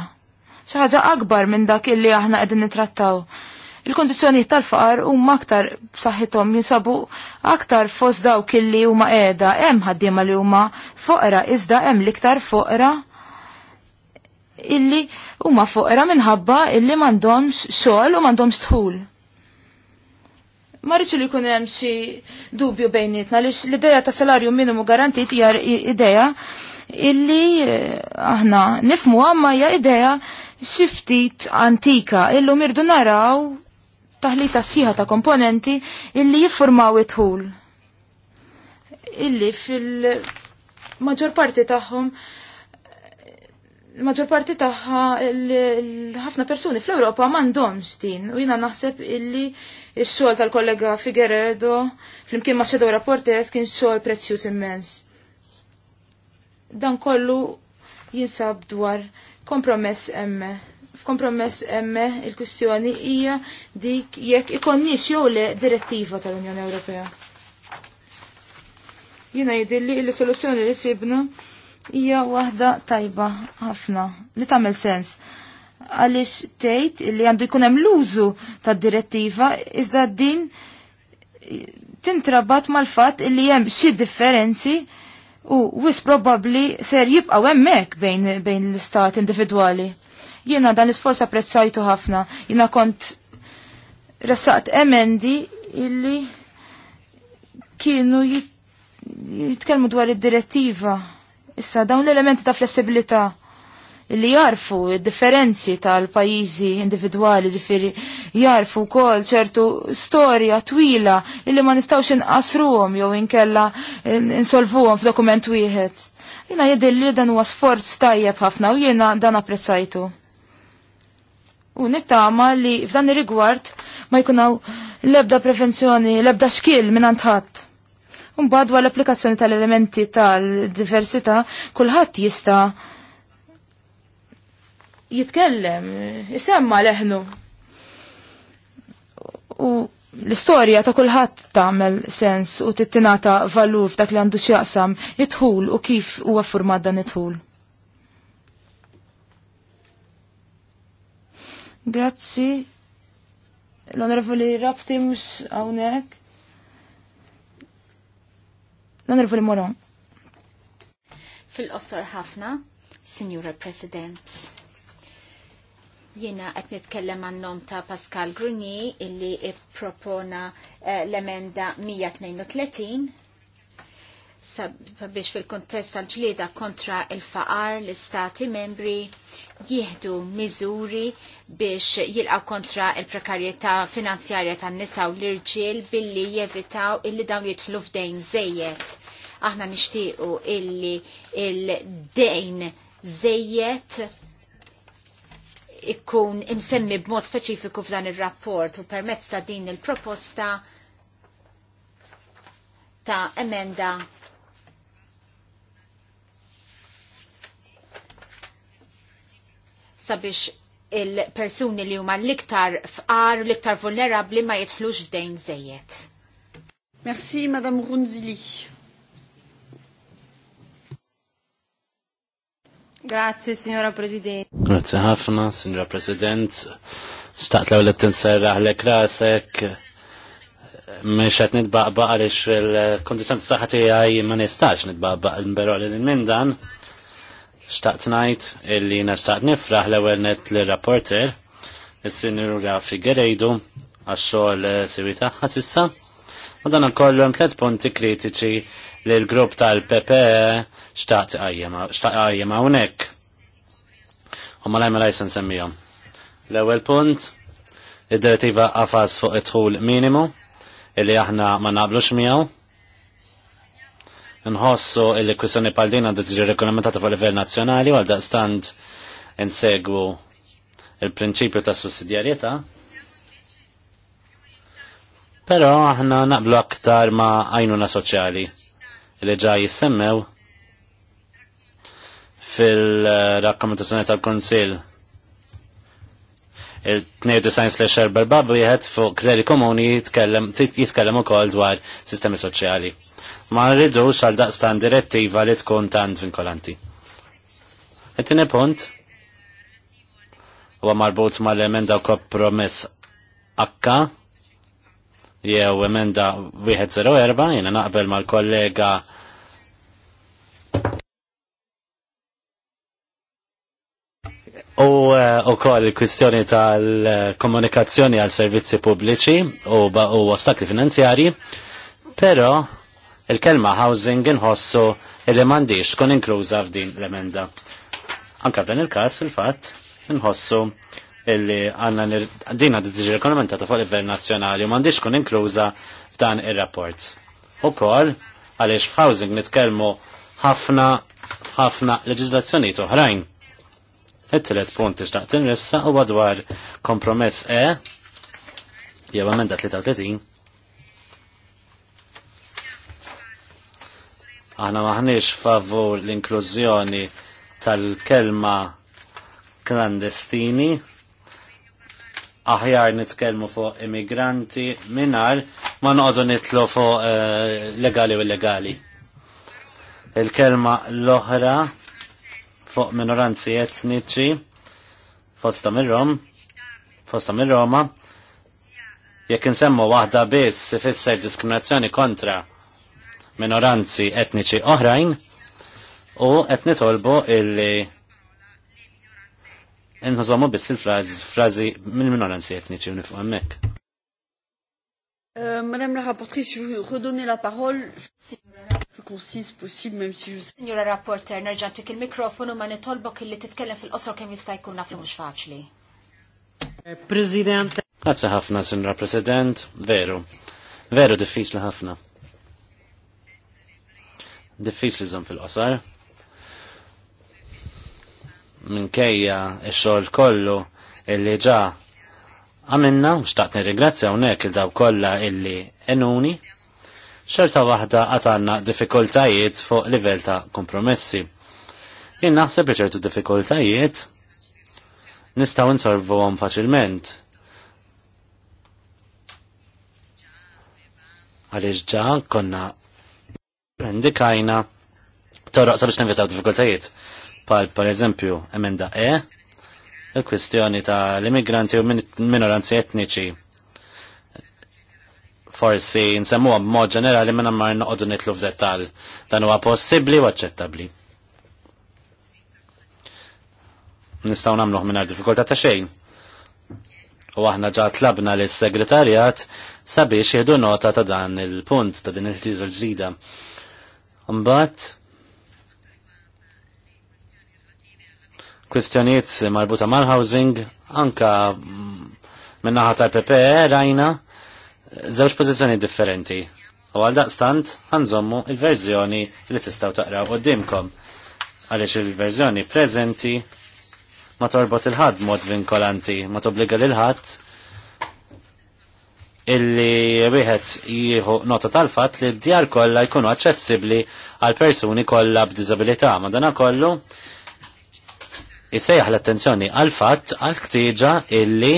ħaġa akbar minn dak illi aħna qegħdin nitrattaw. Il-kondizzjonijiet tal-faqar huma aktar b'saħħithom jinsabu aktar fost dawk illi huma qiegħda hemm ħaddiema li huma foqra iżda hemm l-iktar foqra illi huma foqra minħabba illi m'għandhomx xogħol u m'għandhomx tħul. Ma rridx li jkun hemm xi dubju bejnietna li l-idea ta' salarju minimu garantit hija idea illi eh, aħna nifmu għamma hija idea xiftit antika illum irdu naraw taħlita sħiħa ta' komponenti illi jiffurmaw it Illi fil-maġġor parti tagħhom maġġor parti tagħha ħafna persuni fl-Ewropa m'għandhomx din u jiena naħseb illi x-xogħol tal-kollega Figueredo flimkien ma' Shadow Reporters kien xogħol prezzjuż immens dan kollu jinsab dwar kompromess emme. F'kompromess emme il-kwistjoni hija dik jekk ikonniex jew le direttiva tal-Unjoni Ewropea. Jiena jidilli li soluzzjoni li sibna hija waħda tajba ħafna li tagħmel sens għaliex tgħid li għandu jkun hemm l-użu tad-direttiva iżda din tintrabat mal-fatt li hemm xi differenzi u wis probabli ser jibqa hemmhekk bejn, bejn l-istat individwali. Jiena dan l-isforz apprezzajtu ħafna. Jiena kont rassaqt emendi illi kienu jitkellmu dwar id-direttiva. Issa dawn l-elementi ta' flessibilità li jarfu differenzi tal-pajizi individuali ġifiri jarfu kol ċertu storja twila illi ma nistawx inqasruhom jew inkella insolvuhom f'dokument wieħed. Jina jidil li dan huwa sforz tajjeb ħafna u jiena dan apprezzajtu. U nittama li f'dan ir-rigward ma jkunaw l-ebda prevenzjoni, l-ebda xkil minn ħadd. Un wara l-applikazzjoni tal-elementi tal-diversità, kulħadd jista' jitkellem, jisemma leħnu. U l-istorja ta' kulħadd tagħmel sens u tittinata valur f'dak li għandu x'jaqsam jitħul u kif huwa ffurmat dan itħul. Grazzi. L-onorevoli Rapti hawnhekk. għawnek. L-onorevoli Moron. fil qosor ħafna, Signora President. Jena qed nitkellem għannom ta' Pascal Gruni illi propona eh, l-emenda 132 Biex fil-kontest tal-ġlieda kontra il-faqar l-istati membri jieħdu miżuri biex jilqaw kontra il-prekarjetà finanzjarja tan-nisa u l-irġiel billi jevitaw illi dawn jitħlu f'dejn żejjed. Aħna nixtiequ illi il-dejn żejjed ikkun insemmi b'mod speċifiku f'dan ir-rapport u permezz ta' din il-proposta ta' emenda sabiex il-persuni li huma l-iktar fqar, l-iktar vulnerabli ma jitħlux f'dejn żejjed. Merci, Madame Runzili. Grazie, signora President. Grazie ħafna, signora President. Staqt l għet tinserraħ l rasek. Mux għet nitbaqbaq għalix il-kondizjoni s-saxħati għaj ma nistax nitbaqbaq l mbero l-min dan. Staqt najt illi nastaqt nifraħ l-ewel net l-rapporter, il-sinjura Figueredo, għaxxol eh, siwi taħħa sissa. U dan kollu tlet punti kritiċi li l-grupp tal-PPE xtaqt għajjema unek. U ma lajma lajsen semmijom. L-ewel punt, id-direttiva għafas fuq it-ħul minimu, illi aħna ma nablux miegħu. Nħossu illi kwissjoni pal din għandha tiġi regolamentata fuq livell nazzjonali għal daqstant insegwu il-prinċipju ta' sussidjarjetà. Però aħna naqblu aktar ma' għajnuna soċjali li ġaj jissemmew fil-rakkomandazzjoni tal-Konsil il-92/4 babu jħed fuq kredi komuni jitkellem ukoll dwar sistemi soċjali. Ma rridux xal daqstan direttiva li tkun tant vinkolanti. Et-tieni punt huwa marbut mal-emenda kompromess akka jew emenda 104 jiena naqbel mal-kollega U eh, kol il-kwistjoni tal-komunikazzjoni għal servizzi pubbliċi u, ostakli finanzjari, però il-kelma housing inħossu li m'għandix tkun inkluża f'din l-emenda. Anka f'dan il-każ fil-fatt inħossu illi għanna dina d-diġi rekomentata fuq livell nazzjonali u m'għandix tkun inkluża f'dan ir-rapport. kol, għaliex f'housing nitkellmu ħafna ħafna leġiżlazzjonijiet oħrajn Il-tret punt xtaqt nressa u għadwar kompromess E, jew emenda 33. Aħna maħniex favur l-inklużjoni tal-kelma klandestini, aħjar nitkellmu fuq immigranti minar ma noqogħdu nitlu fuq uh, legali u illegali. Il-kelma l-oħra fuq minoranzi etniċi fosta mir-Rom, fosta mir-Roma, jekk insemmu waħda biss ifisser diskriminazzjoni kontra minoranzi etniċi oħrajn u qed nitolbu illi inħożomu biss il-frażi mill-minoranzi etniċi u nifhom hemmhekk. Euh, Madame la rapportrice, je vous redonner la parole concis possible, même si je sais... Signora Rapporter, nerġantik il-mikrofonu ma nitolbok illi titkellem fil-qosor kemm jista' jkun nafhom mhux faċli. President. Grazzi ħafna, Signora President. Veru. Veru diffiċli ħafna. Diffiċli żomm fil-qosor. Minkejja x-xogħol kollu illi ġa għamilna, xtaqt nirringrazzja hawnhekk il-daw kollha illi enuni xerta waħda għatanna diffikultajiet fuq livell ta' kompromessi. Jien naħseb li ċertu diffikultajiet nistaw insolvu għom faċilment. Għaliex ġa konna indikajna toroq sabiex nevitaw diffikultajiet. Pal, per eżempju, emenda E, il-kwistjoni ta' l-immigranti u minoranzi etniċi forsi nsemmuhom mod ġenerali minn mar noqogħdu nitlu f'dettall. Dan huwa possibbli u aċċettabbli. Nistgħu nagħmluh mingħajr diffikultà ta' xejn. U aħna ġa tlabna lis segretarjat sabiex jieħdu nota ta' dan il-punt ta' din il-ħtiġa ġdida. Mbagħad kwistjonijiet marbuta mal-housing anka minnaħa tal-PPE rajna żewġ pożizzjoni differenti. U għal daqstant ħanżommu il-verżjoni li tistgħu taqraw qudiemkom għaliex il-verżjoni prezenti ma torbot il-ħadd mod vinkolanti, ma tobbliga lil ħadd illi wieħed jieħu nota tal-fatt li d-djar kollha jkunu aċċessibbli għal persuni kollha b'diżabilità. Madana kollu isejjaħ l-attenzjoni għal fatt għal ħtieġa illi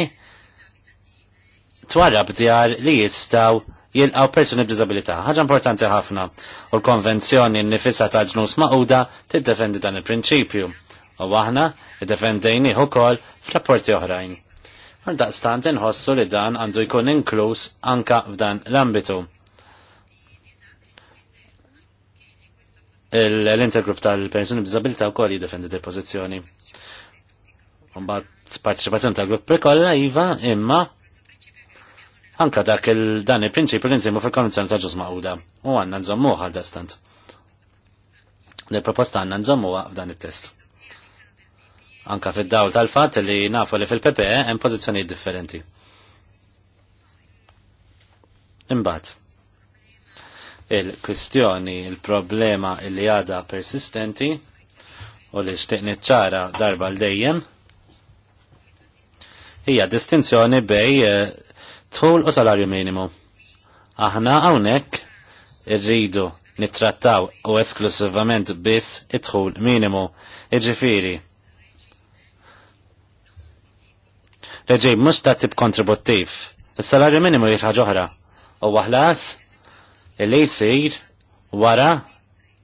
Twarab djar li jistaw jilqaw persuni b'dizabilita. ħaġa importanti ħafna u l-konvenzjoni nifissa ta' ġnus maquda tiddefendi dan il-prinċipju. U aħna id-defendejni ukoll f'rapporti oħrajn. Għaldaqstant inħossu li dan għandu jkun inkluż anka f'dan l-ambitu. L-intergrupp tal-persuni b'dizabilità wkoll jiddefendi il-pożizzjoni. Mbagħad partiċipazzjoni tal-grupp kollha iva imma Anka dak il-dan il-prinċipju li nżimmu fil-konvenzjoni ta' ġus maqda u għanna nżommu għal destant. Li proposta għanna nżommu f'dan il-test. Anka fid-dawl tal-fat li nafu li fil-PPE hemm pozizjoni differenti. Imbagħad. Il-kwistjoni, il-problema li għada persistenti u li xtiqni ċara darba l-dejjem hija distinzjoni bej eh, tħul u salarju minimu. Aħna hawnhekk irridu nittrattaw u esklusivament biss it-tħul minimu. Iġifiri. Reġej mhux ta' tip kontributtiv. Is-salarju minimu jitħaġ oħra. U waħlas li jisir wara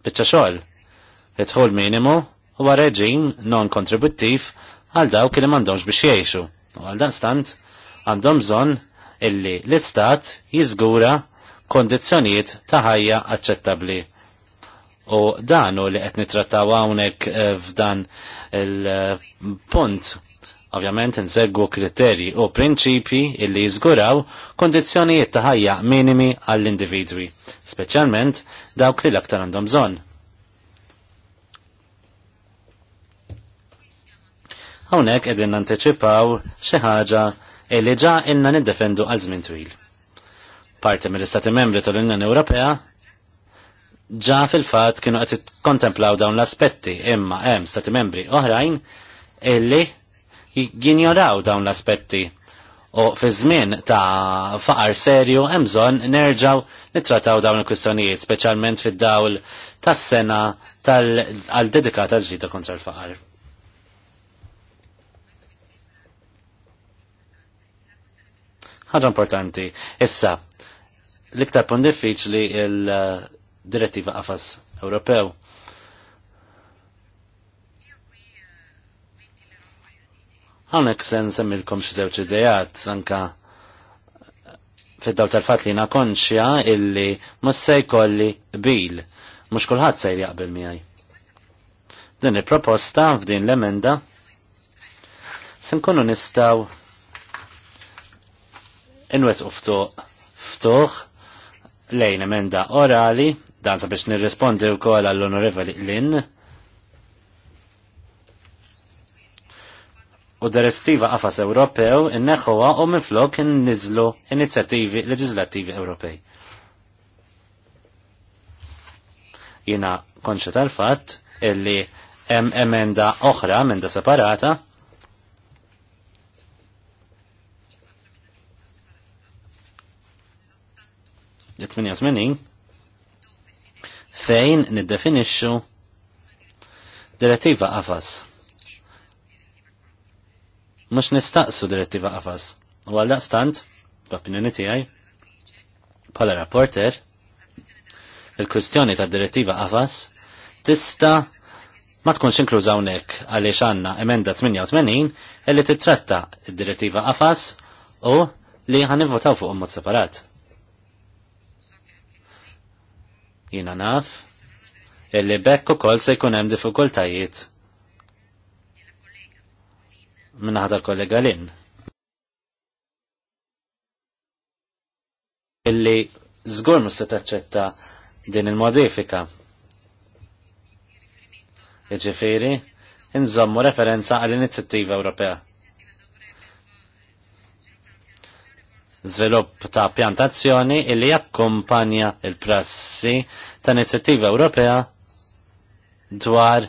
bieċa xoll. It-tħul minimu huwa reġim non kontributtiv għal dawk li m'għandhomx biex jgħixu. U għal dan stant għandhom bżonn illi l-Istat jiżgura kondizjoniet ta' ħajja aċċettabbli. U dan li qed nitrattaw hawnhekk eh, f'dan il-punt ovvjament nżeggu kriterji u prinċipji illi jiżguraw kondizzjonijiet ta' ħajja minimi għall-individwi, speċjalment dawk li l-aktar għandhom bżonn. Hawnhekk qegħdin nanteċipaw xi ħaġa illi e ġa inna niddefendu għal żmien twil. Parti mill-Istati Membri tal-Unjoni Ewropea ġa fil-fatt kienu qed kontemplaw dawn l-aspetti imma hemm Stati Membri oħrajn illi jinjoraw dawn l-aspetti u fi żmien ta' faqar serju hemm bżonn nerġgħu nittrattaw dawn il-kwistjonijiet speċjalment fid-dawl tas-sena tal-dedikata l ġdida kontra l-faqar. ħaġa importanti. Issa, l-iktar punt diffiċli il-direttiva qafas Ewropew. Għanek sen semmilkom xi żewġ idejat anka fid-daw tal-fat li na konxja illi mus se jkolli bil, mhux kulħadd se jaqbel miħaj. Din il-proposta f'din l-emenda se nkunu nistgħu inwet u ftuħ lejn emenda orali, dan sabiex nirrespondi u kol għall-onorevoli Lin. U direttiva għafas Ewropew inneħuwa u minflok n-nizlu inizjattivi leġislattivi Ewropej. Jiena konċet tal-fatt illi hemm emenda oħra, emenda separata, 88 fejn niddefinixxu direttiva qafas. Mhux nistaqsu direttiva qafas. U għal daqstant, b'opinjoni tiegħi, bħala rapporter, il-kwistjoni ta' direttiva qafas tista' ma tkunx inkluża hawnhekk għaliex għandna emenda 88 illi titratta id-direttiva qafas u li ħanivvotaw fuq mod separat. Jina naf illi bekk ukoll se jkun hemm diffikultajiet minnaħa tal-kollega Lin. Illi żgur mhux se taċċetta din il-modifika. Jiġifieri, nżommu referenza għall-Inizjattiva Ewropea. żvilupp ta' pjantazzjoni illi jakkumpanja il-prassi ta' inizjattiva Ewropea dwar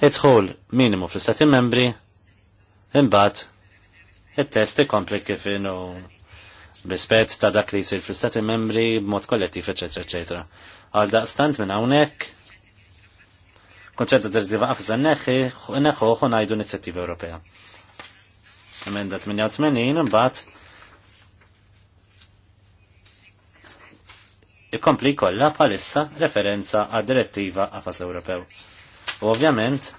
id-dħul minimu fl-Stati membri imbagħad it-test ikompli kif inhu rispett ta' dak li jsir fl-Stati membri b'mod kollettiv, eċetera, eċetera. Għal daqstant minn hawnhekk konċetta direttiva għafza neħi neħħu ngħidu inizjattiva Ewropea. Emenda 88 imbagħad ikompli kollha bħalissa referenza għad direttiva għafas Ewropew. U ovvjament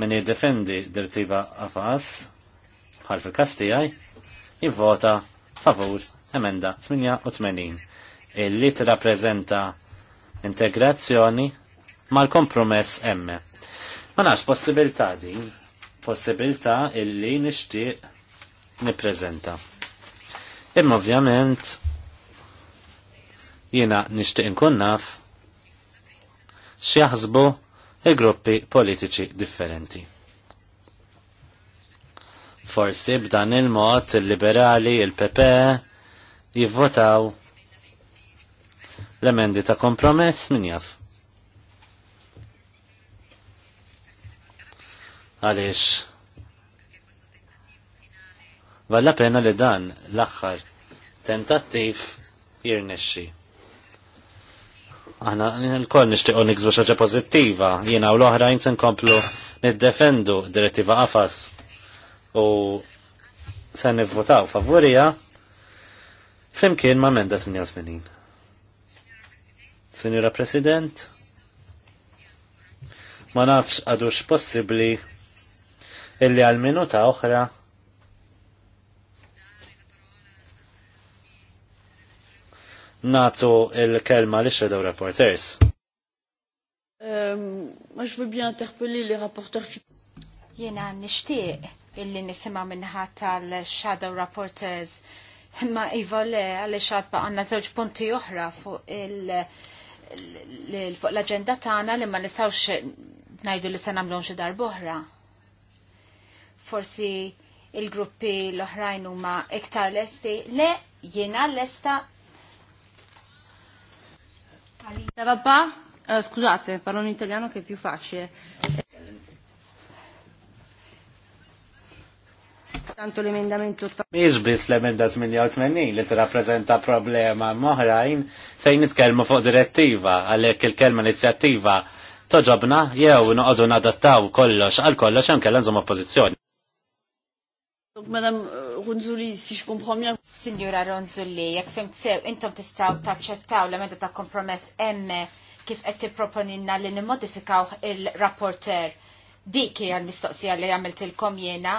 min jiddefendi direttiva għafas, bħal fil-kastijaj jivvota favur emenda 88 illi tirrappreżenta integrazzjoni mal-kompromess emme. Ma nafx possibilità din, possibilta illi nixtieq nippreżenta. Imma ovvjament jiena nixtieq inkun naf x'jaħsbu il-gruppi politiċi differenti. Forsi b'dan il-mod il-liberali, il-PP, jivvotaw l-emendi ta' kompromess min jaf. Għaliex Valla pena li dan l-axħar tentattiv jirnexxi. Aħna l-koll nixtiequ xi xaġa pożittiva, jiena u l-oħrajn se nkomplu niddefendu direttiva qafas u se nivvutaw favorija flimkien ma' menda 88. Sinjura President, ma nafx għadux possibli illi għal minuta oħra nato il-kelma li Shadow Reporters. Ma moi, je veux bien interpeller les rapporteurs. Jena nishtiq illi nisima minnħat tal-Shadow Reporters. Ma ivole għalli xad ba' għanna zewġ punti oħra fuq il- fuq l-agenda tagħna li ma nistawx najdu li se nagħmlu xi darbohra. Forsi il-gruppi l-oħrajn huma iktar lesti, le jiena lesta Dava papà, uh, eh, scusate, parlo in italiano che è più facile. Tanto l-emendamento Miex bis l-emenda 88 li t-rapprezenta problema moħrajn fejn nitkellmu fuq direttiva għalhekk il-kelma inizjattiva toġobna jew noqogħdu nadattaw kollox għal kollox hemm kellha nżomm oppożizzjoni. Madam Madame euh, Ronzulli, si je comprends bien. Signora Ronzulli, jek fim sew, intom tistaw taċċettaw la emenda ta' kompromess M kif qed tipproponinna li nimmodifikaw il-rapporter. Dik hija l-mistoqsija li għamiltilkom jiena.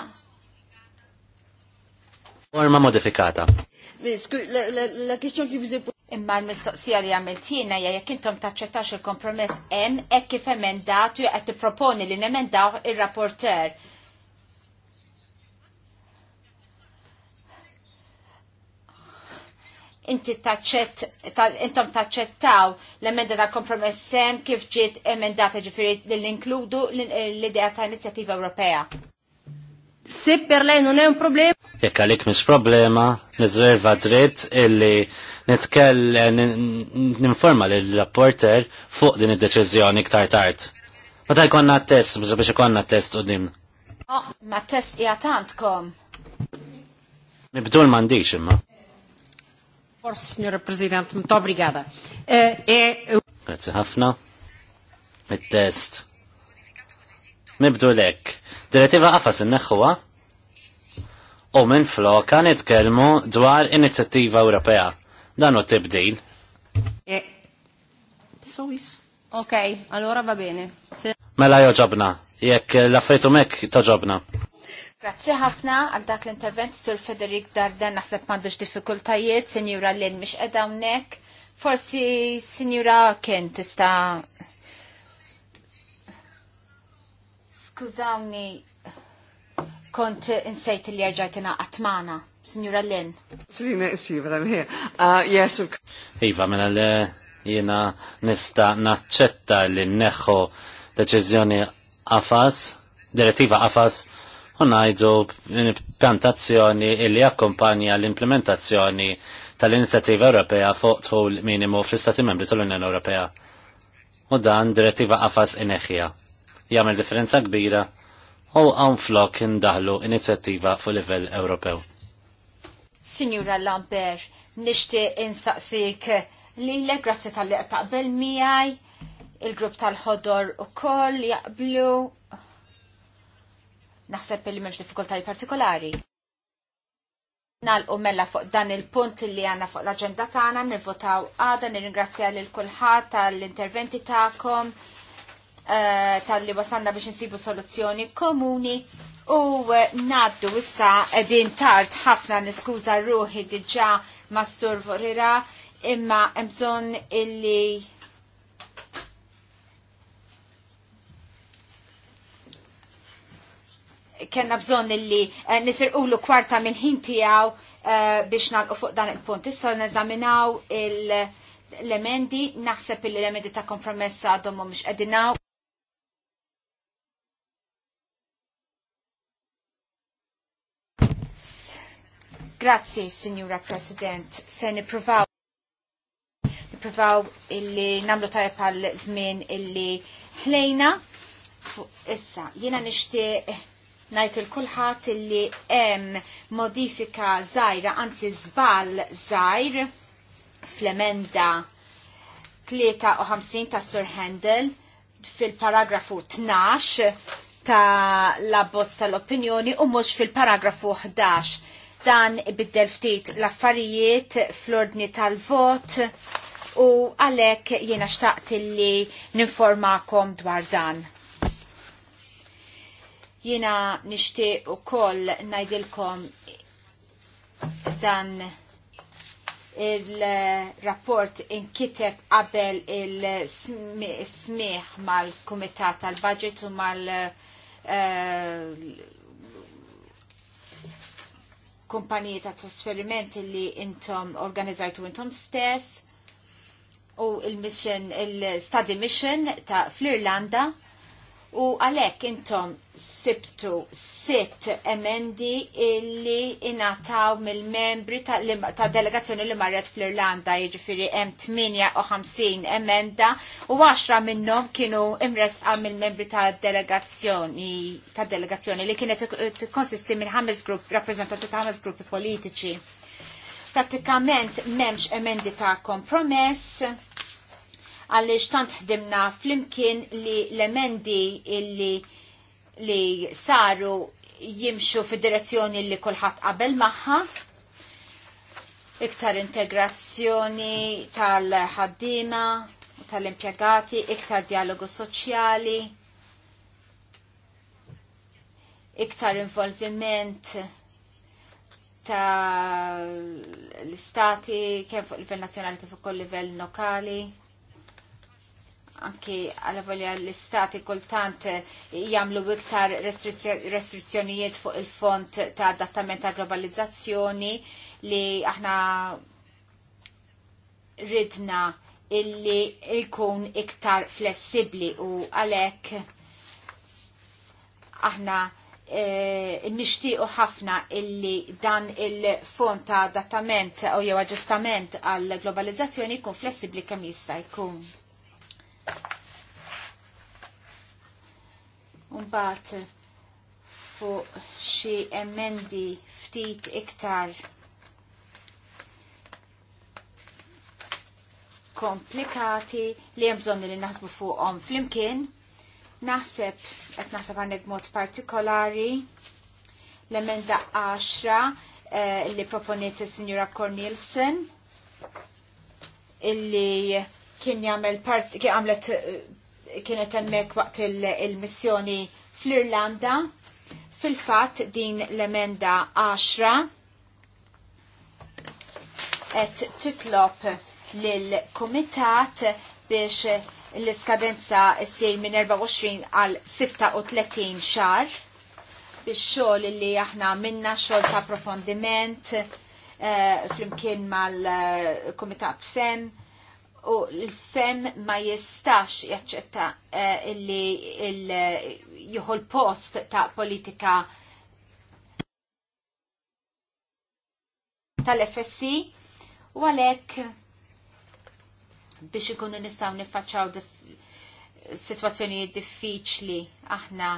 Forma modifikata. Imma l-mistoqsija li għamilt jiena hija jekk intom taċċettax il-kompromess M hekk kif emendat u qed tipproponi li nemendaw ir-rapporter inti intom taċċettaw l-emenda ta' kompromess sem kif ġiet emendata ġifiri l-inkludu l-idea ta' inizjattiva Ewropea. Se per lei non è un problema. Jekk għalik mis problema, nizverva dritt illi nitkell ninforma l-rapporter fuq din id-deċiżjoni tart. tard. Meta jkollna test, biex jkonna test u dim. ma test jgħatantkom. Nibdu l-mandiċ imma. Signor President, muito obrigada. Eh, Grazie ħafna. Il-test. Nibdu lek. Direttiva qafas neħħuwa u minn floka nitkelmu dwar inizjattiva Ewropea. Dan hu tibdil. Eh, ok, allora va bene. Mela joġobna, jekk l-affetu mek toġobna. Grazzi ħafna għal dak l-intervent sur Federik Darden naħseb m'għandux diffikultajiet, Sinjura Lin mhix qiegħda hawnhekk. Forsi Sinjura Orkin tista' Skużawni, kont insejt li rġajt ingħaqad magħna. Signora Lin. Slina isċivra mħi. Uh, yes, Iva, mela le jena nista naċċetta li neħħu deċizjoni għafas, direttiva għafas, u ngħidu pjantazzjoni illi akkompanja l-implementazzjoni tal-Inizjattiva Ewropea fuq tħul minimu fl-Istati Membri tal-Unjoni Ewropea. U dan direttiva qafas ineħħija. Jagħmel differenza kbira u flok indaħlu inizjattiva fuq livell Ewropew. Signora Lambert, nixtieq insaqsik li le grazzi tal-li taqbel miħaj, il-grupp tal-ħodor ukoll jaqblu Naħseb li memx diffikultaj partikolari. Nalqu mella fuq dan il-punt li għanna fuq l-agenda tagħna nirvotaw għada nirringrazzja lil kulħadd tal-interventi tagħkom eh, tal-li wasanna biex nsibu soluzzjoni komuni u eh, naddu issa edin tard ħafna niskuża ruħi diġà mas-sur Vorira imma bżonn illi kena bżon illi eh, nisirqulu kwarta minn ħin tijaw eh, biex nalqu fuq dan il-punt. Issa neżaminaw l-emendi, naħseb illi l-emendi ta' kompromessa għadhom mux qegħdinaw. Grazzi, Signora President. Se niprofaw niprofaw illi namlu tajab għal żmien illi ħlejna. Issa, jiena nixtieq Najt il-kulħat li em modifika zaħira, anzi zbal zaħir, fl-emenda 53 ta' Sir Handel, fil-paragrafu 12 ta' la bozz tal-opinjoni u mux fil-paragrafu 11. Dan biddel ftit l-affarijiet fl-ordni tal-vot u għalek jena xtaqt li ninformakom dwar dan jina nishtiq u koll najdilkom dan il-rapport inkiteb qabel il-smiħ mal-Kumitat tal-Budget u mal- eh, kumpaniji ta' trasferiment li intom organizzajtu intom stess u il-mission, il-study mission ta' fl-Irlanda U għalek intom sibtu sitt emendi illi inataw mill-membri ta', ta delegazzjoni li marret fl-Irlanda, jġifiri M58 emenda u 10 minnom kienu imresqa mill-membri ta' delegazzjoni ta' delegazzjoni li kienet konsisti minn ħames grupp, rappresentanti ta' ħames gruppi politiċi. Pratikament memx emendi ta' kompromess għaliex tant ħdimna flimkien li l-emendi illi li saru jimxu fid-direzzjoni li kulħadd qabel magħha iktar integrazzjoni tal-ħaddima, tal-impjegati, iktar dialogu soċjali, iktar involviment tal-istati, kien fuq livell nazzjonali kif ukoll livell lokali anki għal volja l-istati kultant jamlu iktar restrizzjonijiet fuq il-font ta' adattament ta' globalizzazzjoni li aħna ridna illi jkun iktar flessibli u għalek aħna e, nishtiqu ħafna illi dan il-fond ta' adattament u jew aġustament għal globalizzazzjoni jkun flessibli kemm jista' jkun. mbagħad fuq xi emendi ftit iktar komplikati li hemm bżonn li naħsbu fuqhom flimkien. Naħseb qed naħseb għandek mod partikolari l-emenda 10 eh, li proponiet il-Sinjura Cornelsen illi kien jagħmel kien għamlet eh, kienet hemmhekk waqt il-missjoni il missjoni fl Fil-fatt din l-emenda 10 qed titlob lill-Kumitat biex l-iskadenza ssir minn 24 għal 36 xar biex xogħol li aħna minna xogħol ta' profondiment uh, flimkien mal-Kumitat eh, FEM u l-fem ma jistax jaċċetta uh, illi eh, post ta' politika tal-FSC u għalek biex ikunu nistaw nifacċaw situazzjoni diffiċli aħna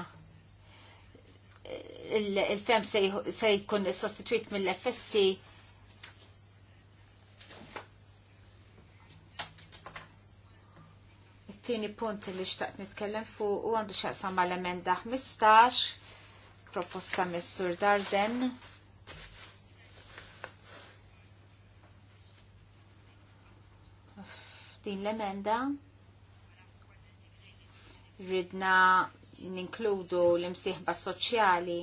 il-fem se jkun sostituit mill-FSC tini tieni punt li xtaqt nitkellem fuq u għandu xaqsam għal emenda 15 proposta mis-Sur Darden. Din l-emenda ridna ninkludu l-imsieħba soċjali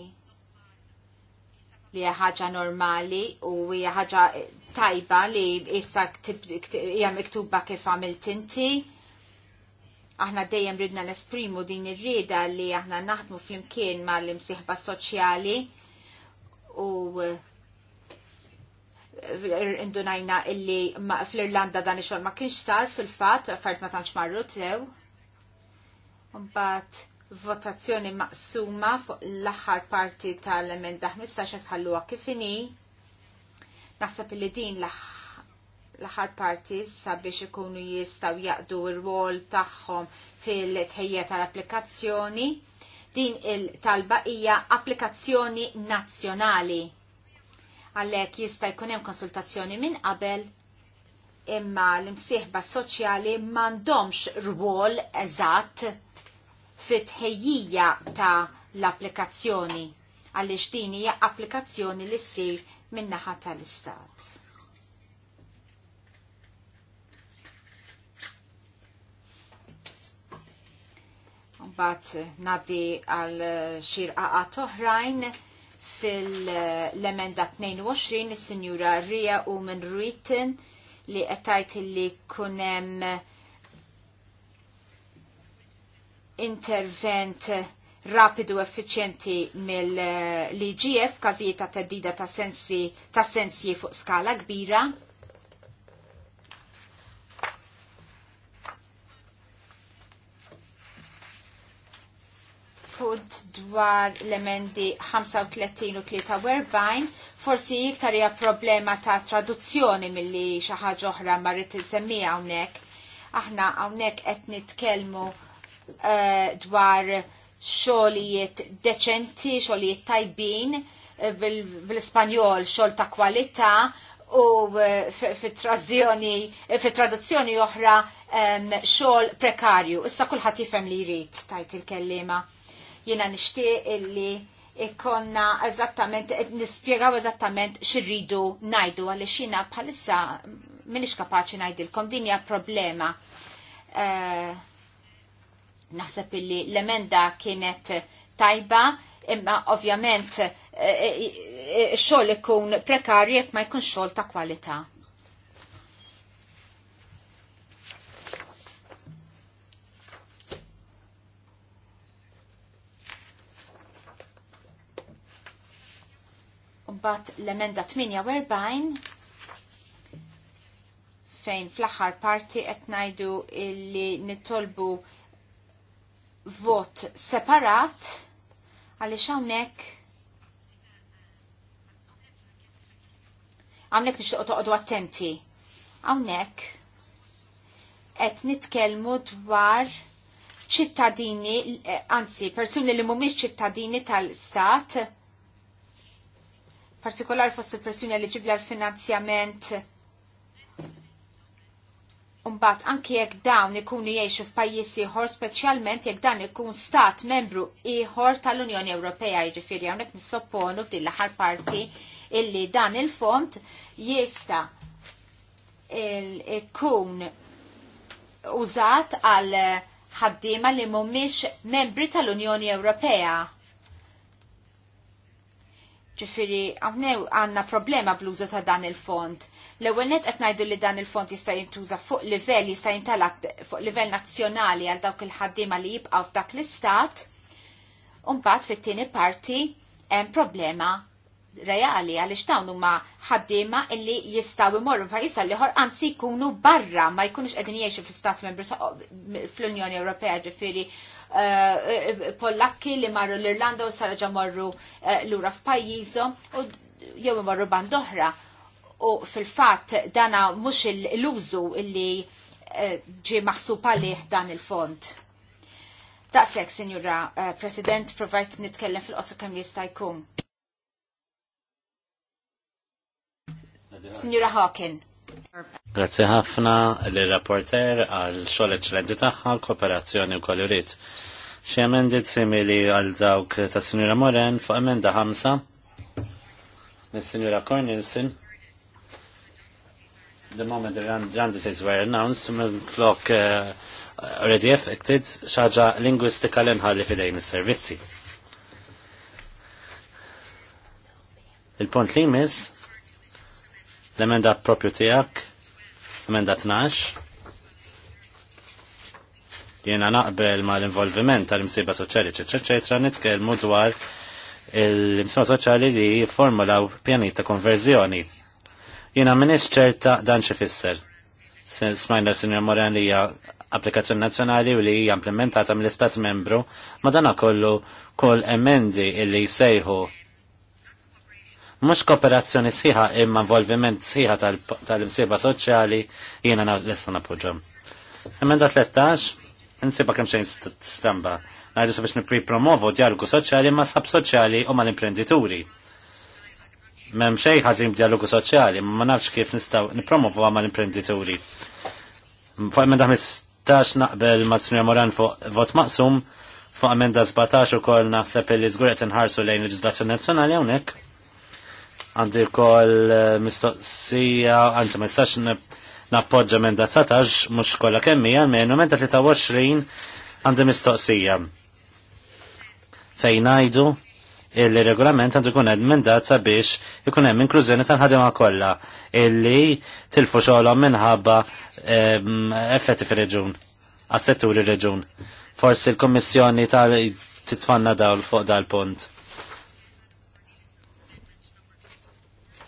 li ħaġa normali u hija ħaġa tajba li issa hija miktuba kif għamilt inti aħna dejjem ridna nesprimu din ir-rieda li aħna naħdmu flimkien mal-imsieħba soċjali u eh, indunajna illi fl-Irlanda dan ix-xogħol ma kienx sar fil-fatt, affarijiet ma tantx marru tew. Mbagħad votazzjoni maqsuma fuq l-aħħar parti tal-emenda 15 ħalluha kif inhi. Naħseb li din l-aħħar l-aħħar parti sabiex ikunu jistaw jaqdu r-wol tagħhom fil-tħejja tal-applikazzjoni. Din il-talba hija applikazzjoni nazzjonali. Għalhekk jista' jkun hemm konsultazzjoni minn qabel imma l-imsieħba soċjali m'għandhomx rwol eżatt fit-tħejjija ta' l-applikazzjoni għaliex din hija applikazzjoni li ssir min-naħa tal-istat. bat nadi għal xirqaqa toħrajn fil-emenda 22 is-Sinjura Ria u minn Ruiten li qed li kunem intervent rapidu effiċenti mill-LGF każijiet ta' teddida ta' ta' sensi fuq skala kbira punt dwar l-emendi 35 u 43 forsi iktar hija problema ta' traduzzjoni milli xi ħaġa oħra ma rrid insemmija hawnhekk. Aħna hawnhekk qed nitkellmu uh, dwar xogħlijiet deċenti, xogħlijiet tajbin eh, bil ispanjol xogħol ta' kwalità u eh, fit-traduzzjoni oħra xogħol prekarju. Issa kulħadd jifhem li jrid tajt il-kellima. Jena nishtiq illi ikonna eżattament, nispiegaw eżattament xirridu najdu għalli xina bħalissa minix kapaċi najdilkom dinja problema. Eh, naħseb illi l-emenda kienet tajba, imma ovvjament eh, eh, xogħol ikun prekarjek jekk ma jkun xogħol ta' kwalità. Bat l-emenda 48 fejn fl-axar parti qed ngħidu li nittolbu vot separat għaliex hawnhekk għamnek nixtieq toqgħodu attenti. Hawnhekk qed nitkellmu dwar ċittadini, eh, anzi, persuni li mhumiex ċittadini tal-stat partikolari fost il-persuni ġibli għal finanzjament Umbat, anki jekk dawn ikunu jiexu f'pajjiż ieħor, speċjalment jekk dan ikun stat membru ieħor tal-Unjoni Ewropea, jiġifieri hawnhekk nissopponu f'din l-aħħar parti illi dan il-fond jista' ikun użat għal ħaddiema li mhumiex membri tal-Unjoni Ewropea. Ġifiri, għawnew għanna problema bl-użu ta' dan il-fond. L-ewel net qed ngħidu li dan il-fond jista' jintuża fuq livell jista' jintalab fuq livell nazzjonali għal dawk il-ħaddiema li jibqgħu f'dak l-istat. Umbagħad fit-tieni parti hemm problema reali għaliex dawn huma ħaddiema illi jistgħu jmorru pajjiż għal liħor, anzi jkunu barra ma jkunux qegħdin jgħixu fl-istat membru fl-Unjoni Ewropea ġifieri Eh, Pollakki li marru l-Irlanda u saraġa marru eh, l-ura f'pajjiżhom u jew marru band oħra. U fil-fatt dana mhux l-użu illi eh, ġie maħsub għalih dan il-fond. Daqshekk, Sinjura President, provajt nitkellem fil qosu kemm jista' jkun. Signora Hawking. Grazzi ħafna l-rapporter għal xogħol eċċellenti tagħha l-kooperazzjoni u kolorit. Xi emendit simili għal dawk ta' Sinjura Moren fuq emenda ħamsa mis-Sinjura Cornelson. The moment the Randises were announced mill-flok uh, already affected xaġa lingwistika l-inħalli fidejn is-servizzi. Il-punt li jmiss L-emenda propju tijak, emenda 12. Jena naqbel ma l-involviment tal-imsiba soċjali, ċeċeċeċa, nitkelmu dwar l imsiba soċjali li jiformulaw pjanita konverzjoni. Jena minix ċerta dan xifisser. Smajna s Sinja Moran li hija applikazzjoni nazzjonali u li hija implementata mill-Istat membru, ma dan kollu kol emendi illi jsejħu mhux kooperazzjoni sħiħa imma involviment sħiħa tal-imsiba soċjali jiena lesta napoġġom. Emenda 13 nsiba kemm xejn stramba. Ngħidu sabiex nippromovu dialogu soċjali ma' sab soċjali u mal-imprendituri. Mem xejn ħażin dialogu soċjali, ma nafx kif nistgħu nippromovu mal-imprendituri. Fuq emenda 15 naqbel ma' Sinja Moran fuq vot maqsum fuq emenda 17 ukoll naħseb li żgur qed inħarsu lejn leġislazzjoni nazzjonali hawnhekk għandi kol eh, mistoqsija, għanzi ma jistax nappoġġa minn da 19, mux kolla kemmi għalmenu, minn da 23 għandi mistoqsija. Fejn għajdu il-regolament għandu kun hemm mandat sabiex ikun hemm inklużjoni tal-ħadima kollha illi tilfu xogħolhom minħabba ehm, effetti fir-reġun għas-settur ir-reġun. Forsi l-Kommissjoni tal titfanna dawl fuq dal-punt.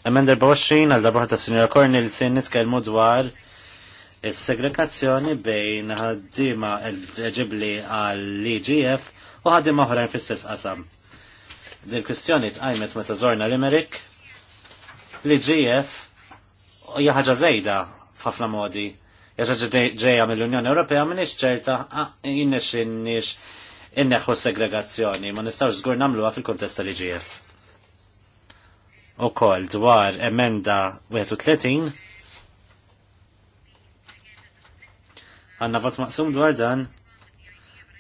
Emenda 24 għal darba ta' Sinjora Cornelsen nitkellmu dwar is-segregazzjoni bejn ħaddiema eligibbli għal l-IGF e u ħaddiema oħrajn fis-stess qasam. Din kwistjoni tqajmet meta żorna l l-IGF e hija ħaġa żejda f'ħafna modi. Jaġa ġejja mill-Unjoni Ewropea m'iniex ċerta jinnexxinniex inneħħu segregazzjoni, ma nistgħux żgur nagħmluha fil-kuntest tal-IGF. E u koll dwar emenda 31 għanna vot maqsum dwar dan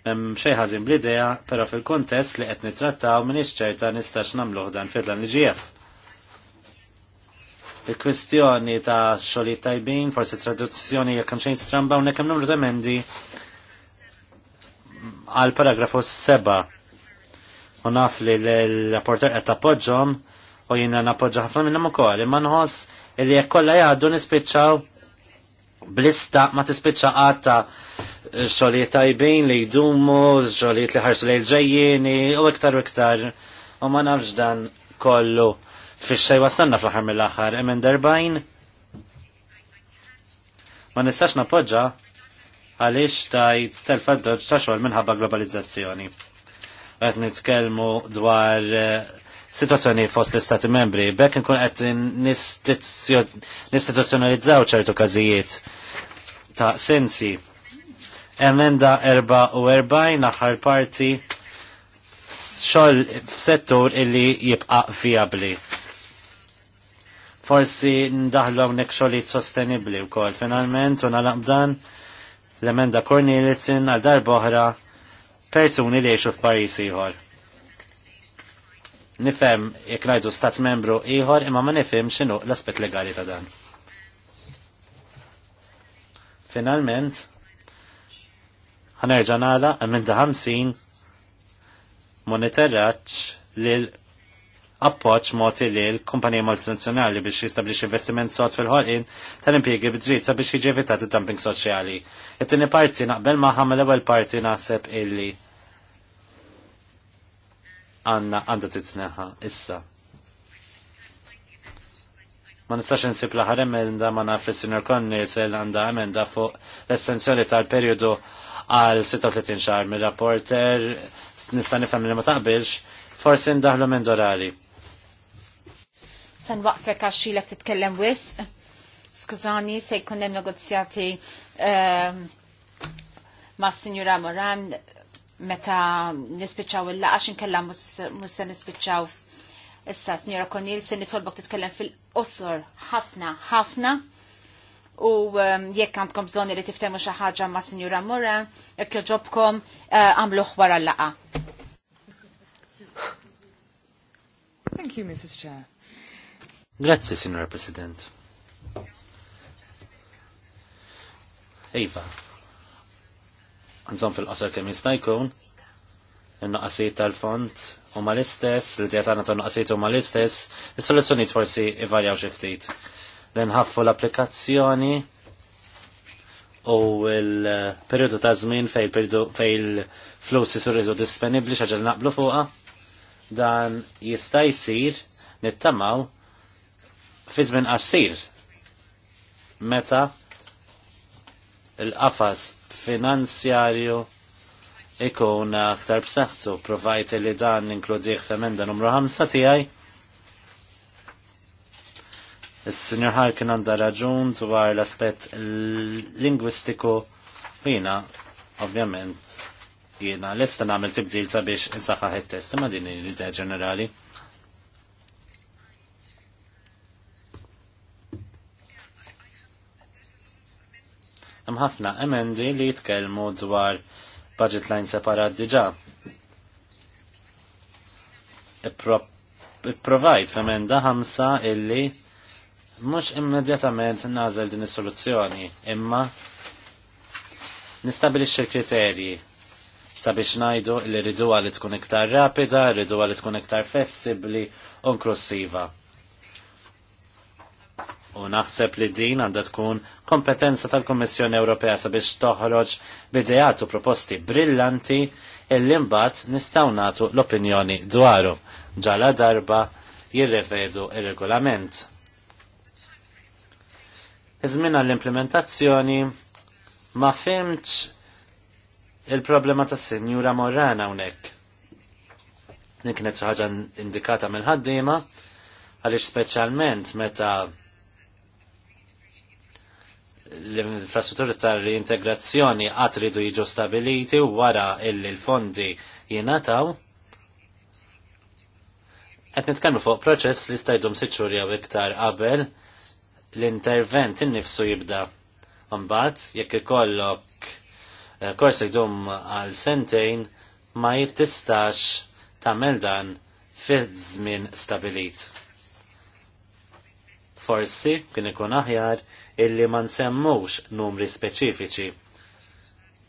mem ħażin bl idea pero fil-kontest li qed nittrattaw minn ċerta nistax namluħ dan fidlan l il kwistjoni ta' xoli tajbin, forsi traduzzjoni jekk hemm xejn stramba hawnhekk hemm numru ta' emendi għal paragrafu 7. U naf li l-rapporter qed tappoġġhom u jina napoġa ħafna minnhom ukoll, imma nħoss li jekk kollha jgħaddu nispiċċaw blista ma tispiċċa għatta xogħlijiet tajbin li jdumu, xogħlijiet li ħarsu l ġejjini u iktar u iktar u ma nafx dan kollu fix xej wasanna fl-aħħar mill-aħħar emen derbajn ma nistax napoġġa għaliex tajt telfaddoġ ta' xogħol minħabba globalizzazzjoni. Qed nitkellmu dwar eh, situazzjoni fost l-Istati membri. Bekk nkun qed nistituzzjonalizzaw ċertu każijiet ta' sensi. Emenda 44 naħar parti xoll settur illi jibqa viabli. Forsi ndaħlu hawnhekk xogħlijiet sostenibbli wkoll finalment u nagħlaq dan l-emenda Cornelisin għal darba oħra persuni li jgħixu f'pajjiż ieħor nifem jek najdu stat membru ieħor imma ma nifem xinu l-aspett legali ta' dan. Finalment, ħanerġa' nagħla emenda 50 moneterraċ lil appoġġ moti li l-kumpanija multinazzjonali biex jistablix investiment sot fil-ħolqin tal impiegi bidrit sabiex jiġi evitat id-dumping soċjali. It-tieni parti naqbel maħam l-ewwel parti naħseb illi għanna għanda titneħa issa. Ma nistax nsib laħar emenda ma naf li sinjor Konni sel għanda emenda fuq l-essenzjoni tal-periodu għal 36 xar mir rapporter nista' nifhem li ma taqbilx, forsi ndaħlu minn dorari. San waqfek għax xilek titkellem wis, skużani se jkun hemm negozjati ehm, ma' Sinjura Moran meta nispiċaw il-laqax inkella mhux se nispiċċaw issa Signora Konil se nitolbok titkellem fil-qosor ħafna ħafna u um, jekk għandkom bżonni li tiftemu xi ħaġa ma' Signora Moran, jekk joġobkom uh, għamlu wara l-laqa. Thank you, Mrs. Chair. Grazie, Signora President. Iva, Għanżom fil-qasar kemm jista' jkun, in-naqasijiet tal-fond u mal-istess, l-djatana ta' naqasijiet u mal-istess, is-soluzzjonijiet forsi ivarjaw xi ftit. l nħaffu l-applikazzjoni u l-periodu ta' żmien fej il-flus jizu disponibli xaġel naqblu fuqa, dan jista' jsir nittamaw fi żmien qasir meta l-qafas finanzjarju ikun aktar b'saħħtu provajt li dan inkludih f'emenda numru 5 tiegħi. Is-Sinjor Harkin għandha raġun dwar l-aspett lingwistiku u jiena ovvjament jiena lesta nagħmel tibdil sabiex insaħħaħ it-test ma' din l-idea ġenerali. hemm ħafna emendi li jitkellmu dwar budget line separat diġà. Ipprovajt f'emenda ħamsa illi mhux immedjatament nazel din is-soluzzjoni, imma nistabilixxi l-kriterji sabiex ngħidu li ridu li tkun iktar rapida, ridu li tkun iktar flessibbli u inklusiva. U naħseb li din għandha tkun kompetenza tal-Kommissjoni Ewropea sabiex toħroġ bidejat u proposti brillanti illi mbagħad nistgħu nagħtu l-opinjoni dwarhom ġala darba jirrevedu ir-regolament. Iżmin għall-implementazzjoni ma fimx il-problema tas-Sinjura Morrana hawnhekk Nik kienet xi ħaġa indikata mill-ħaddiema għaliex speċjalment meta l-infrastrutturi ta' reintegrazzjoni għatridu jiġu stabiliti u wara illi l-fondi jinataw. Għet nitkellmu fuq proċess li stajdum siċur jew iktar qabel l-intervent innifsu jibda. Mbagħad jekk ikollok eh, kors jdum għal sentejn ma jittistax tagħmel dan fi żmien stabilit. Forsi kien ikun aħjar illi ma nsemmux numri speċifiċi.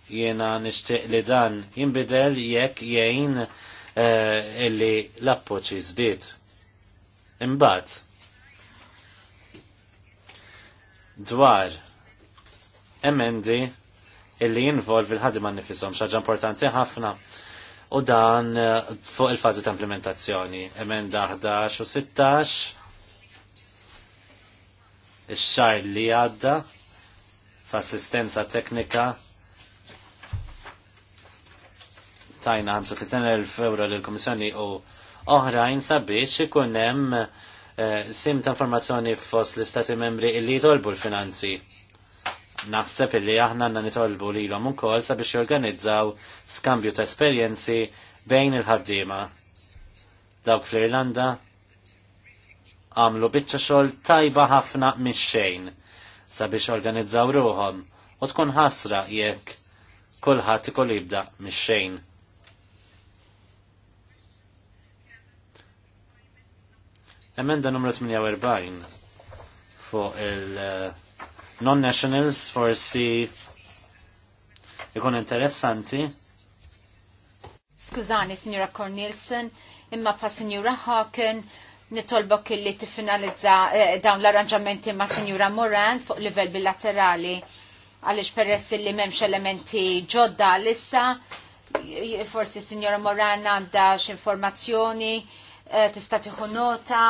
Jiena nixtieq li dan jinbidel jekk jgħin uh, illi l-appoċi żdied. Imbagħad dwar emendi illi jinvolvi l-ħadima nifisom xaġa importanti ħafna u dan eh, fuq il-fazi ta' implementazzjoni emenda 11 u 16 Ix-xar li għadda f'assistenza teknika tajna 35.000 euro l-Komissjoni u oħrajn sabiex ikun hemm eh, sim ta' informazzjoni fost l-Istati membri li jitolbu l-finanzi. Naħseb illi aħna għanna nitolbu li l-om ukoll sabiex jorganizzaw skambju ta' esperjenzi bejn il-ħaddiema. Dawk fl-Irlanda għamlu biċċa xogħol tajba ħafna mix-xejn sabiex organizzaw ruhom u tkun ħasra jekk kulħadd ikol jibda mix-xejn. Emenda numru 48 fuq il-non-nationals eh, forsi ikun interessanti. Skużani, signora Cornelson, imma pa signora Hawken, nitolbok illi tiffinalizza eh, dawn l-arranġamenti ma' Sinjura Moran fuq livell bilaterali għaliex peress li memx elementi ġodda l-issa, forsi Sinjura Moran għandha informazzjoni, eh, tista' tiħu nota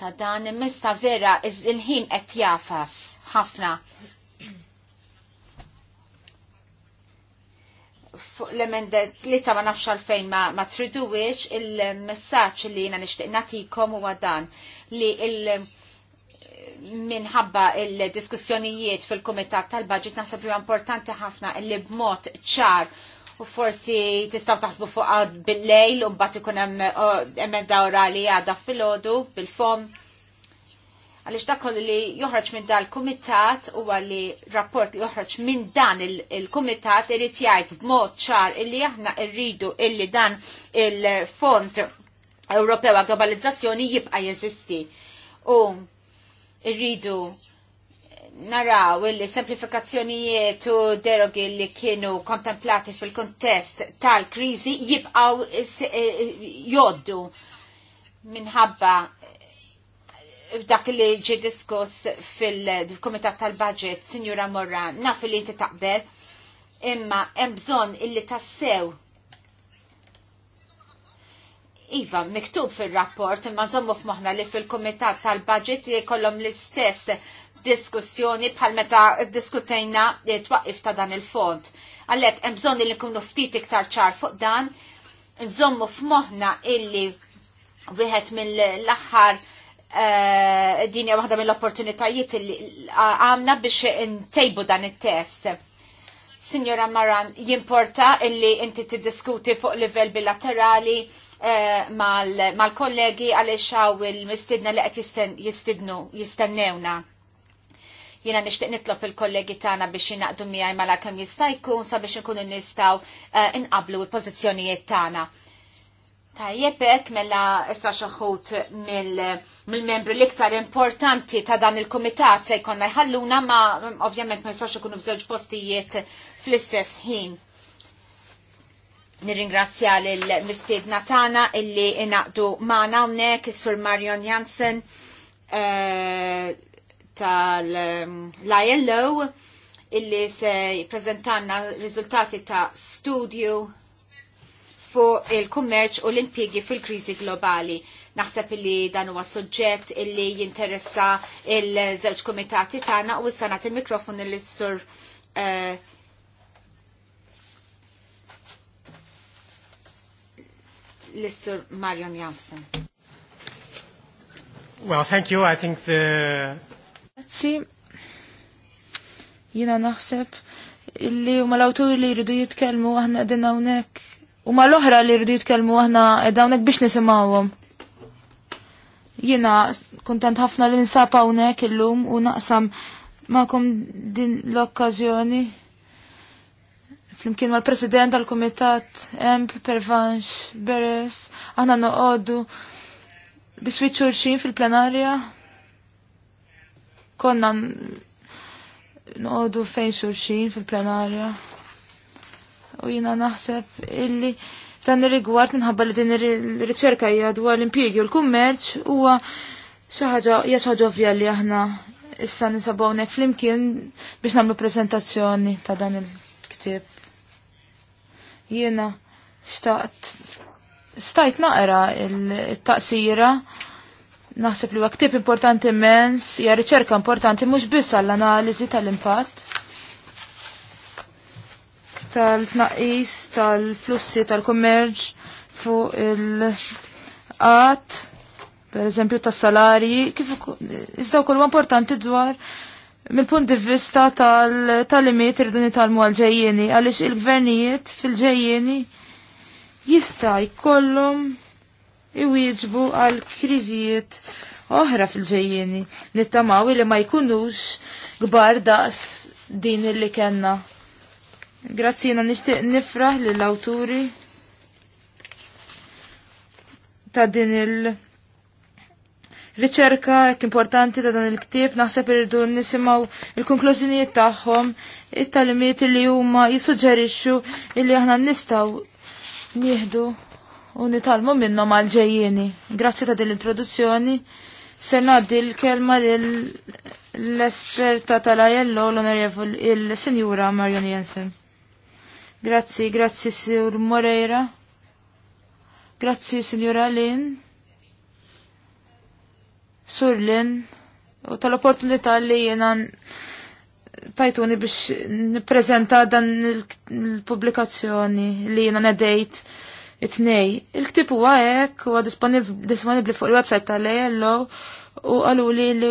ta' dan imissa vera il-ħin qed jafas ħafna l-emendet li ta' ma nafx għalfejn ma, ma wix il-messaċ li jina nishtiq natikom u għadan li il- minħabba il-diskussjonijiet fil-Komitat tal-Budget naħseb li importanti ħafna li b'mod ċar u forsi tistaw taħsbu fuq bil-lejl u mbagħad ikun hemm emenda orali għadha fil-ħodu bil-fom għalix dakol li joħroġ minn dal kumitat u għalli rapport li joħroġ minn dan il-komitat il irrit jgħid b'mod ċar illi aħna rridu illi dan il-font Ewropew globalizzazzjoni jibqa' jeżisti. U rridu naraw illi semplifikazzjonijiet u derogi li kienu kontemplati fil-kontest tal-krizi jibqaw eh, joddu minħabba dak li ġi diskuss fil-Komitat tal-Budget, Sinjura Morra, naf li inti taqbel, imma hemm bżonn illi tassew Iva, miktub fil-rapport, imma nżommu f'moħna li fil-Komitat tal-Budget jkollhom l-istess diskussjoni bħal meta diskutejna twaqif ta' dan il-fond. Għallek, hemm bżonn illi nkunu ftit iktar ċar fuq dan, nżommu f'moħna illi wieħed mill-aħħar Eh, din hija waħda mill-opportunitajiet li għamna biex intejbu dan it-test. Signora Maran, jimporta illi inti tiddiskuti fuq livell bilaterali eh, mal-kollegi għaliex għaw il-mistidna li qed jistidnu jistennewna jina nishtiq nitlob il-kollegi tagħna biex jinaqdu miegħi mala kemm jista' jkun sabiex inkunu nistgħu eh, inqablu l-pożizzjonijiet tagħna. Tajjeb hekk mela issa xoħut mill-membri l-iktar importanti ta' dan il-komitat se jkollna jħalluna ma ovvjament ma jistax ikunu f'żewġ postijiet fl-istess ħin. Nirringrazzja l-mistiedna tagħna illi inaqdu magħna hawnhekk is-Sur Marion Jansen eh, tal-ILO illi se jippreżentanna riżultati ta' studju fuq il-kummerċ u l impjiegi fil-kriżi globali. Naħseb li dan huwa suġġett illi jinteressa il-żewġ komitati tagħna u issa nagħti il-mikrofon lil sur eh, Lissur Marion Janssen. Well, thank you. I think the... Grazzi. Jina naħseb illi huma l awtur li jridu jitkellmu aħna din hawnhekk U ma l-oħra li rridu jitkellmu aħna dawnek biex nisimgħuhom. Jiena kuntent ħafna li nsab hawnhekk illum u naqsam magħkom din l-okkażjoni. Flimkien mal-President tal-Kumitat Emp Pervanx Beres, aħna noqogħdu biswit xulxin fil-plenarja. Konna noqogħdu fejn xulxin fil-plenarja u jina naħseb illi dan ir-rigward minħabba li din ir-riċerka hija dwar l-impjiegi u l-kummerċ huwa xi ħaġa hija xi ovvja li aħna issa nisabgħu hawnhekk flimkien biex nagħmlu preżentazzjoni ta' dan il-ktieb. Jiena xtaqt stajt naqra il-taqsira naħseb li huwa ktieb importanti immens, hija riċerka importanti mhux biss għall-analiżi tal-impatt tal-tnaqis tal-flussi tal-kummerġ fuq il-qat, per eżempju tas-salarji, kif iżda wkoll importanti dwar mill-punt di vista tal-limit irridu jitalmu għal-ġejjeni, għaliex il-gvernijiet fil-ġejjeni jista' jkollhom iwieġbu għal kriżijiet oħra fil-ġejjeni. Nittamaw li ma jkunux gbar daqs din illi kena Grazzi jena nishtiq nifraħ l-awturi ta' din il- riċerka jekk importanti ta' dan il-ktieb naħseb irridu nisimgħu il-konklużjonijiet tagħhom, it-talimiet li huma jissuġġerixxu li aħna nistgħu nieħdu u nitalmu minnhom għal ġejjieni. Grazzi ta' din l-introduzzjoni. Ser ngħaddi l-kelma lill esperta tal-ajello l-onorevol il-Sinjura Marion Jensen. Grazzi, grazzi Sur Moreira. Grazzi Signora Lin. Sur Lin. U tal-opportunità li jena tajtuni biex niprezenta dan il-publikazzjoni li jena nedejt it-nej. Il-ktib huwa hekk huwa disponibbli fuq il-website tal-ELO u għalu li li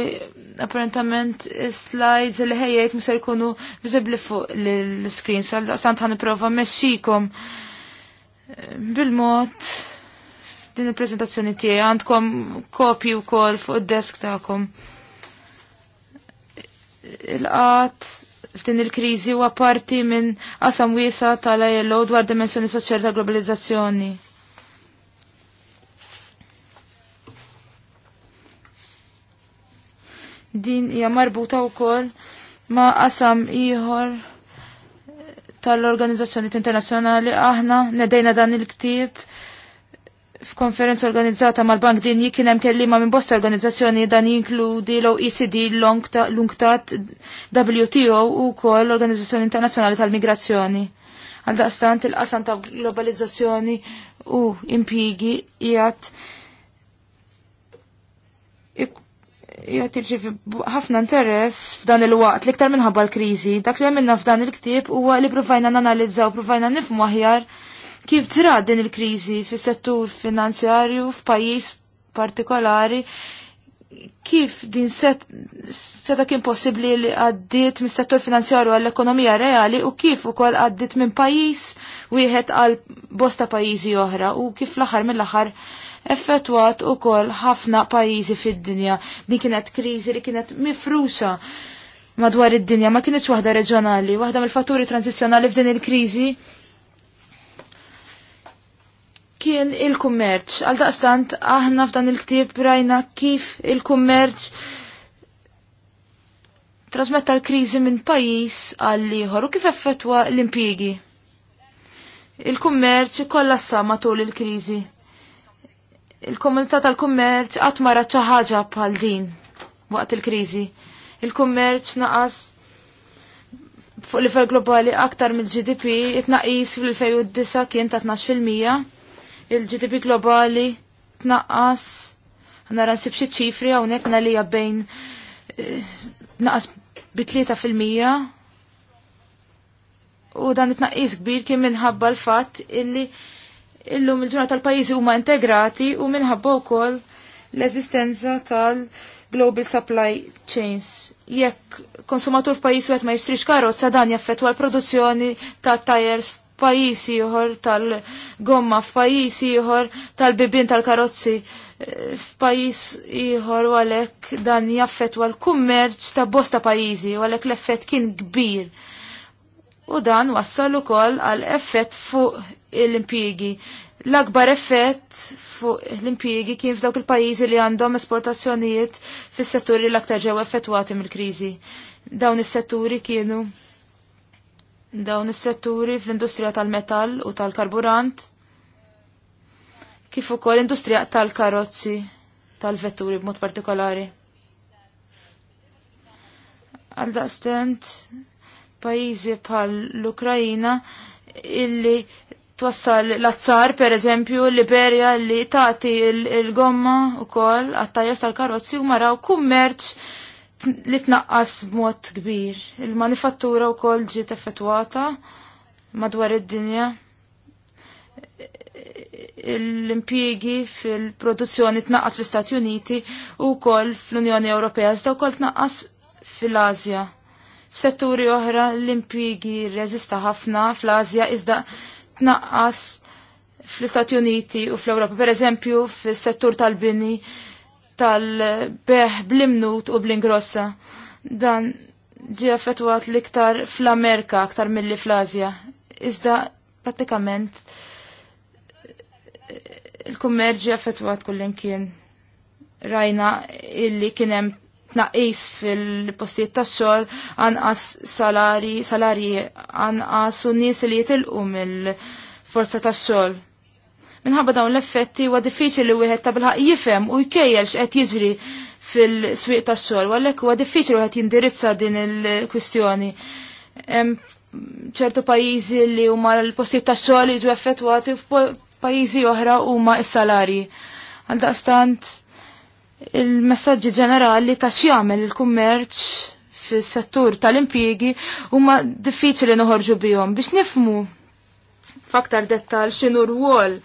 apparentament slides li ħejjajt musar jkunu viżibli fuq l-screen, sal-daqstant ħan prova messikom eh, bil-mod din il-prezentazzjoni tiegħi għandkom kopju wkoll fuq id-desk tagħkom. Il-qat f'din il-kriżi huwa parti minn qasam wiesa tal-ILO dwar dimensjoni soċjali ta' globalizzazzjoni din hija marbuta wkoll ma' qasam ieħor tal-organizzazzjoni internazzjonali aħna nedejna dan il-ktib f'konferenza organizzata mal-Bank Dinji kien hemm kellima minn bosta organizzazzjoni dan jinkludi l ECD l unktat WTO u kol l-Organizzazzjoni Internazzjonali tal-Migrazzjoni. Għal daqstant il-qasam ta' globalizzazzjoni u impigi jgħat jgħat iġi ħafna interess f'dan il-waqt liktar minħabba l-krizi, dak li għamilna f'dan il-ktib u li provajna nanalizzaw, provajna nifmu aħjar kif ġra din il-krizi fis-settur finanzjarju f'pajjiż partikolari, kif din set, seta kien possibli li għaddiet mis settur finanzjarju għall-ekonomija reali u kif ukoll għaddiet minn pajjiż wieħed għal bosta pajjiżi oħra u kif l-aħħar mill-aħħar effettwat ukoll ħafna pajjiżi fid-dinja. Din kienet kriżi li kienet mifruxa madwar id-dinja, ma kienx waħda reġjonali, waħda mill-fatturi tranzizjonali f'din il-kriżi kien il-kummerċ. Għal daqstant aħna f'dan il-ktib rajna kif il-kummerċ trasmetta l-kriżi minn pajjiż għal ieħor u kif effettwa l-impjiegi. Il-kummerċ kollassa matul il-kriżi il-komunità tal-kummerċ qatt ma rat ħaġa bħal din waqt il-kriżi. Il-kummerċ naqas fuq livell globali aktar mill-GDP it-naqis fil-2009 kien ta' 12%. Il-GDP globali tnaqqas nara ransib xie ċifri hawnhekk nalija bejn eh, naqas bi 3% u dan it-tnaqqis kbir kien minħabba l-fatt illi illum il-ġurnata tal-pajjiżi huma integrati u minħabba wkoll l-eżistenza tal-global supply chains. Jekk konsumatur f'pajjiż wieħed ma jistrix karozza dan jaffettwa l-produzzjoni ta' tires f'pajjiż ieħor tal-gomma f'pajjiż ieħor tal-bibien tal-karozzi eh, f'pajjiż ieħor u għalhekk dan jaffettwa l-kummerċ ta' bosta pajjiżi u għalhekk l-effett kien kbir. U dan wassal ukoll għal effett fuq l-impjiegi. L-akbar effett fuq l-impjiegi kien f'dawk il-pajjiżi li għandhom esportazzjonijiet fis-setturi l-aktar ġew effettwati mill-kriżi. Dawn is-setturi kienu dawn is-setturi fl-industrija tal-metall u tal-karburant kif ukoll industrija tal-karozzi tal-vetturi b'mod partikolari. Għal daqstent pajjiżi bħal l-Ukrajina illi twassal l-azzar, per eżempju, l iberja li tati il-gomma u kol, għattajas tal-karozzi u maraw kummerċ li tnaqqas b'mod kbir. Il-manifattura u kol ġiet effettuata madwar id-dinja. L-impjiegi fil-produzzjoni tnaqqas fl-Istati Uniti u kol fl-Unjoni Ewropea, zda u kol tnaqqas fil-Azja. F'setturi oħra l-impjiegi rezista ħafna fl-Azja iżda tnaqqas fl-Istati Uniti u fl-Ewropa. Per eżempju, fis-settur tal-bini tal-beħ bl-imnut u bl-ingrossa. Dan ġi affettwat l-iktar fl-Amerika aktar milli fl-Azja. Iżda pratikament il-kummerġi affettwat kullimkien. Rajna illi kienem naqis fil-postijiet tax-xogħol anqas salari, salari anqas u nies li jitilqu mill-forza tax-xogħol. Minħabba dawn l-effetti huwa diffiċli li wieħed ta' bilħaq jifhem u jkejjel x'qed jiġri fil-swieq tax-xogħol, għalhekk huwa diffiċli wieħed jindirizza din il-kwistjoni ċertu pajizi li huma l-postijiet ta' xogħol jiġu effettwati f'pajjiżi oħra huma s-salarji. Għaldaqstant il-messagġi ġenerali ta' xjamel il-kummerċ fis-settur tal-impjiegi huma diffiċli noħorġu bihom biex nifmu f'aktar dettal x'inhu rwol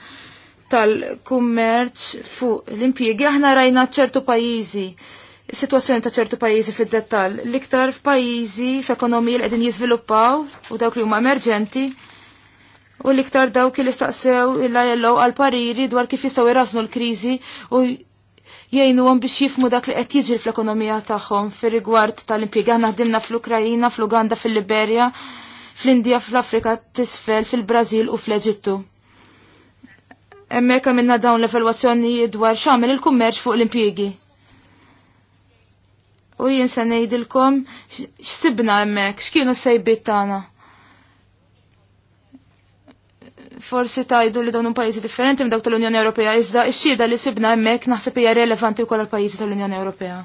tal-kummerċ fuq l impiegi aħna rajna ċertu pajjiżi situazzjoni sitwazzjoni ta' ċertu pajjiżi fid-dettall. L-iktar f'pajjiżi f'ekonomiji li qegħdin jiżviluppaw u dawk li huma emerġenti u l-iktar dawk li staqsew il-lajellow għal pariri dwar kif jistgħu jrażmu l-kriżi u għom biex jifmu dak li qed jiġri fl-ekonomija tagħhom fir-rigward tal-impjeg. Aħna fl-Ukrajina, fl-Uganda, fil-Liberja, fl-Indija, fl-Afrika t fil-Brażil u fl-Eġittu. Hemmhekk għamilna dawn l-evalwazzjoni dwar x'għamel il-kummerċ fuq l-impjiegi. U jien se ngħidilkom x'sibna hemmhekk, x'kienu s-sejbiet tagħna forsi tajdu li dawn pajjiżi differenti minn dawk tal-Unjoni Ewropea, iżda xida li sibna hemmhekk naħseb hija relevanti wkoll għall-pajjiżi tal-Unjoni Ewropea.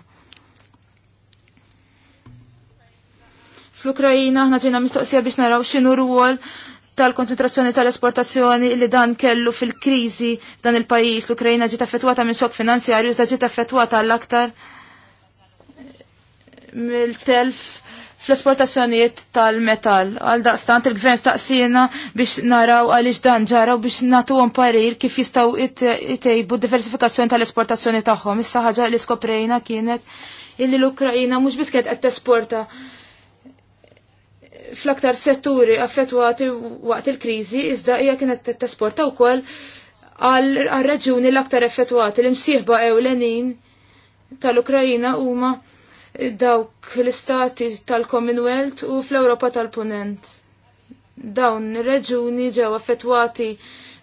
Fl-Ukrajina aħna ġejna mistoqsija biex naraw x'inhu rwol tal-konċentrazzjoni tal-esportazzjoni li dan kellu fil-kriżi f'dan il-pajjiż l-Ukrajina ġiet affettwata minn xokk finanzjarju iżda ġiet affettwata l-aktar mill-telf fl-esportazzjonijiet tal-metall. Għal daqstant il-gvern staqsina biex naraw għaliex dan ġara u biex għom parir kif jistgħu tejbu diversifikazzjoni tal-esportazzjoni tagħhom. Issa ħaġa li skoprejna kienet illi l-Ukrajina mhux biss kienet qed tesporta fl-aktar setturi affettwati waqt il-kriżi iżda hija kienet t-esporta u wkoll għal-reġuni l-aktar effettwati l-imsieħba ewlenin tal-Ukrajina huma dawk l-istati tal-Commonwealth u fl-Europa tal-Punent. Dawn reġuni ġew affettwati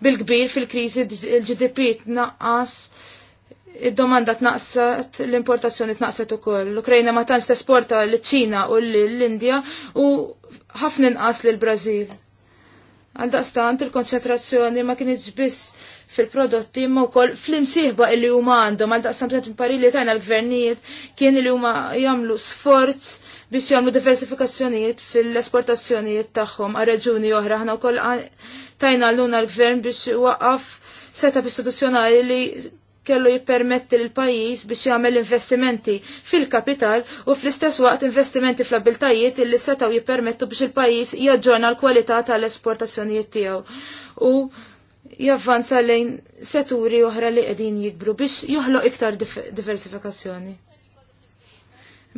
bil-kbir fil-kriżi l-GDP tnaqqas id-domanda tnaqsat, l-importazzjoni tnaqsat ukoll. L-Ukrajna ma tantx tesporta l-Ċina u l-Indja u ħafna inqas l-Brażil. Għaldaqstant il-konċentrazzjoni ma kienieġ biss fil-prodotti imma wkoll fl-imsieħba illi huma għandhom għaldaqstant qed impari li tajna l-gvernijiet kien li huma jagħmlu sforz biex jagħmlu diversifikazzjonijiet fil-esportazzjonijiet tagħhom għal reġuni oħra aħna wkoll tajna l-luna l-gvern biex waqaf seta istituzzjonali li kellu jippermetti l pajjiż biex jagħmel investimenti fil-kapital u fl-istess waqt investimenti fl-abiltajiet illi setgħu jippermettu biex il-pajjiż jaġġorna l-kwalità tal-esportazzjonijiet tiegħu u javvanza lejn seturi oħra li qegħdin jikbru biex joħloq iktar diversifikazzjoni.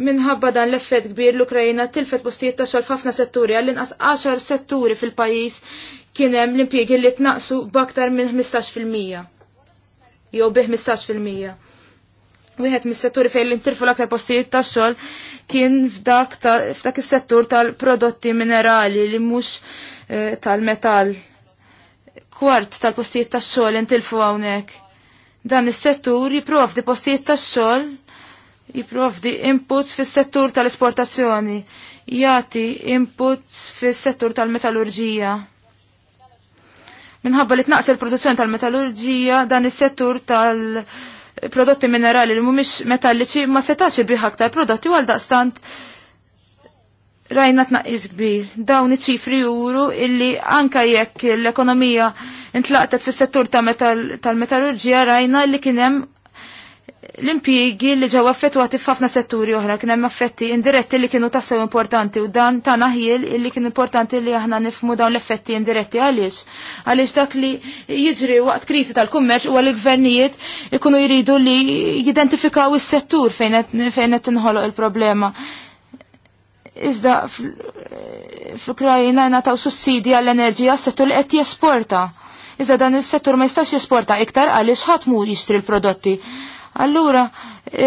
Minħabba dan l-effett kbir l-Ukrajina tilfet postijiet ta' xogħol f'ħafna setturi għall-inqas 10 setturi fil-pajjiż kien hemm l-impjiegi li tnaqsu b'aktar minn 15 fil-mija jew fil 15%. Wieħed mis-setturi fejn l-intirfu l-aktar postijiet tax-xogħol kien f'dak f'dak is-settur tal-prodotti minerali li mhux eh, tal-metall. Kwart tal-postijiet tax-xogħol intilfu hawnhekk. Dan is-settur jipprovdi postijiet tax-xogħol jipprovdi inputs fis-settur tal-esportazzjoni, jagħti inputs fis-settur tal-metallurġija minħabba li tnaqs il-produzzjoni tal-metallurġija dan is-settur tal-prodotti minerali li mhumiex metalliċi ma setax ibiħ aktar prodotti għal daqstant rajna tnaqqis kbir. Dawn iċifri juru illi anka jekk l-ekonomija intlaqtet fis-settur tal-metallurġija rajna li kien hemm l-impjigi li ġew affettwati f'ħafna setturi oħra kien hemm affetti indiretti li kienu tassew importanti u dan ta' naħjel li kien importanti li aħna nifmu dawn l-effetti indiretti għaliex. Għaliex dak li jiġri waqt kriżi tal-kummerċ u għall-gvernijiet ikunu jridu li jidentifikaw is-settur fejn qed tinħoloq il-problema. Iżda fl-Ukrajina nataw sussidi għall-enerġija s-settur li qed jesporta. Iżda dan is-settur ma jistax jesporta iktar għaliex ħadd mhu jixtri l-prodotti allura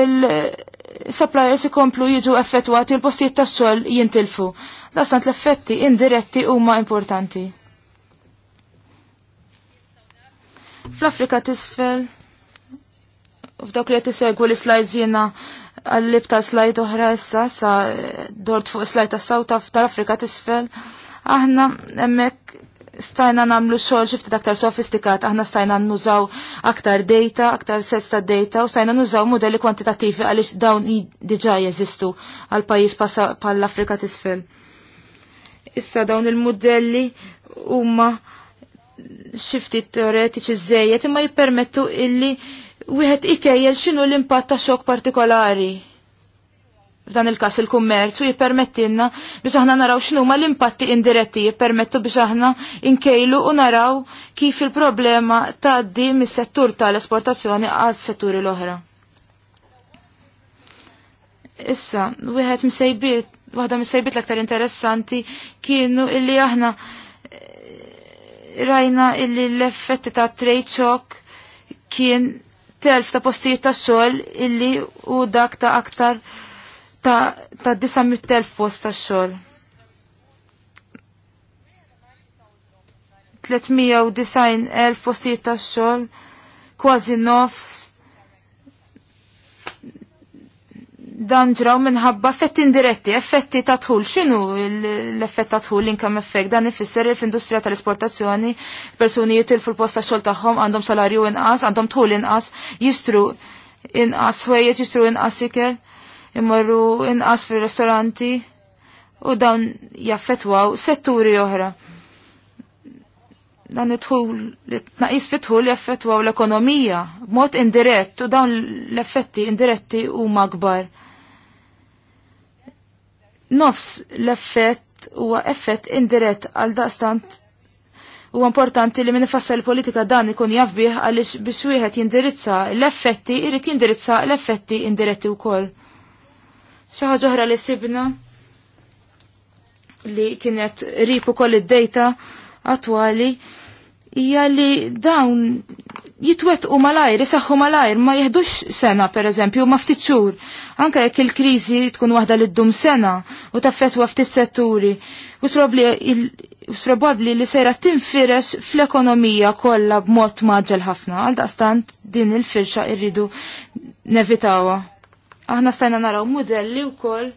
il-suppliers ikomplu jiġu effettwati l-postijiet tax-xogħol jintilfu. Dastant l-effetti indiretti huma importanti. Fl-Afrika tisfel, f'dok li qed l-slides jiena għallib ta' slajd oħra issa sa dort fuq slajd ta' saw tal-Afrika tisfel. Aħna hemmhekk stajna namlu xogħol xi aktar sofistikat, aħna stajna nużaw aktar data, aktar sets ta' data, u stajna nużaw modelli kwantitattivi għaliex dawn diġà jeżistu għal pajjiż l afrika t'isfel. Issa dawn il-modelli huma xi ftit teoretiċi żejjed imma jippermettu illi wieħed ikejjel x'inhu l-impatt ta' xokk partikolari f'dan il-kas il-kummerċu jippermettilna biex aħna naraw x'numa l-impatti indiretti jippermettu biex aħna inkejlu u naraw kif il-problema tgħaddi mis-settur tal-esportazzjoni għal setturi l-oħra. Issa, wieħed msejbiet, waħda msejbiet l-aktar interessanti kienu illi aħna eh, rajna illi l-effetti ta' trade shock kien telf ta' postijiet ta' xogħol illi u dak ta' aktar ta', ta mittel fost ta' xogħol. 390.000 postijiet ta' xogħol, kważi nofs. Dan ġraw minħabba effetti indiretti, effetti ta' tħul. X'inhu l-effett ta' tħul l-inkam effekt? Dan ifisser f'industrija industrija tal-esportazzjoni, persuni jitilfu l-post ta' xogħol tagħhom għandhom salarju inqas, għandhom tħul inqas, jistru inqas swejjeġ, jistru inqas iker imorru inqas fil-ristoranti u dawn jaffetwaw setturi oħra. Dan it-tħul, naqis fit-tħul jaffetwaw l-ekonomija, mod indirett u dawn l-effetti indiretti u magbar. Nofs l-effett huwa effett indirett għal daqstant u importanti li minn l politika dan ikun jafbih għaliex biex wieħed jindirizza l-effetti, irrid jindirizza l-effetti indiretti wkoll. Xi ħaġa li sibna li kienet ripu koll id-dejta attwali hija li dawn jitwetqu malajr, jisaxħu malajr, ma jihdux sena per eżempju, ma ftit xhur. Anke jekk il-kriżi tkun waħda li ddum sena u taffetwa ftit setturi. U probabbli li sejra tinfires fl-ekonomija kollha b'mod maġġel ħafna, għal daqstant din il-firxa irridu nevitawa. Aħna stajna naraw modelli wkoll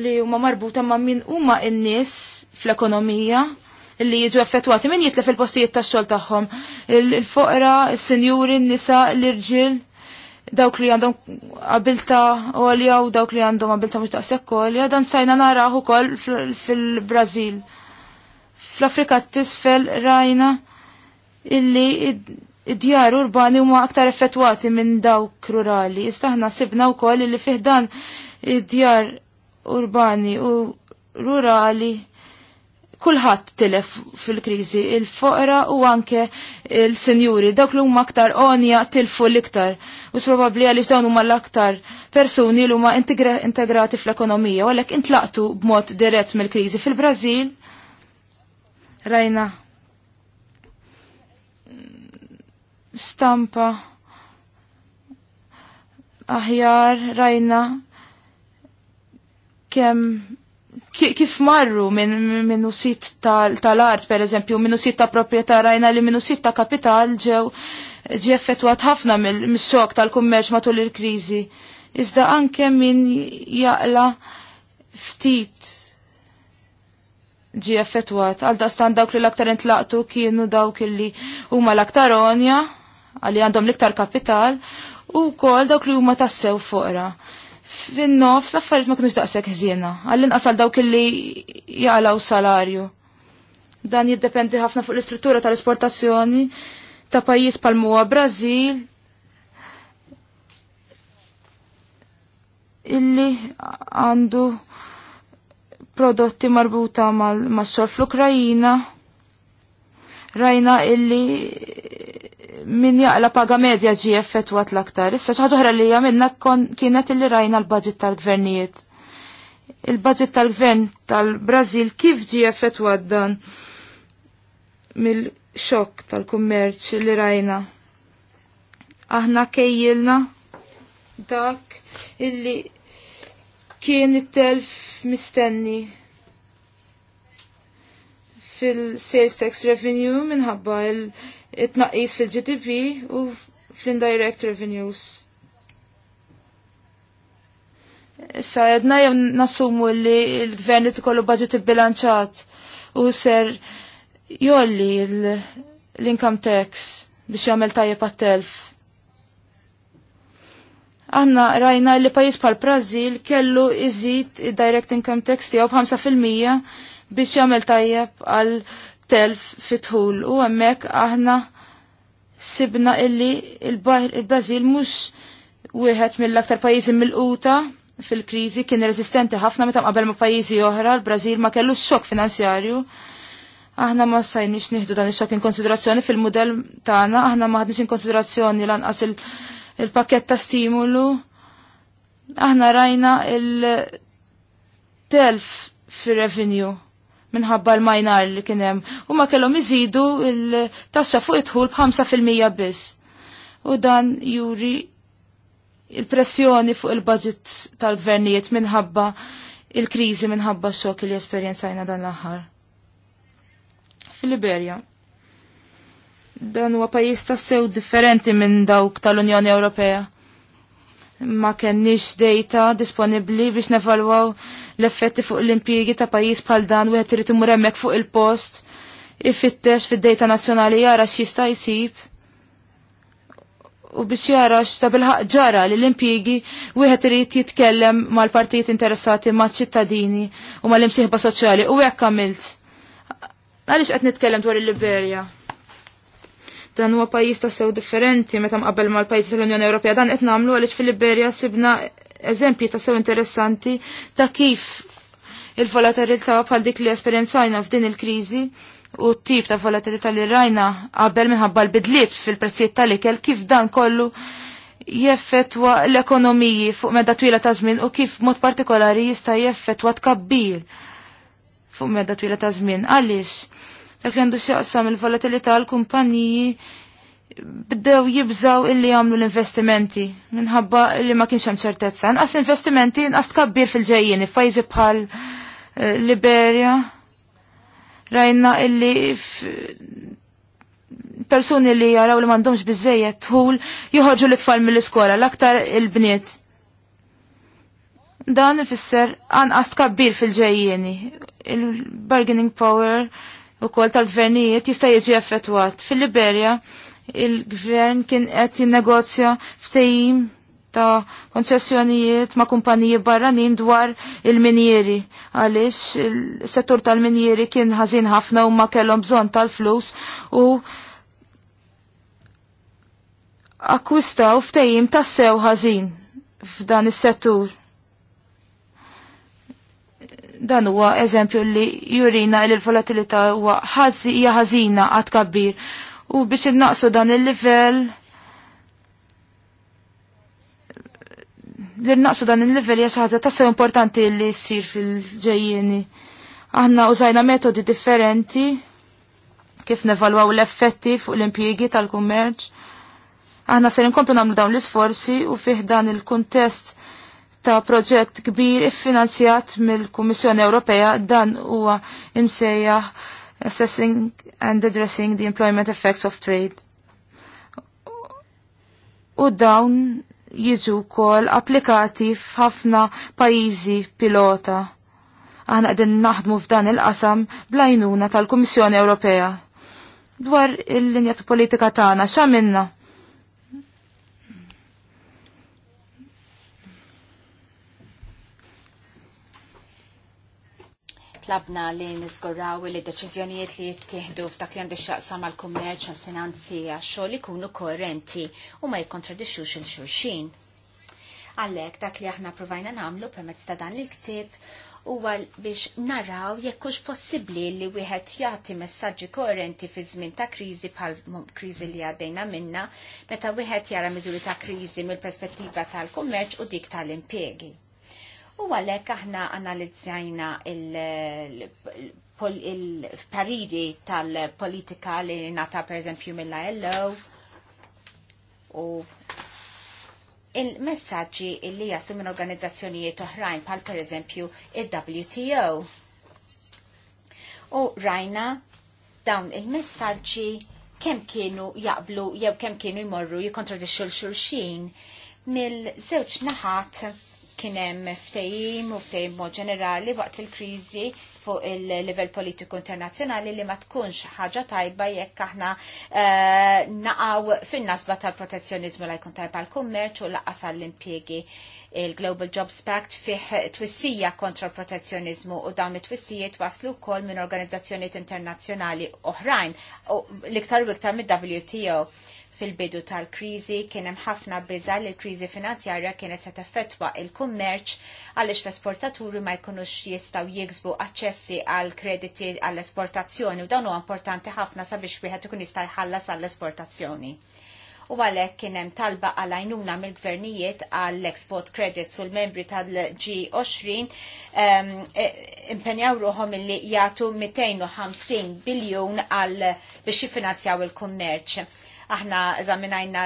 li huma marbuta ma' min huma n-nies fl-ekonomija li jiġu effettwati min jitlef il-postijiet tax-xogħol tagħhom. Il-foqra, is senjuri n-nisa, l-irġiel, dawk li għandhom abilta għolja u dawk li għandhom abilta mhux daqshekk għolja, dan sajna naraw ukoll fil-Brażil. Fl-Afrika t-tisfel rajna illi id-djar urbani huma aktar effettwati minn dawk rurali. Istaħna aħna u wkoll li fih dan id-djar urbani u rurali kulħadd tilef fil-kriżi il-foqra u anke il-senjuri dawk li huma aktar onja tilfu l-iktar u s-probabli għaliex dawn huma l-aktar persuni li huma integrati fl-ekonomija u għalhekk intlaqtu b'mod dirett mill-kriżi fil-Brażil rajna stampa aħjar rajna kem kif marru minn min usit tal-art, tal per eżempju, minn usit ta' proprietà rajna li minn usit ta' kapital ġew ġi effettwat ħafna mis-xok tal-kummerċ matul il-krizi. Iżda anke minn jaqla ftit ġi effettwat. Għal dastan dawk li l-aktar intlaqtu kienu dawk li huma l-aktar onja għalli għandhom liktar kapital u kol dawk li huma tassew fuqra. Fin-nofs l-affarijiet ma kinux daqshekk ħżiena, għalli nqasal dawk li jaqlaw salarju. Dan jiddependi ħafna fuq l-istruttura tal-esportazzjoni ta' pajjiż pal Brażil, illi għandu prodotti marbuta mal-sol fl-Ukrajina. Rajna illi min jaqla paga medja ġi effettwat l-aktar. Issa ċaħġoħra li jgħamilna kienet li rajna l-budget tal-gvernijiet. Il-budget tal-gvern tal-Brazil kif ġi effettwat dan mill-xok tal-kummerċ li rajna. Aħna kejjilna dak illi kien it-telf mistenni fil-sales tax revenue minħabba il-tnaqqis fil-GDP u fl-indirect revenues. Issa jedna jew nassumu li l-gvern li tkollu budget bilanċat u ser jolli l-income tax biex jagħmel tajjeb għat-telf. Għanna rajna li pajis bħal Brazil kellu iżid direct income tax tiegħu b'5 biex jagħmel tajjeb għal telf fitħul u hemmhekk aħna sibna illi il-Brażil mhux wieħed mill-aktar pajjiżi mill-quta fil-kriżi kien resistenti ħafna meta qabel ma' pajjiżi oħra, il-Brażil ma kellux xokk finanzjarju. Aħna ma sajniex nieħdu dan ix-xokk inkonsiderazzjoni fil-mudell tagħna, aħna ma ħadniex inkonsiderazzjoni lanqas il-pakket ta' stimulu. Aħna rajna il-telf fir-revenue minħabba l-majnar li kienem u ma kellhom iżidu il-tassa fuq idħul b'5% biss. U dan juri il-pressjoni fuq il-budget tal-gvernijiet minħabba il-kriżi minħabba s-sok li esperjenzajna dan l-aħħar. Fil-Liberja. Dan huwa pajjiż tassew differenti minn dawk tal-Unjoni Ewropea ma kenniex data disponibli biex nevalwaw l-effetti fuq l-impjegi ta' pajis bħal dan u għetri irrit imur hemmhekk fuq il-post ifittex fid-data nazzjonali jara xista jsib u biex jara x'ta bilħaq ġara li l-impjegi wieħed irid jitkellem mal-partijiet interessati maċ-ċittadini u mal-imsieħba soċjali u hekk għamilt. Għaliex qed nitkellem dwar il-Liberja? Dan huwa pajjiż ta' sew differenti meta mqabel mal-pajjiż tal-Unjoni Ewropea. Dan qed nagħmlu għaliex fil-Liberja sibna eżempji ta' sew interessanti ta' kif il-volatilità bħal dik li esperjenzajna f'din il-kriżi u t-tip ta' volatilità li rajna qabel minħabba l-bidliet fil-prezzijiet tal-ikel kif dan kollu jeffetwa l-ekonomiji fuq medda twila ta' żmien u kif mod partikolari jista' jeffetwa tkabbir fuq medda twila ta' żmien. Għaliex dak li għandu xaqsam il-volatilità l-kumpaniji bdew jibżaw illi għamlu l-investimenti minħabba illi ma kienx hemm ċertezza. Nqas investimenti nqas tkabbir fil-ġejjien f'pajjiżi bħal eh, Liberia. Rajna illi persuni li jaraw li m'għandhomx biżejjed tħul joħorġu l-itfal mill-iskola l-aktar il-bniet. Dan ifisser anqas tkabbir fil-ġejjieni. Il-bargaining power kol tal-gvernijiet jista' jiġi effettwat. Fil-Liberja il-gvern kien qed jinnegozja ftehim ta' konċessjonijiet ma' kumpaniji barranin dwar il-minjeri. Għalix il-settur tal-minjeri kien ħażin ħafna u ma' kellhom bżonn tal-flus u akkwistaw ftejim tassew ħażin f'dan is-settur dan huwa eżempju li jurina li l-volatilità huwa hija ħażina għad kabbir. U biex innaqsu dan il-livell li naqsu dan il-livell hija xi ħaġa tassew importanti li ssir fil-ġejjieni. Aħna użajna metodi differenti kif nevalwaw l-effetti fuq l-impjiegi tal-kummerċ. Aħna ser inkomplu nagħmlu dawn l-isforzi u fih dan il-kuntest ta' proġett kbir iffinanzjat mill-Kummissjoni Ewropea dan huwa imsejjaħ Assessing and Addressing the Employment Effects of Trade. U dawn jiġu kol applikati f'ħafna pajizi pilota. Aħna qegħdin naħdmu f'dan il-qasam blajnuna tal-Kummissjoni Ewropea. Dwar il-linja politika tagħna x'għamilna? tlabna li nizgurraw li deċiżjonijiet li jittieħdu f'dak li għandu xaqsam għal kummerċ għal finanzi għax-xogħol ikunu koerenti u ma jikkontradixxux il-xulxin. Għalhekk dak li aħna provajna nagħmlu permezz ta' dan il-ktieb huwa biex naraw jekkux possibbli li wieħed jagħti messaġġi koerenti fi żmien ta' kriżi bħal kriżi li għaddejna minna meta wieħed jara miżuri ta' kriżi mill-perspettiva tal-kummerċ u dik tal-impjegi. U għalek aħna analizzajna il-pariri il pariri tal politika li nata per eżempju mill-ILO u il-messagġi li jaslu minn organizzazzjonijiet oħrajn pal per eżempju il-WTO. U rajna dawn il-messagġi kem kienu jaqblu jew kem kienu jmorru jikontradixxu l-xulxin mill-żewġ naħat kienem ftejim u ftejim mod ġenerali waqt il-krizi fuq il-level politiku internazzjonali li ma tkunx ħaġa tajba jekk aħna uh, naqaw fin-nasba tal-protezzjonizmu la jkun tajba l-kummerċ u laqqas għall-impjegi il-Global Jobs Pact fih twissija kontra l protezzjonizmu u dawn it-twissijiet waslu wkoll minn organizzazzjonijiet internazzjonali oħrajn u l-iktar u iktar mid-WTO Fil-bidu tal-krizi kien hemm ħafna biża li l-krizi finanzjarja kienet se teffettwa il-kummerċ għaliex l-esportaturi ma jkunux jistgħu jiksbu aċċessi għal krediti għall-esportazzjoni u dawn huwa importanti ħafna sabiex wieħed ikun jista' jħallas għall-esportazzjoni u għalhekk kien hemm talba għal-għajnuna mill-gvernijiet għall-export credits u l-membri tal-G20 ehm, e, impenjaw ruħom li jgħatu 250 biljun għal biex jifinanzjaw il-kummerċ. Aħna eżaminajna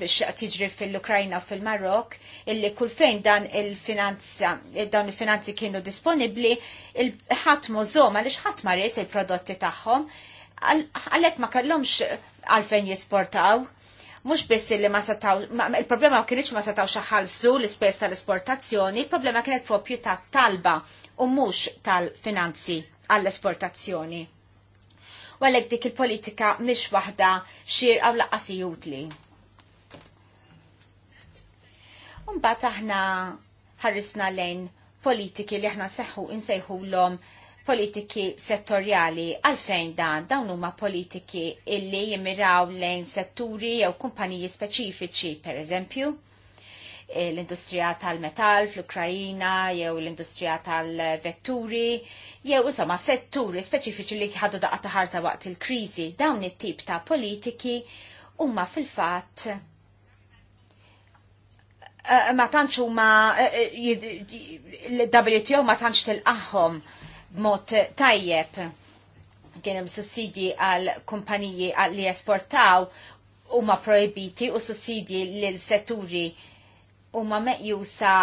biex tiġri fil-Ukrajna u fil-Marok, illi kulfejn dan il-finanza, dawn il-finanzi kienu disponibli, il-ħat mużom, għalix ħat marret il-prodotti tagħhom, għalek ma kellomx għalfejn jisportaw, mux biss li ma sataw, il-problema kienieċ ma sataw xaħalsu l-ispess tal-esportazzjoni, il-problema kienet propju ta' talba u mux tal-finanzi għall-esportazzjoni għalek dik il-politika mhix waħda xir għaw laqqasi jutli. Mbagħad aħna ħarrisna lejn politiki li aħna l insejħulhom politiki settorjali għalfejn dan dawn huma politiki illi jimmiraw lejn setturi jew kumpaniji speċifiċi pereżempju eh, l-industrija tal-metal fl-Ukrajina jew l-industrija tal-vetturi jew insomma setturi speċifiċi li ħadu daqqa taħarta waqt il-kriżi. Dawn it-tip ta' politiki huma fil-fatt eh, ma tantx huma eh, eh, l-WTO ma tantx tilqahom b'mod tajjeb kien hemm sussidji għal kumpaniji li jesportaw huma projbiti u sussidji lil setturi huma meqjusa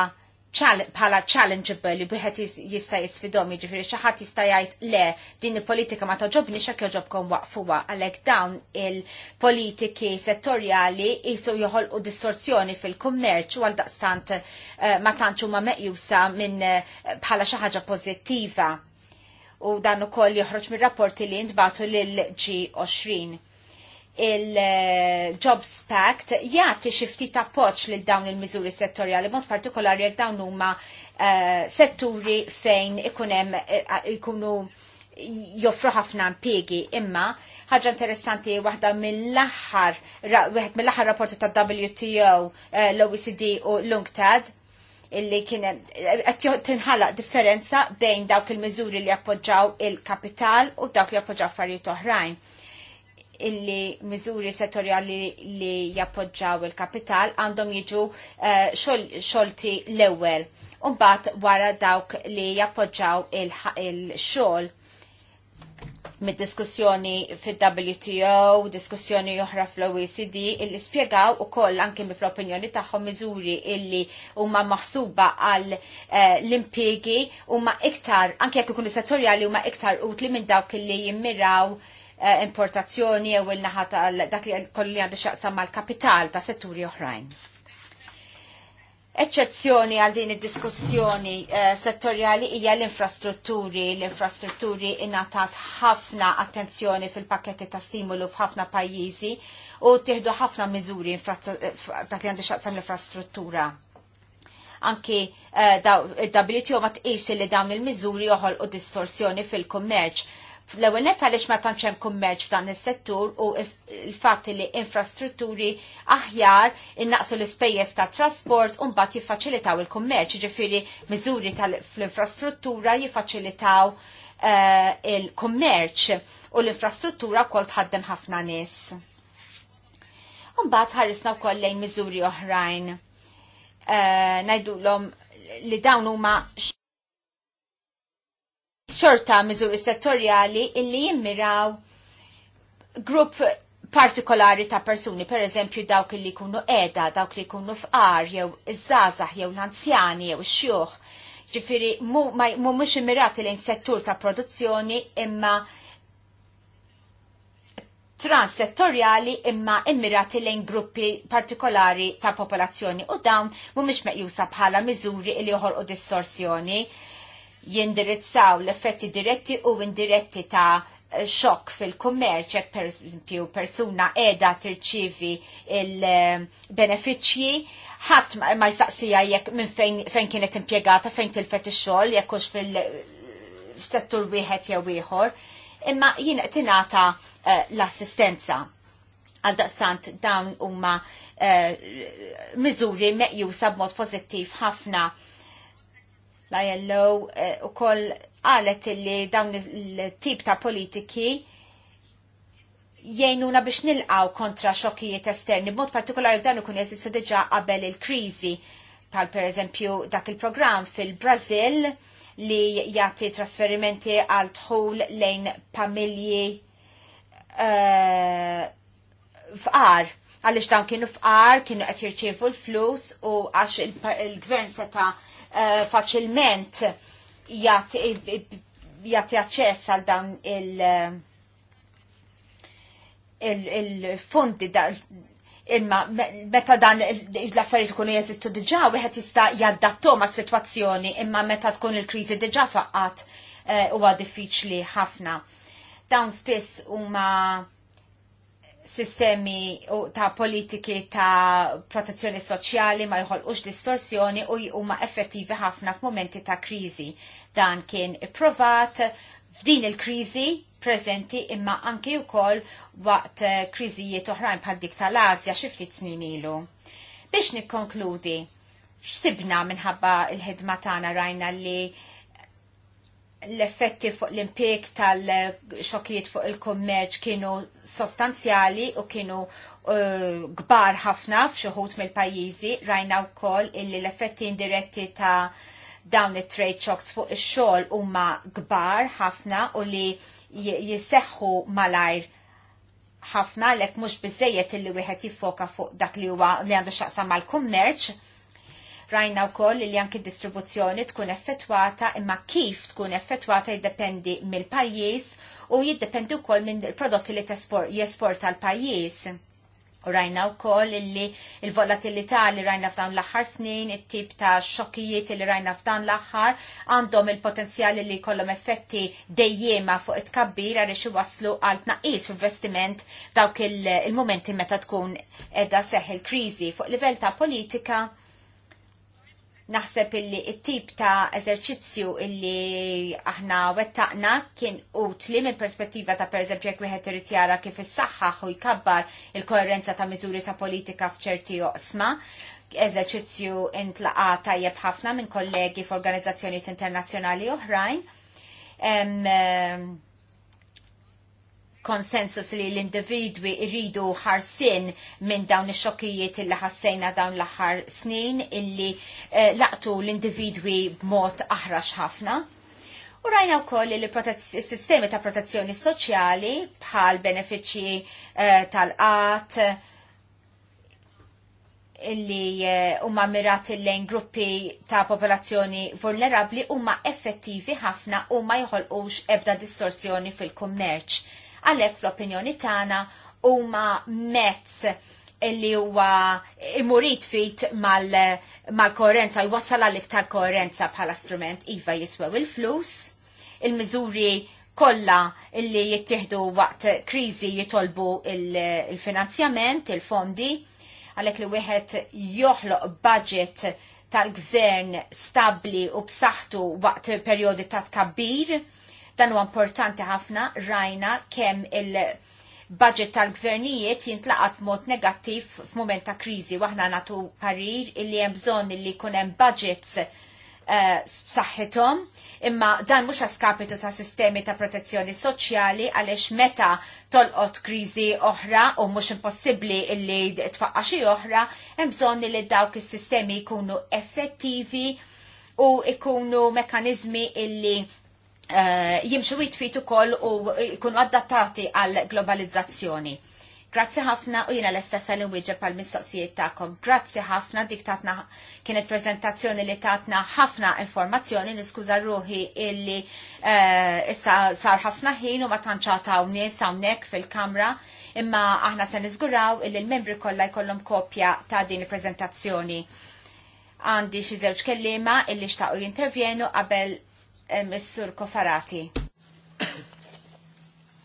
pala challengeable li biħet jista jisfidom jiġifieri xi ħadd jista' jgħid le din il-politika ma toġobni xa kjoġobkom waqfuha għalhekk dawn il-politiki settorjali jisu joħolqu distorsjoni fil-kummerċ u għal daqstant eh, ma tantx huma meqjusa minn eh, bħala xi ħaġa pożittiva u dan ukoll joħroġ mir-rapporti li ntbagħtu lil G20 il-Jobs Pact jagħti xi ftit poċ lil dawn il-miżuri settorjali, mod partikolari jekk dawn huma eh, setturi fejn ikun hemm eh, ikunu joffru ħafna impiegi imma ħaġa interessanti waħda mill-aħħar wieħed mill-aħħar rapporti ta' WTO eh, l-OECD u l-UNCTAD illi kien qed tinħalaq differenza bejn dawk il-miżuri li appoġġaw il-kapital u dawk li appoġġaw affarijiet oħrajn illi miżuri settorjali li jappoġġaw il-kapital għandhom jiġu uh, xolti l-ewwel. Umbat wara dawk li jappoġġaw il-xol il xol mid fil-WTO, diskussjoni oħra fl-OECD, illi spiegaw u koll anki fl-opinjoni tagħhom miżuri illi huma maħsuba għal uh, eh, l-impiegi huma iktar, anke jekk ikun settorjali huma iktar utli minn dawk illi jimmiraw Eh, importazzjoni jew il-naħa tal dak li kollu għandu xaqsam mal-kapital ta' setturi oħrajn. Eċċezzjoni għal din id-diskussjoni eh, settorjali hija l-infrastrutturi. L-infrastrutturi ingħatat ħafna attenzjoni fil-pakketti ta' stimulu f'ħafna pajjiżi u tieħdu ħafna miżuri eh, dak li għandu xaqsam l-infrastruttura anki uh, WTO ma tqis li dawn il-miżuri joħolqu distorsjoni fil-kummerċ L-ewwel nett għaliex ma tantx hemm kummerċ f'dan is-settur u l-fatt li infrastrutturi aħjar innaqsu l-ispejjeż ta' trasport u mbagħad jiffaċilitaw il-kummerċ, jiġifieri miżuri tal-infrastruttura jiffaċilitaw eh, il-kummerċ u l-infrastruttura wkoll tħaddem ħafna nies. Mbagħad ħarisna wkoll lejn miżuri oħrajn. Eh, ngħidulhom li dawn huma xorta miżuri settorjali illi jimmiraw grupp partikolari ta' persuni, per eżempju dawk li kunu edha, dawk li kunu fqar, jew iż-żazax, jew l-anzjani, jew xjuħ. Ġifiri, mu mux immirati l settur ta' produzzjoni imma transsettorjali imma immirati lejn gruppi partikolari ta' popolazzjoni u dawn mhumiex meqjusa bħala miżuri li joħolqu distorsjoni jindirizzaw l-effetti diretti u indiretti ta' xokk fil-kummerċ, jekk per esempio persuna edha tirċivi il-benefiċċji, ħadd ma jistaqsija jekk minn fejn, fejn kienet impjegata, fejn tilfet ix-xogħol, jekk hux fil-settur wieħed jew ieħor, imma jien tingħata eh, l-assistenza. Għal daqstant dawn huma eh, miżuri meqjusa b'mod pożittiv ħafna l-ILO eh, u koll għalet illi dawn il-tip ta' politiki jgħinuna biex nilqaw kontra xokijiet esterni, b'mod partikolari dan ikun jeżistu diġa qabel il-krizi, pal per eżempju dak il-programm fil-Brazil li jagħti trasferimenti għal tħul lejn pamilji uh, eh, fqar għalix dawn kienu fqar, kienu qed jirċievu l-flus u għax il-gvern seta' Eh, faċilment jagħti aċċess għal dan il-fondi imma meta dan l-affarijiet ikunu jeżistu diġà wieħed jista' jaddattom għas-sitwazzjoni imma meta tkun il-kriżi diġà faqqat eh, huwa diffiċli ħafna. Dawn spiss huma sistemi ta' politiki ta' protezzjoni soċjali ma jħolqux distorsjoni u huma effettivi ħafna f'momenti ta' kriżi. Dan kien provat f'din il-kriżi preżenti imma anki wkoll waqt eh, kriżijiet oħrajn bħal dik tal-Asja xi ftit snin ilu. Biex nikkonkludi, x'sibna minħabba il-ħidma tagħna rajna li l-effetti fuq l-impik tal-xokijiet fuq il-kommerċ kienu sostanzjali u kienu uh, gbar ħafna f'xuħut mill-pajjiżi rajna wkoll illi l-effetti indiretti ta' dawn it-trade shocks fuq ix-xogħol huma gbar ħafna u li jisseħħu malajr ħafna lek mhux biżejjed illi wieħed jiffoka fuq dak li huwa li għandu x'aqsam mal-kummerċ Rajna wkoll li anki distribuzzjoni tkun effettwata imma kif tkun effettwata jiddependi mill-pajjiż u jiddependi wkoll minn prodotti li jesporta l-pajjiż. U rajna u koll li il-volatilità li rajna f'dawn l-axar snin, it-tip ta' xokkijiet li rajna f'dan l-axar, għandhom il-potenzjali li kollom effetti dejjema fuq it-kabbir għarri waslu għal tnaqis fil-vestiment dawk il-momenti meta tkun edha seħ il-krizi. Fuq livell ta' politika, Naħseb illi it-tip ta' eżerċizzju illi aħna wettaqna kien utli minn perspettiva ta' pereżempju jekk wieħed irid jara kif issaħħaħ u jkabbar il-koerenza ta' miżuri ta' politika f'ċerti oqsma eżerċizzju intlaqa tajjeb ħafna minn kollegi f'organizzazzjonijiet internazzjonali oħrajn. Um, konsensus li l-individwi iridu ħarsin minn dawn ix-xokkijiet illi ħassejna dawn l-aħħar snin illi eh, laqtu l-individwi b'mod aħrax ħafna. U rajna wkoll li s-sistemi ta' protezzjoni soċjali bħal benefiċċji eh, tal-qat illi eh, huma eh, mirati lejn gruppi ta' popolazzjoni vulnerabli huma effettivi ħafna u ma jħolqux ebda distorsjoni fil-kummerċ għalhekk fl-opinjoni tagħna huma mezz li huwa imurit fit mal-koerenza, mal jwassal għal-iktar koerenza bħala strument iva jiswew il-flus, il-mizuri kolla illi jittieħdu waqt krizi jitolbu il-finanzjament, il il-fondi, għalek li wieħed joħloq budget tal-gvern stabli u b'saħħtu waqt periodi ta' tkabbir Dan huwa importanti ħafna rajna kemm il- budget tal-gvernijiet jintlaqat mod negattiv f'mument ta' kriżi waħna natu parir illi hemm bżonn illi jkun hemm budgets eh, b'saħħithom, imma dan mhux skapitu ta' sistemi ta' protezzjoni soċjali għaliex meta tolqot kriżi oħra u mhux impossibbli illi tfaqqa xi oħra, hemm bżonn li dawk is-sistemi jkunu effettivi u ikunu mekanizmi illi uh, jimxu jitfitu kol u jkunu adattati għal globalizzazzjoni. Grazzi ħafna u jina l-istess li wieġeb għal mistoqsijiet tagħkom. Grazzi ħafna dik tatna kienet prezentazzjoni li tatna ħafna informazzjoni niskuża ruħi illi eh, issa sar ħafna ħin u ma tantxata nies hawnhekk fil-kamra imma aħna se niżguraw illi l-membri kollha jkollhom kopja ta' din il-preżentazzjoni. Għandi xi żewġ kelliema illi xtaqgħu jintervjenu qabel Messur Kofarati.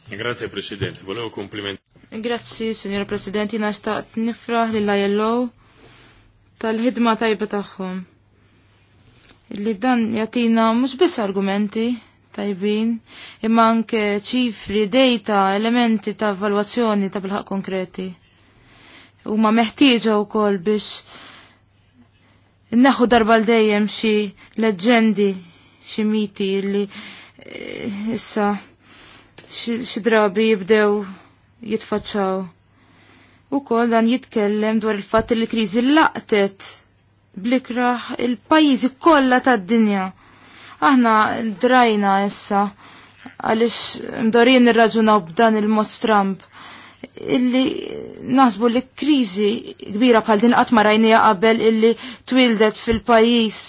Grazie Presidente, volevo complimentare. Grazzi, Signor Presidenti, naxtaqt nifraħ li lajellow tal-ħidma tajba tagħhom. Li dan jatina mhux biss argumenti tajbin, imma anke ċifri, data, elementi ta' valwazzjoni ta' bilħaq konkreti. Huma meħtieġa wkoll biex neħu darba dejjem xi leġendi ximiti miti li eh, issa xi drabi jibdew jitfaċċaw. kol dan jitkellem dwar il-fatt li l-kriżi laqtet blikraħ il-pajjiżi kollha tad-dinja. Aħna drajna issa għaliex mdorin irraġunaw b'dan il-mod Trump illi nasbu li krizi kbira bħal din qatt ma rajnija qabel illi twildet fil-pajjiż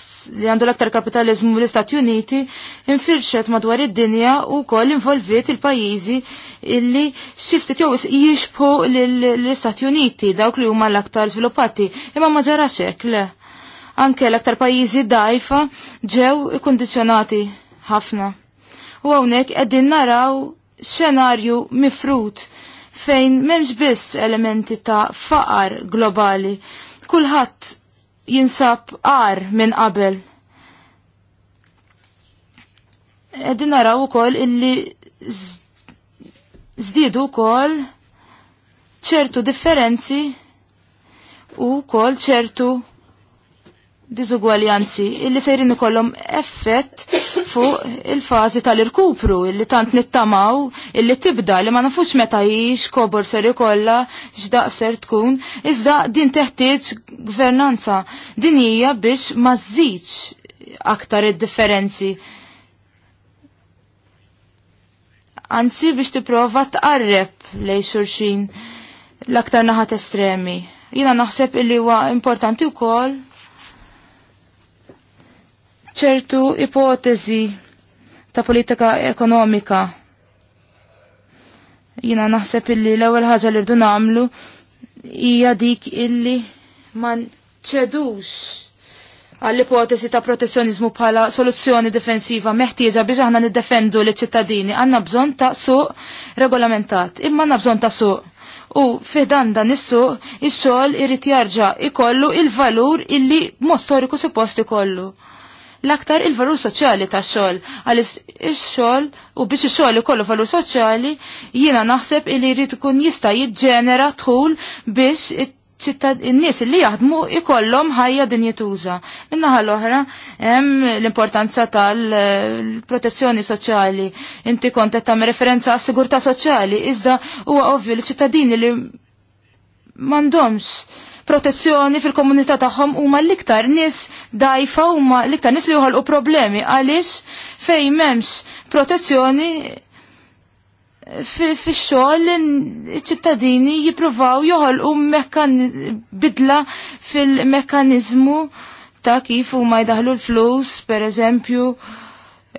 li għandu l-aktar kapitalizmu l-Istati Uniti infirxet madwar id-dinja u koll involviet il-pajjiżi illi xiftit jew jixbħu l-Istati Uniti dawk li huma l-aktar sviluppati imma ma ġarax hekk le. Anke l-aktar pajjiżi dajfa ġew ikkondizjonati ħafna. U hawnhekk qegħdin naraw xenarju mifrut fejn memx biss elementi ta' faqar globali. Kulħadd jinsab għar minn qabel. Eddin naraw ukoll illi zdidu koll ċertu differenzi u koll ċertu diżugwaljanzi illi sejrin ikollhom effett fuq il-fażi tal-irkupru illi tant nittamaw illi tibda li ma nafux meta jiex kobor ser ikolla x'daq ser tkun iżda din teħtieġ gvernanza din hija biex ma aktar id-differenzi. Anzi biex tipprova tqarreb lej xurxin l-aktar naħat estremi. Jina naħseb illi huwa importanti wkoll ċertu ipotezi ta' politika ekonomika. Jina naħseb illi l-ewwel ħaġa li rdu nagħmlu hija dik illi ma ċedux għall-ipotesi ta' protezzjonizmu bħala soluzzjoni difensiva meħtieġa biex aħna niddefendu l ċittadini għandna bżonn ta' suq regolamentat, imma għandna bżonn ta' suq. U fidan dan is-suq ix-xogħol irid jarġa' ikollu il-valur illi mo storiku suppost ikollu l-aktar il-valur soċjali ta' xogħol għalis il xogħol u biex ix-xogħol ikollu valur soċjali jiena naħseb li jrid ikun jista' jiġġenera tħul biex il-nis nies li jaħdmu ikollhom ħajja din jituża. Minna l-oħra hemm l-importanza tal-protezzjoni soċjali. Inti kont qed tagħmel referenza għas-sigurtà soċjali iżda huwa ovvju li ċittadini li m'għandhomx protezzjoni fil-komunità tagħhom huma l-iktar nies dajfa huma l-iktar nies li joħolqu problemi għaliex fejn m'hemmx protezzjoni fix-xogħol iċ-ċittadini jippruvaw joħolqu bidla fil-mekkaniżmu ta' kif huma jdaħlu l-flus, pereżempju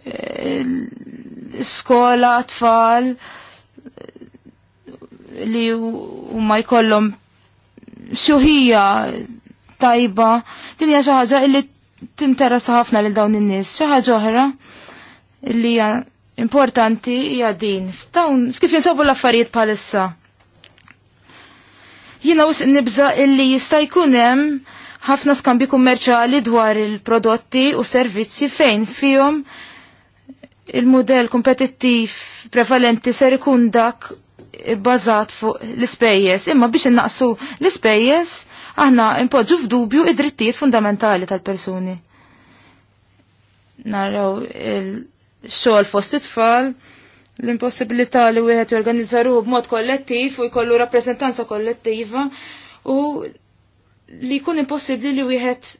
eh, skola, tfal, li huma jkollhom xuħija tajba, din hija xi ħaġa illi tinteressa ħafna lil dawn in-nies. Xi ħaġa oħra li hija importanti hija din. F'dawn kif jinsabu l-affarijiet bħalissa. Jiena wisq nibża illi jista' jkun hemm ħafna skambi kummerċali dwar il-prodotti u servizzi fejn fihom il-modell kompetittiv prevalenti ser ikun dak bbażat fuq l-ispejjeż, imma biex innaqsu l-ispejjeż aħna impoġu f'dubju id-drittijiet fundamentali tal-persuni. Naraw il-xogħol fost it-tfal, l-impossibilità li wieħed jorganizzaru b'mod kollettiv u jkollu rappreżentanza kollettiva u li jkun impossibbli li wieħed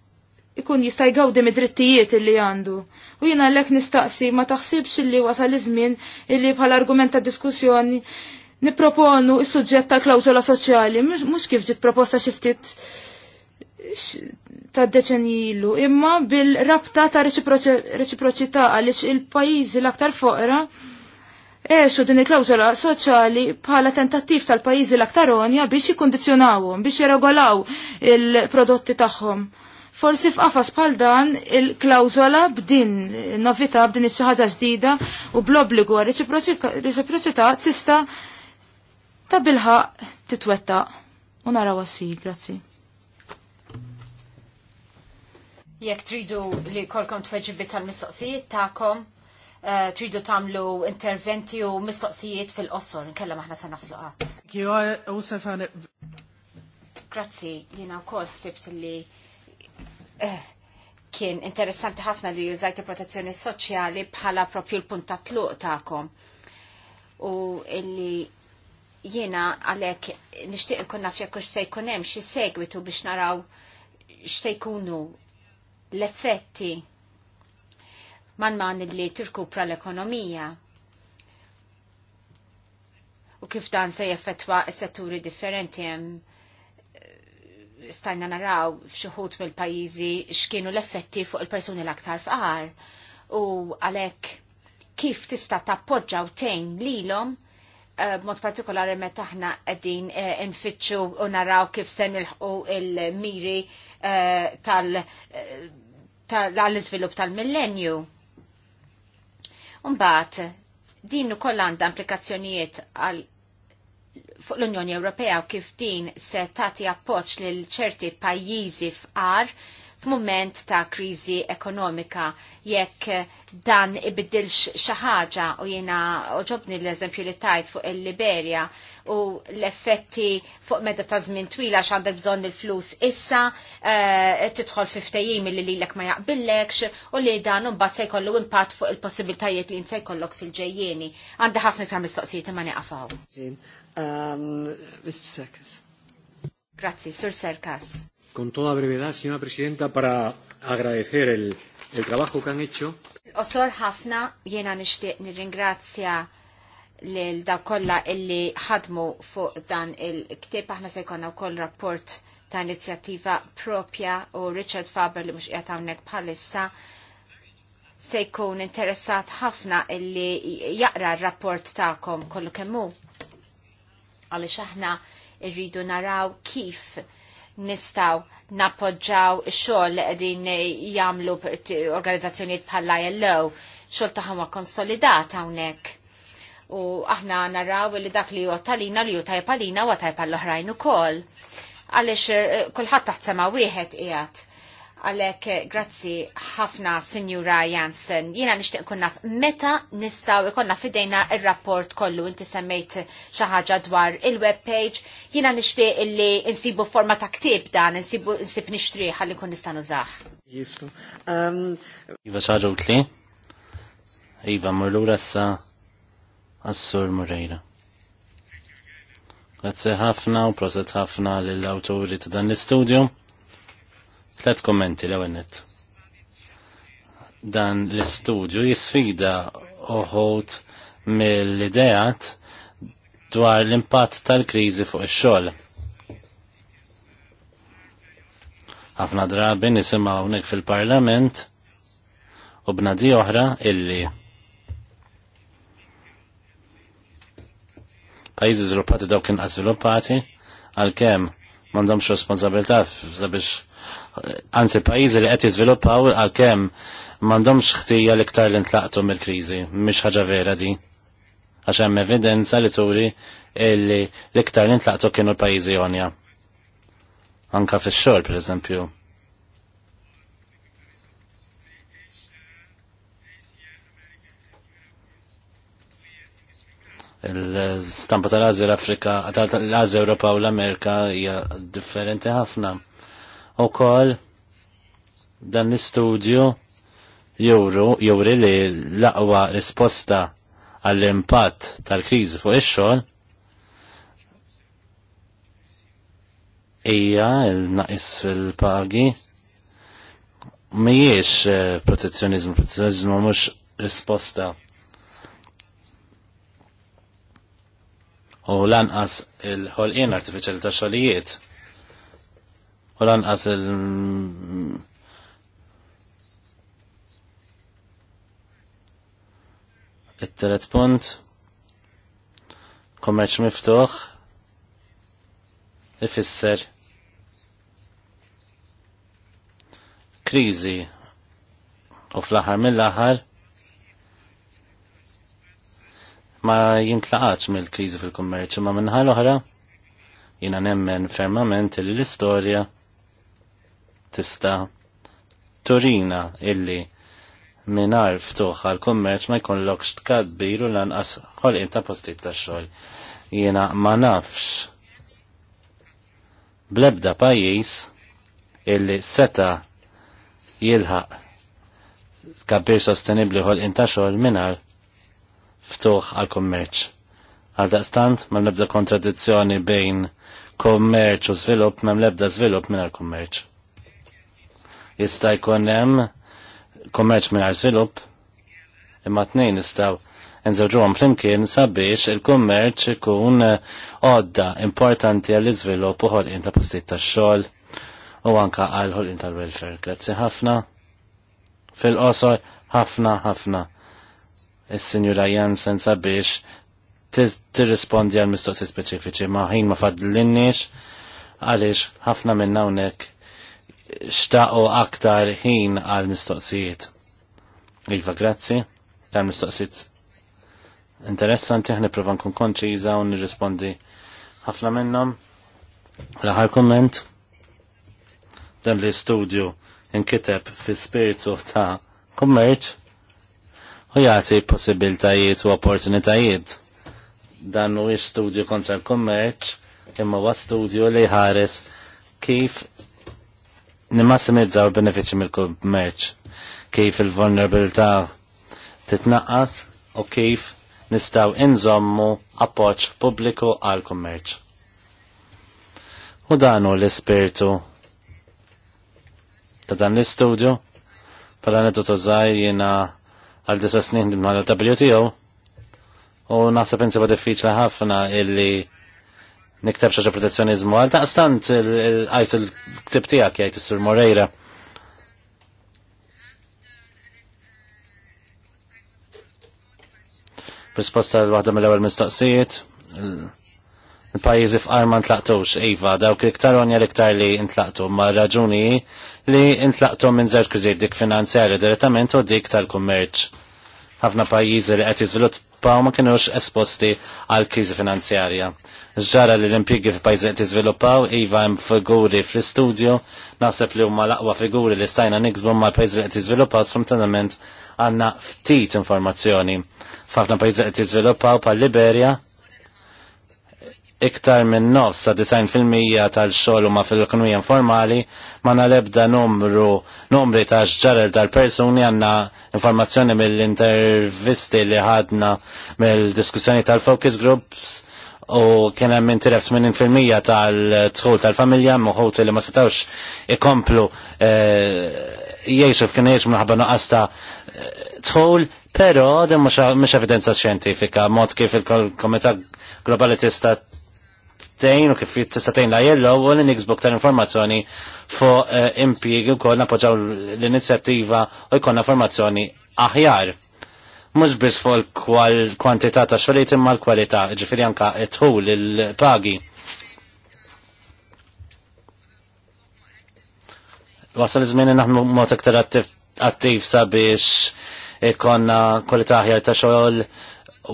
ikun jista' jgawdi mid-drittijiet illi għandu. U jiena għalhekk nistaqsi ma taħsibx illi wasal iż-żmien illi bħala argument ta' diskussjoni niproponu il suġġett tal-klawżola soċjali, mhux kif ġiet proposta xi ftit ta' deċenijilu, imma bil-rabta ta' reċiproċità għaliex il-pajjiżi l-aktar foqra eħxu din il-klawżola soċjali bħala tentattiv tal-pajjiżi l-aktar onja biex jikkondizjonawhom, biex jirregolaw il-prodotti tagħhom. Forsi f'qafas bħal dan il-klawżola b'din novità b'din ix-xi ħaġa ġdida u bl-obbligu għal reċiproċità tista' ta' bilħa titwetta u nara wassi, grazzi. Jekk tridu li kolkom tweġibi tal-mistoqsijiet ta'kom, eh, tridu tamlu interventi u mistoqsijiet fil-qossor, nkella maħna sa' nasluqat. Grazzi, jina u kol sibt li eh, kien interessanti ħafna li jużajt il-protezzjoni soċjali bħala propju l-punt ta' tluq ta'kom. U illi Jiena għalek nishtiq nkun naf jekk se jkun hemm xi segwitu biex naraw x'se jkunu l-effetti man man li tirkupra l-ekonomija u kif dan se jaffetwa setturi differenti hemm eh, stajna naraw f'xuħut mill-pajjiżi x'kienu l-effetti fuq il-persuni l-aktar fqar u għalhekk kif tista' tappoġġa u tgħin lilhom Eh, mod partikolari me aħna qegħdin eh, infittxu u naraw kif se nilħqu il-miri eh, tal-iżvilupp tal-millenju. Mbagħad din ukoll għandha implikazzjonijiet għal fuq l-Unjoni Ewropea u kif din se tagħti appoġġ lil ċerti pajjiżi f'qar f'mument ta' kriżi ekonomika jekk eh, dan ibidilx xi ħaġa u jiena oġobni l-eżempju li tajt fuq il liberia u l-effetti fuq medda ta' żmien twila x'għandek bżonn il-flus issa eh, tidħol fi li lilek ma jaqbillekx u li dan imbagħad se jkollu impatt fuq il-possibiltajiet li se jkollok fil-ġejjieni. Għandi ħafna ta' mistoqsijiet ma nieqafaw. Mr. Um, Serkas. Grazzi, Sir Serkas con toda brevedad, señora presidenta, para agradecer el, el trabajo que han hecho. Osor ħafna jiena nixtieq nirringrazzja lil daw kollha illi ħadmu fuq dan il-ktieb aħna se jkollna wkoll rapport ta' inizjattiva propja u Richard Faber li mhux qiegħed hawnhekk bħalissa se jkun interessat ħafna illi jaqra r-rapport tagħkom kollu kemm hu. Għaliex aħna rridu naraw kif nistaw nappoġġaw xogħol li qegħdin jagħmlu organizzazzjonijiet bħala ILO, xogħol tagħhom konsolidat hawnhekk. U aħna naraw li dak li huwa talina li hu tajpalina għalina huwa tajb l oħrajn ukoll. Għaliex eh, kulħadd taħsema wieħed qiegħed Għalek, grazzi ħafna, Signora Jansen. Jina nishtiq kunna meta nistaw ikonna fidejna il-rapport kollu. Inti semmejt xaħġa dwar il-webpage. Jina nishtiq illi nsibu forma ta' ktib dan, insibu nsib nishtri għalli kun nistan użax. Jisku. Um, iva xaħġa utli? Iva murlura sa Assur Murejra. Grazzi ħafna u proset ħafna l autori ta' dan l-studio. Tlet kommenti l ewwelnet Dan l-istudju jisfida uħut mill-idejat dwar l-impatt tal-krizi fuq ix-xogħol. Ħafna drabi nisimgħu hawnhekk fil-Parlament u bnadi oħra illi pajjiżi zviluppati daw kien żviluppati għalkemm m'għandhomx responsabilità sabiex anzi pajjiżi li qed jiżviluppaw għalkemm m'għandhomx ħtija l-iktar li ntlaqtu mill-kriżi, mhix ħaġa vera di. Għax hemm evidenza li turi illi l-iktar li kienu l-pajjiżi Anka fi fix-xogħol pereżempju. l-stampa tal-Azja l-Afrika, tal-Azja Ewropa u l-Amerika hija differenti ħafna u kol dan l-istudju juru juri li l-aqwa risposta għall-impatt tal-krizi fuq ix-xogħol hija l-naqis fil-pagi mhijiex eh, protezzjonizmu, protezzjonizmu mhux risposta u lanqas il-ħolqien artifiċjali ta' xogħlijiet u lanqas il it-telet punt kommerċ miftuħ ifisser kriżi u fl-aħħar mill-aħħar ma jintlaqax mill-kriżi fil kommerċ ma minħal oħra jina nemmen fermament li l-istorja tista turina illi minar ftuħ għal kummerċ ma jkollokx tkabbir u lanqas ħolqien ta' postijiet ta' xogħol. Jiena ma nafx blebda pajjiż illi seta jilħaq kabir sostenibli ħolqien ta' xogħol minar ftuħ għal kummerċ. Għal daqstant ma nibda kontradizzjoni bejn kummerċ u żvilupp ma nibda żvilupp minar kummerċ jista' jkun hemm kummerċ mingħajr żvilupp imma tnejn nistgħu nżewġuhom flimkien sabiex il-kummerċ ikun għodda importanti għall iżvilupp u ħolqien ta' postijiet tax-xogħol u anka għal ħolqien tal-welfare. Grazzi ħafna. Fil-qosor ħafna ħafna. Is-Sinjura Jansen sabiex tirrispondi għal mistoqsi speċifiċi ma' ħin ma fadlinniex għaliex ħafna minn hawnhekk xtaqo aktar ħin għal mistoqsijiet. Iva, grazzi, għal mistoqsijiet interessanti, ħni prova nkun konċiża u nirrispondi ħafna minnhom. L-aħħar komment dan li studio inkiteb fi spiritu ta' kummerċ u jagħti possibiltajiet u opportunitajiet. Dan mhuwiex studju kontra l-kummerċ imma wa studju li ħares kif nimmassimizzaw benefiċi mill-kummerċ kif il-vulnerabilità titnaqqas u kif nistaw inżommu appoġġ pubbliku għal kummerċ. U danu l-ispirtu ta' dan l-istudju pala nedu tużaj jina għal disa snin dimna WTO u naħseb insiba diffiċla ħafna illi niktab xaġa protezzjonizmu. Għal taqstant għajt il-ktib tijak jgħajt il-Sur Moreira. Risposta l-wahda mill-ewel mistoqsijiet. Il-pajizi f'qar ma ntlaqtux, Iva, dawk iktar għonja iktar li ntlaqtu, ma raġuni li ntlaqtu minn zewġ kwiżiet dik finanzjari direttament u dik tal-kummerċ. Ħafna pajizi li qed pa' ma kienux esposti għal kriżi finanzjarja ġara li l-impjegi f'pajzi qed iżviluppaw, iva hemm figuri fl-istudju, naħseb li huma l-aqwa figuri li stajna niksbu ma' pajzi qed iżviluppaw sfruntament għandna ftit informazzjoni. F'ħafna pajzi qed iżviluppaw bħal Liberja, iktar minn nofs sa 90% tal-xogħol huma fil-ekonomija informali ma nalebda numru numri ta' xġarel tal-persuni għandna informazzjoni mill-intervisti li ħadna mill-diskussjoni tal-focus groups u kien hemm interess minn infirmija tal tħol tal-familja moħut li ma setawx ikomplu eh, jgħixu f'kien jiexu minħabba noqasta ta' dħul, però din mhux evidenza xjentifika, mod kif il komita Globali tista' tejn u kif tista' tejn la jello u li niksbuk tal-informazzjoni fuq eh, impjiegi wkoll napoġġaw l-inizjattiva u jkollna formazzjoni aħjar mhux biss fuq kwantità ta' xogħlijiet imma l-kwalità, ġifieri anke tħul il-pagi. Wasal iż-żmien mot mod aktar attiv sabiex ikonna kwalità aħjar ta' xogħol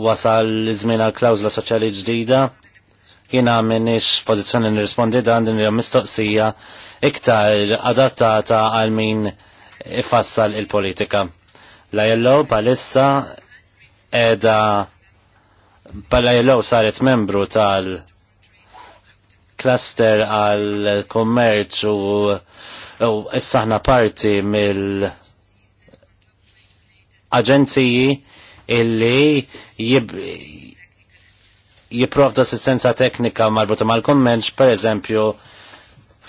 wasal iż-żmien għal klawzla soċjali ġdida. Jiena minix pożizzjoni nirrispondi dan din hija mistoqsija iktar adattata għal min ifassal il-politika. La Jello palissa edha pala jellow saret membru tal cluster għal kommerċ u issaħna parti mill aġenziji illi jib jiprovda assistenza teknika marbuta mal-kommenċ, per eżempju,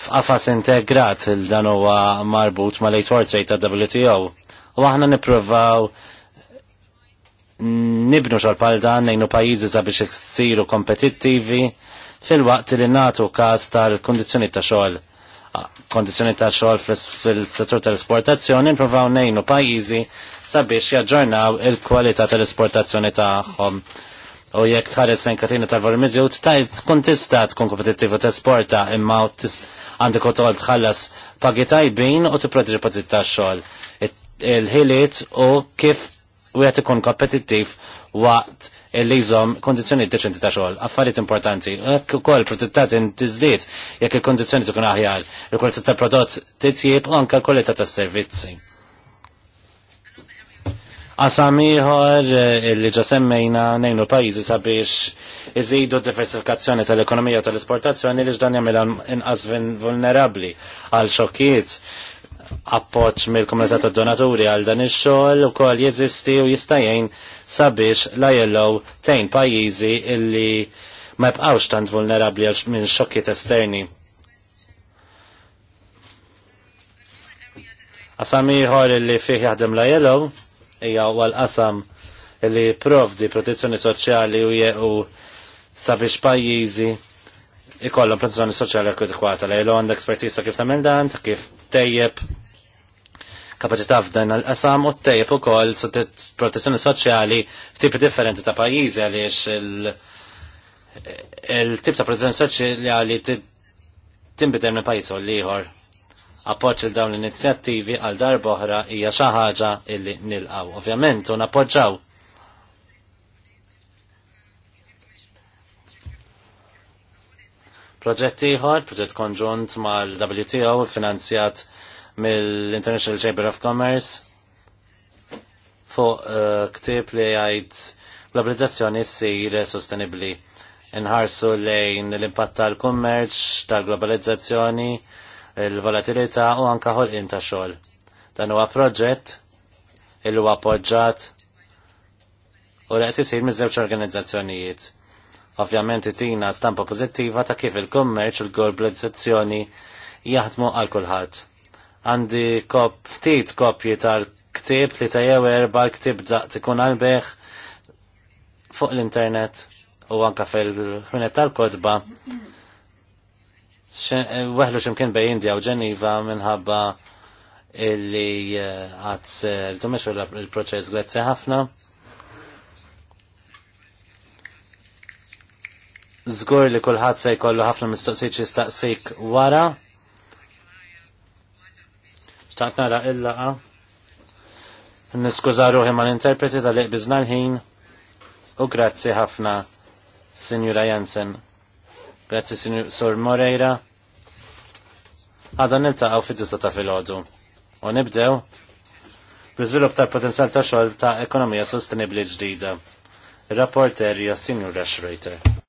f'qafas integrat il-dan huwa marbut ma' late trade ta' WTO u aħna nippruvaw nibnu xorpal dan nejnu pajizi sabiex iksiru kompetittivi fil-waqt li natu kas tal-kondizjoni ta' xogħol. Ah, kondizjoni ta' xogħol fil-settur tal-esportazzjoni niprovaw nejnu pajizi sabiex jaġġornaw il-kwalità tal-esportazzjoni tagħhom. U jekk tħares lejn katina tal-volum tajt tkun tista' tkun kompetittivu u tesporta imma għandek u tħallas pagi tajbin u tipproteġi pozit tax-xogħol il-ħiliet u kif u għet ikun kompetittiv waqt il-lizom kondizjoni deċenti ta' xogħol, affarijiet importanti. Hekk ukoll protettat tiżdied jekk il-kondizzjoni tkun aħjar, il-kwalità tal-prodott titjib u anke l-kwalità tas-servizzi. Qasam ieħor eh, li ġa semmejna ngħinu pajjiżi sabiex iżidu diversifikazzjoni tal-ekonomija tal-esportazzjoni li ġdan jagħmilha inqas vulnerabbli għal xokkiet appoġġ mill-komunità tad donaturi għal dan ix-xogħol ukoll jeżisti u jista' jgħin sabiex la jellow tejn pajjiżi illi ma jibqgħux tant vulnerabbli minn xokkiet esterni. Qasam ieħor illi fih jaħdem la jellow hija huwa qasam illi provdi protezzjoni soċjali u sabiex pajjiżi ikollhom protezzjoni soċjali adekwata li jlu għandek ekspertisa kif tagħmel dan, kif tejjeb kapaċità f'dan l-qasam u tejjeb ukoll protezzjoni soċjali f'tipi differenti ta' pajjiżi għaliex il-tip ta' protezzjoni soċjali timbidem minn pajjiż u l-ieħor. Appoġġ il dawn l-inizjattivi għal darba oħra hija xi ħaġa illi nilqgħu. Ovvjament u nappoġġaw Proġett ieħor, proġett konġunt mal-WTO finanzjat mill-International Chamber of Commerce fuq uh, ktib li għajt globalizzazzjoni ssir sostenibbli. Inħarsu lejn l-impatt tal-kummerċ, tal-globalizzazzjoni, il-volatilità u anka ħolqien ta' xogħol. Dan huwa proġett il huwa appoġġjat u li qed isir miż-żewġ organizzazzjonijiet ovvjament tina stampa pozittiva ta' kif il-kummerċ u l-globalizzazzjoni jaħdmu għal kulħadd. Għandi kop ftit kopji tal-ktib li ta' jew erba' ktib tikun għalbeħ fuq l-internet u anka fil-ħunet tal-kodba. Weħlu ximkien bej Indja u Ġeniva minħabba illi eh, għadz l il-proċess grazzi ħafna. Zgur li kullħat se jkollu ħafna mistoqsijiet jistaqsik wara. Xtaqt nara illaqa. Niskuża ruħi mal interpreti tal biżna l-ħin u grazzi ħafna Sinjura Jansen. Grazzi Sur Moreira. Għadha niltaqgħu fid ta' filgħodu. U nibdew l-iżvilupp tal-potenzjal ta' xogħol ta' ekonomija sostenibbli ġdida. Il-rapporter Sinjura Schreiter.